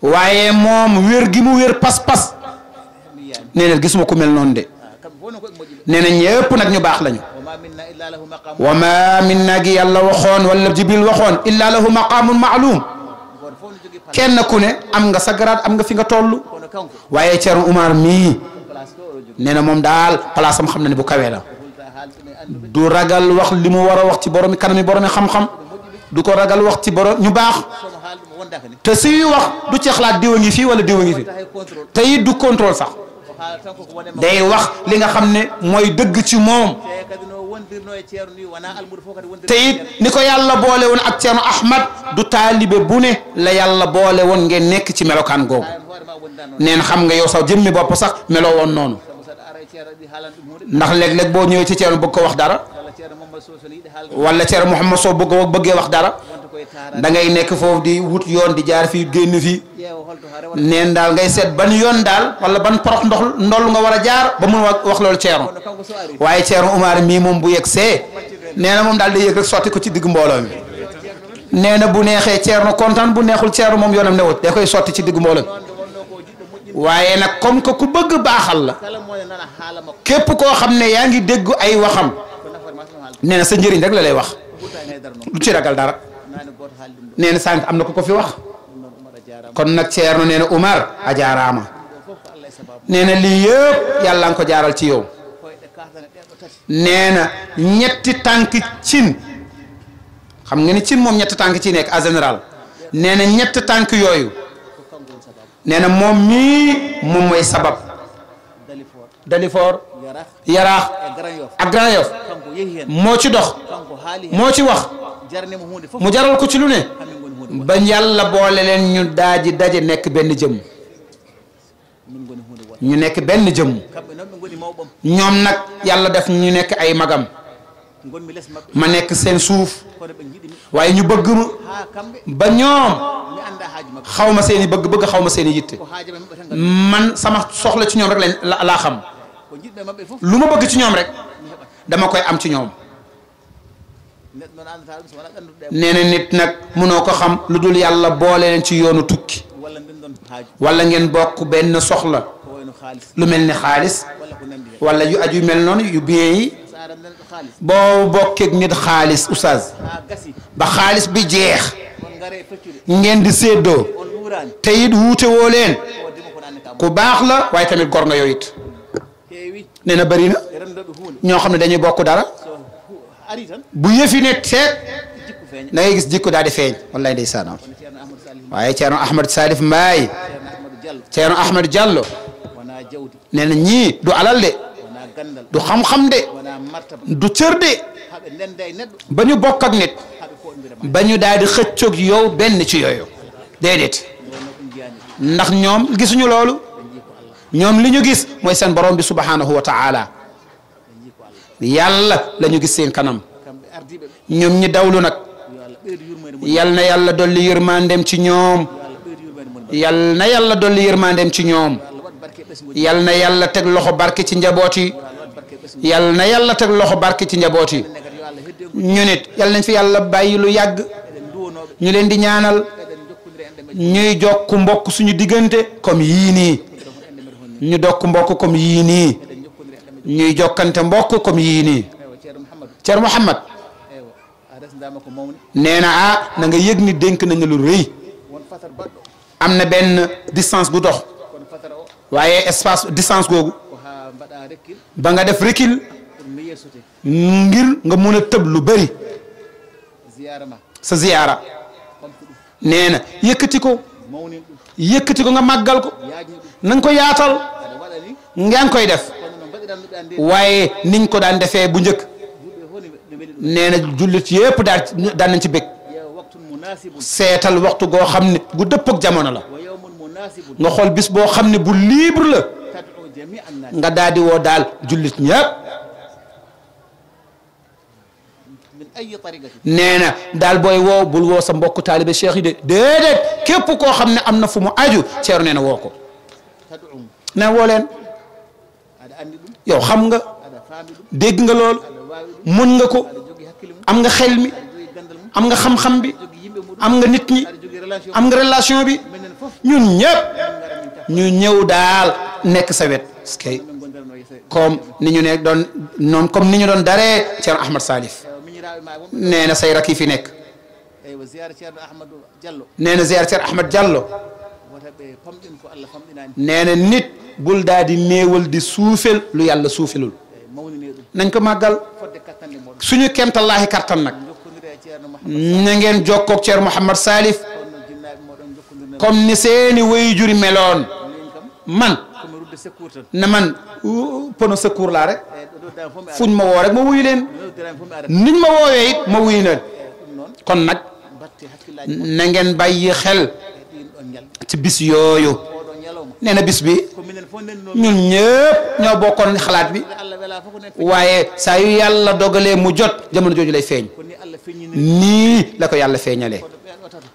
waye mom wér gi mu wér pas-pas neena gisuma ku mel non de nee na ñépp nag ñu baax lañu wa ma minna gi yàlla waxoon wala jibril waxoon illa lahu maqaamun maalum kenn ku ne am nga sa garaat am nga fi nga toll waaye Ceerno Umar mii nee na moom daal place am xam na ne bu kawee la du ragal wax li mu war a wax ci boromi kanami boromi xam-xam du ko ragal wax ci borom ñu baax te suy wax du ci xalaat diwa ngi fii wala diwa ngi fi te it du contrôle sax day wax li nga xam ne mooy dëgg ci moom te it ni ko yàlla boole woon ak Ceerno Ahmad du taalibe bu ne la yàlla boole woon ngeen nekk ci melokaan googu neen xam nga yow sax jëmmi bopp sax melo woon noonu ndax léeg-léeg boo ñëwee ci Ceerno bëgg ko wax dara wala Ceerno Mouhamed Sow bëgg ko bëggee wax dara da ngay nekk foofu di wut yoon di jaar fii génn fii neen daal ngay seet ban yoon daal wala ban porox ndox ndoll nga war a jaar ba mun wax loolu Ceerno waaye Ceerno Umar mii moom bu yegg see nee na moom daal day yëg rek sotti ko ci digg mbooloo mi nee na bu neexee Ceerno kontaan bu neexul Ceerno moom yoonam newut da koy sotti ci digg mbooloo mi waaye nag comme que ku bëgg baaxal la képp koo xam ne yaa ngi dégg ay waxam nee sa njëriñ rek la lay wax du ci ragal dara nee na sànq am na ku ko fi wax kon nag Ceerno nee na Umar a jaaraama nee na lii yëpp yàlla nga ko jaaral ci yow nee na ñetti tànk cin xam nga ni cin moom ñetti tànk ci nekk en général nee na ñetti tànk yooyu nee na moom mii moom mooy sabab Dalifort yaraax ak Grand Yoff moo ci dox moo ci wax mu jaral ko ci lu ne ba yàlla boole leen ñu daaji daje nekk benn jëmm ñu nekk benn jëmm ñoom nag yàlla def ñu nekk ay magam ma nekk seen suuf waaye ñu bëgg ma ba ñoom xaw ma seen bëgg-bëgg xaw ma seen i yitte man sama soxla ci ñoom rek lañ laa xam lu ma bëgg ci ñoom rek dama koy am ci ñoom nee na nit nag mënoo ko xam lu dul yàlla boole leen ci yoonu tukki wala ngeen bokk benn soxla lu mel ni xaalis wala yu aju mel noonu yu bien yi boo bokkeeg nit xaalis oustaz ba xaalis bi jeex ngeen di séddoo te it wuute woo leen ku baax la waaye tamit gor nga yow it nee na bëri na ñoo xam ne dañuy bokk dara bu yëfi ne teeg da ngay gis jikko daal di feeñ wallaay ndeysaan waaye Ceerno Ahmad Salif Mbaye Ceerno Ahmad Diallo nee na ñii du alal de du xam-xam de du cër de ba ñu bokk ak nit ba ñu daal di xëccoog yow benn ci yooyu déedéet ndax ñoom gisuñu loolu ñoom li ñu gis mooy seen borom bi subhanahu wa taala yàlla la ñu gis seen kanam ñoom ñi dawlu nag yal na yàlla dolli yërmandeem ci ñoom yal na ci ñoom yal na yàlla teg loxo barke ci njaboot yi yal na yàlla teg loxo barke ci njaboot yi ñu nit yal nañ fi yàlla bàyyi lu yàgg ñu leen di ñaanal ñuy jokk mbokk suñu diggante comme yii nii ñu dokk mbokk comme yii nii ñuy jokkante mbokk comme yii nii Ceer Muhammad nee na ah na nga yëg ni dénk nañu lu rëy am na benn distance bu dox waaye espace distance googu ba nga def rekil ngir nga mun a tëb lu bëri sa ziyaara nee na yëkkati ko yëkkati ko nga màggal ko na nga ko yaatal ngaa ngi koy def waaye niñ ko daan defee bu njëkk nee na jullit yëpp daal daan ci bég seetal waxtu goo xam gu jamono la nga xool bis boo xam ne bu libre la nga daal di woo daal jullit ñëpp nee na daal booy woo bul woo sa mbokk taalibe cheikh yi de déedéet képp koo xam ne am na fu mu aju ceeru nee na woo ko yow xam nga dégg nga loolu mën nga ko am nga xel am nga xam-xam am nga nit ñi am nga relation bi ñun ñëpp ñu ñëw daal nekk sa wet kay comme ni ñu ne doon noom comme ni ñu doon daree Ceerno Ahmad Salif euh, nee na say rak yi fi nekk nee na ziar Ceerno Ahmad Diallo nee na nit bul daa di néewal di suufel lu yàlla suufelul eh, nañ ko màggal suñu kemtallaahi kattan nag ngeen jokkoog Ceerno Mouhamad Salif comme ni seeni waajur meloon man na man pono secours laa rek fuñ ma woo rek ma wuyu leen niñ ma woowee it ma wuyu leen kon nag na ngeen bàyyi xel ci bis yooyu nee na bis bi ñun ñëpp ñoo bokkoon xalaat bi waaye saa yu yàlla dogalee mu jot jamono jooju lay feeñ nii la ko yàlla feeñalee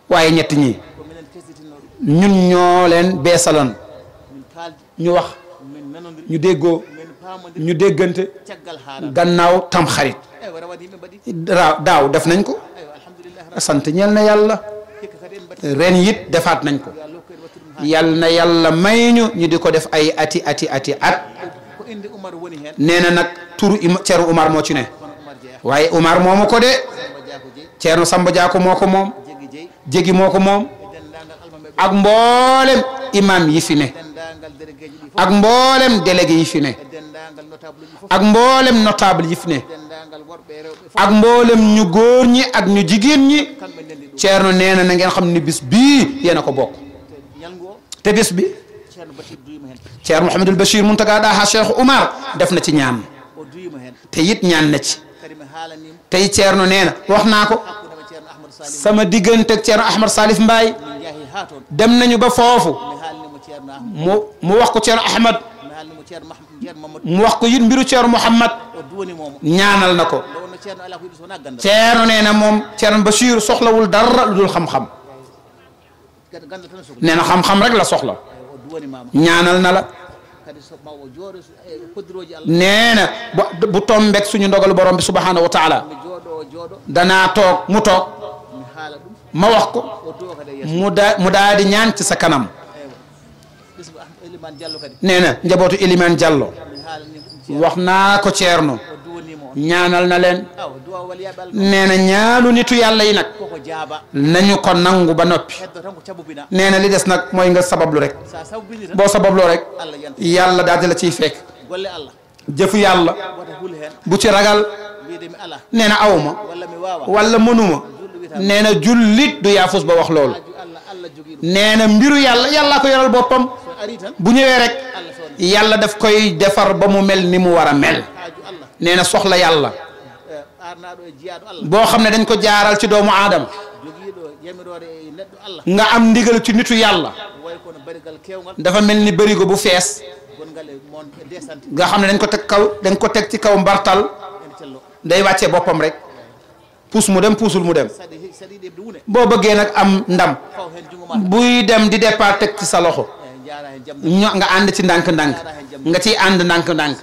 waaye ñett ñi ñun ñoo leen beesaloon ñu wax ñu déggoo ñu déggante gannaaw tam daaw def nañ ko sant ñeel na yàlla ren it defaat nañ ko yàll na yàlla may ñu ñu di ko def ay ati ati at nee na nag turu Ceerno Umar moo ci ne waaye Umar moomu ko de Ceerno Samba moo ko moom jégi moo ko moom ak mboolem imam yi fi ne ak mboolem délégué yi fi ne ak mboolem notable yi fi ne ak mboolem ñu góor ñi ak ñu jigéen ñi ceerno nee na na ngeen xam ne bis bii yéen ko bokk te bis bi ceerno Mouhamadul Bachir Muntaga Daha Cheikh Oumar def na ci ñaan te it ñaan na ci tey ceerno nee na wax naa ko sama diggante ak ceerno Ahmad Salif Mbaye dem nañu ba foofu mu mu wax ko Ceerno Ahmad mu wax ko yit mbiru Ceerno Muhammad ñaanal na ko Ceerno nee na moom ba Ceerno Bachir soxlawul dara lu dul xam-xam nee na xam-xam rek la soxla ñaanal na la e, nee na bu bu tombeek suñu ndogalu borom bi subhaanahu wa taala danaa toog mu toog ma wax ko mu daa mu daa ñaan ci sa kanam nee na njabootu Elimane Diallo wax naa ko Ceerno ñaanal na leen nee na ñaalu nitu yàlla yi nag nañu ko nangu ba noppi nee na li des nag mooy nga sabablu rek boo sababloo rek yàlla daal di la ciy fekk jëfu yàlla bu ci ragal nee na awma wala mënuma nee julit du ya yaafus ba wax loolu nee mbiru yalla yalla ko yoral bopam bu ñewé rek yalla daf koy defar ba mu mel ni mu wara a mel nee soxla yalla bo xamne dañ ko jaaral ci doomu Adam, nga am ndigal ci nitu yalla dafa mel ni go bu fess nga xamne dañ ko tek kaw dañ ko tek ci kaw mbartal day wacce bopam rek pousse mu dem mudem. mu dem boo bëggee nag am ndam buy dem di départ teg ci sa loxo eh, ño nga ànd ci ndànk-ndànk nga ciy ànd ndànk-ndànk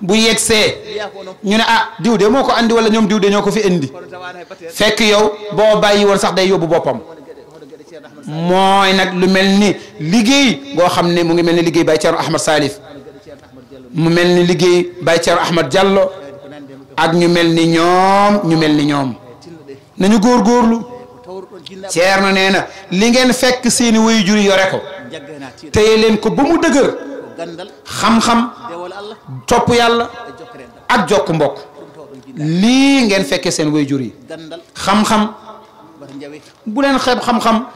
bu yegsee ñu ne ah diw de moo ko andi wala ñoom diw de ñoo ko fi indi fekk yow boo bàyyi woon sax day yóbbu boppam mooy nag lu mel ni liggéey boo xam ne mu ngi mel ni liggéey Baye Thierno Ahmad Salif mu mel ni liggéey Baye Thierno Ahmad Diallo ak ñu mel ni ñoom ñu mel ni ñoom nañu góorgóorlu ceerno nee na li ngeen fekk seeni wayu juri yore ko téye leen ko ba mu dëgër xam-xam topp yàlla ak jokk mbokk lii ngeen fekkee seen way jur yi xam-xam bu leen xeeb xam-xam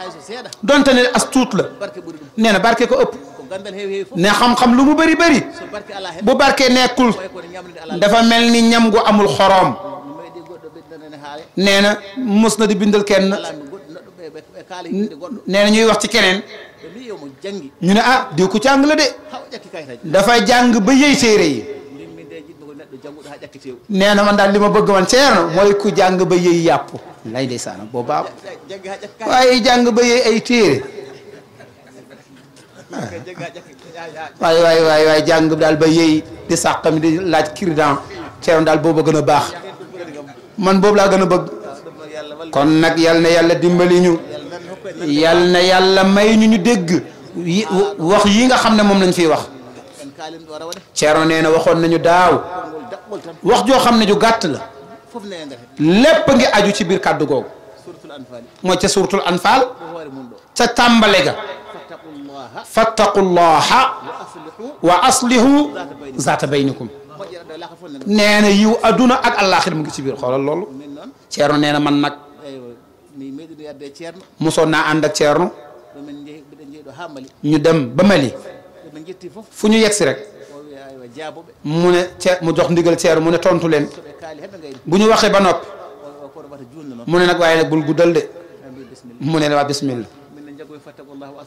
donte ne as tuut la nee na barke ko ëpp ne xam-xam lu mu bëri bëri bu barke nekkul dafa mel ni ñam gu amul xoroom nee na mos na di bindal kenn nee na ñuy wax ci keneen ñu ne a ah, diw ku jàng la de dafay jàng ba yëy téere yi nee na man daal li ma bëgg man Ceerno mooy ku jàng ba yëy yàpp lay ndeysaan boo baab waaye jàng ba yëy ay téere waaye waaye jàng daal ba yëy di sàqami di laaj kirdan Ceerno daal booba gën a baax man bob la gëna bëgg kon nak yalla na yàlla dimbali ñu yalla na yàlla may ñu ñu dégg wax yi nga xamne mom lañ fi wax cero neena waxon nañu daaw wax jo xamne ju gàtt la lépp nga aju ci bir kàddu gog mo ci suratul anfal ta tàmbale ga fattaqullaha wa aslihu zaata baynikum nee na yiw adduna ak àllaaxira mu ngi ci biir xoolal loolu ceerno nee na man nag mosoon naa ànd ak ceerno ñu dem ba Mali fu ñu yegsi rek mu ne cee mu jox ndigal ceerno mu ne tontu leen bu ñu waxee ba noppi mu ne nag waaye nag bul guddal de mu ne waa bismillah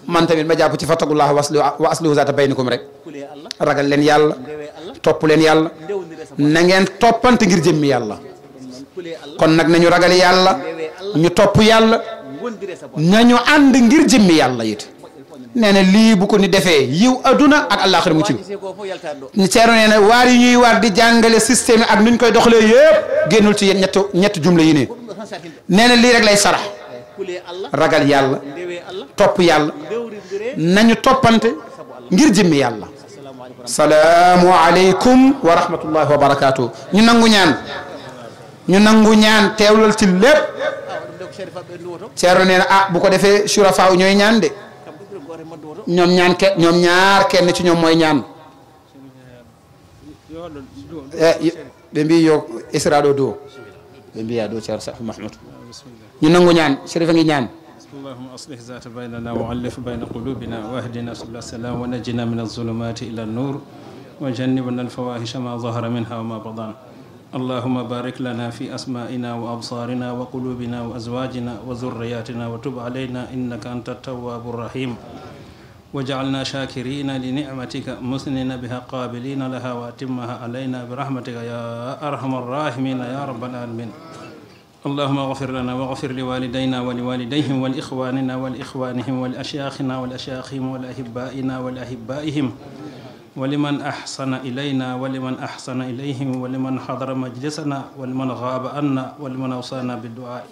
man tamit ma jàpp ci fattagullaah wa aslihu zaata baynikum rek ragal leen yàlla topp leen yàlla na ngeen toppante ngir jëmmi yàlla kon nag nañu ragal yàlla ñu topp yàlla nañu ànd ngir jëmmi yàlla it nee na lii bu ko ni defee yiw aduna ak àllaaxira mu ci ceero nee na waar yi ñuy waar di jàngale système ak nuñ koy doxalee yëpp génnul ci ñett ñett jumla yi ne nee na lii rek lay sarax ragal yàlla topp yàlla nañu toppante ngir jëmmi yàlla salaamu alaykum wa rahmatullahi wa barakatuh ñu nangu ñaan ñu nangu ñaan teewlal ci lépp ceerno na ah bu ko de ñaan ke ñoom ñaar kenn ci ñoom moy ñaan ɓe eh, mbi yo isra do dow ɓe mbiya dow ñu nangu ñaan ngi ñaan اللهم أصلح ذات بيننا وألف بين قلوبنا واهدنا سبل السلام ونجنا من الظلمات إلى النور وجنبنا الفواحش ما ظهر منها وما بطن اللهم بارك لنا في أسمائنا وأبصارنا وقلوبنا وأزواجنا وذرياتنا وتب علينا إنك أنت التواب الرحيم وجعلنا شاكرين لنعمتك مسنين بها قابلين لها وأتمها علينا برحمتك يا أرحم الراحمين يا رب العالمين اللهم اغفر لنا واغفر لوالدينا ولوالديهم والإخواننا والإخوانهم والأشياخنا والأشياخهم والأهبائنا والأهبائهم ولمن أحسن إلينا ولمن أحسن إليهم ولمن حضر مجلسنا ولمن غاب عنا ولمن أوصانا بالدعاء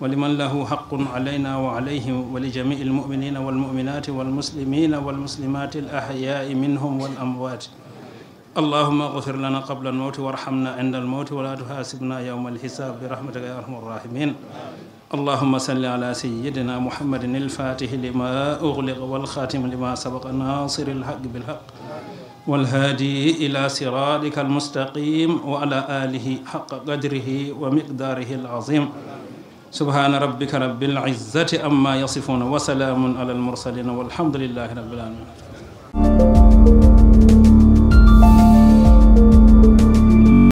ولمن له حق علينا وعليهم ولجميع المؤمنين والمؤمنات والمسلمين والمسلمات الأحياء منهم والأموات اللهم اغفر لنا قبل الموت وارحمنا عند الموت ولا تحاسبنا يوم الحساب برحمتك يا ارحم الراحمين اللهم صل على سيدنا محمد الفاتح لما اغلق والخاتم لما سبق ناصر الحق بالحق والهادي الى صراطك المستقيم وعلى اله حق قدره ومقداره العظيم سبحان ربك رب العزه عما يصفون وسلام على المرسلين والحمد لله رب العالمين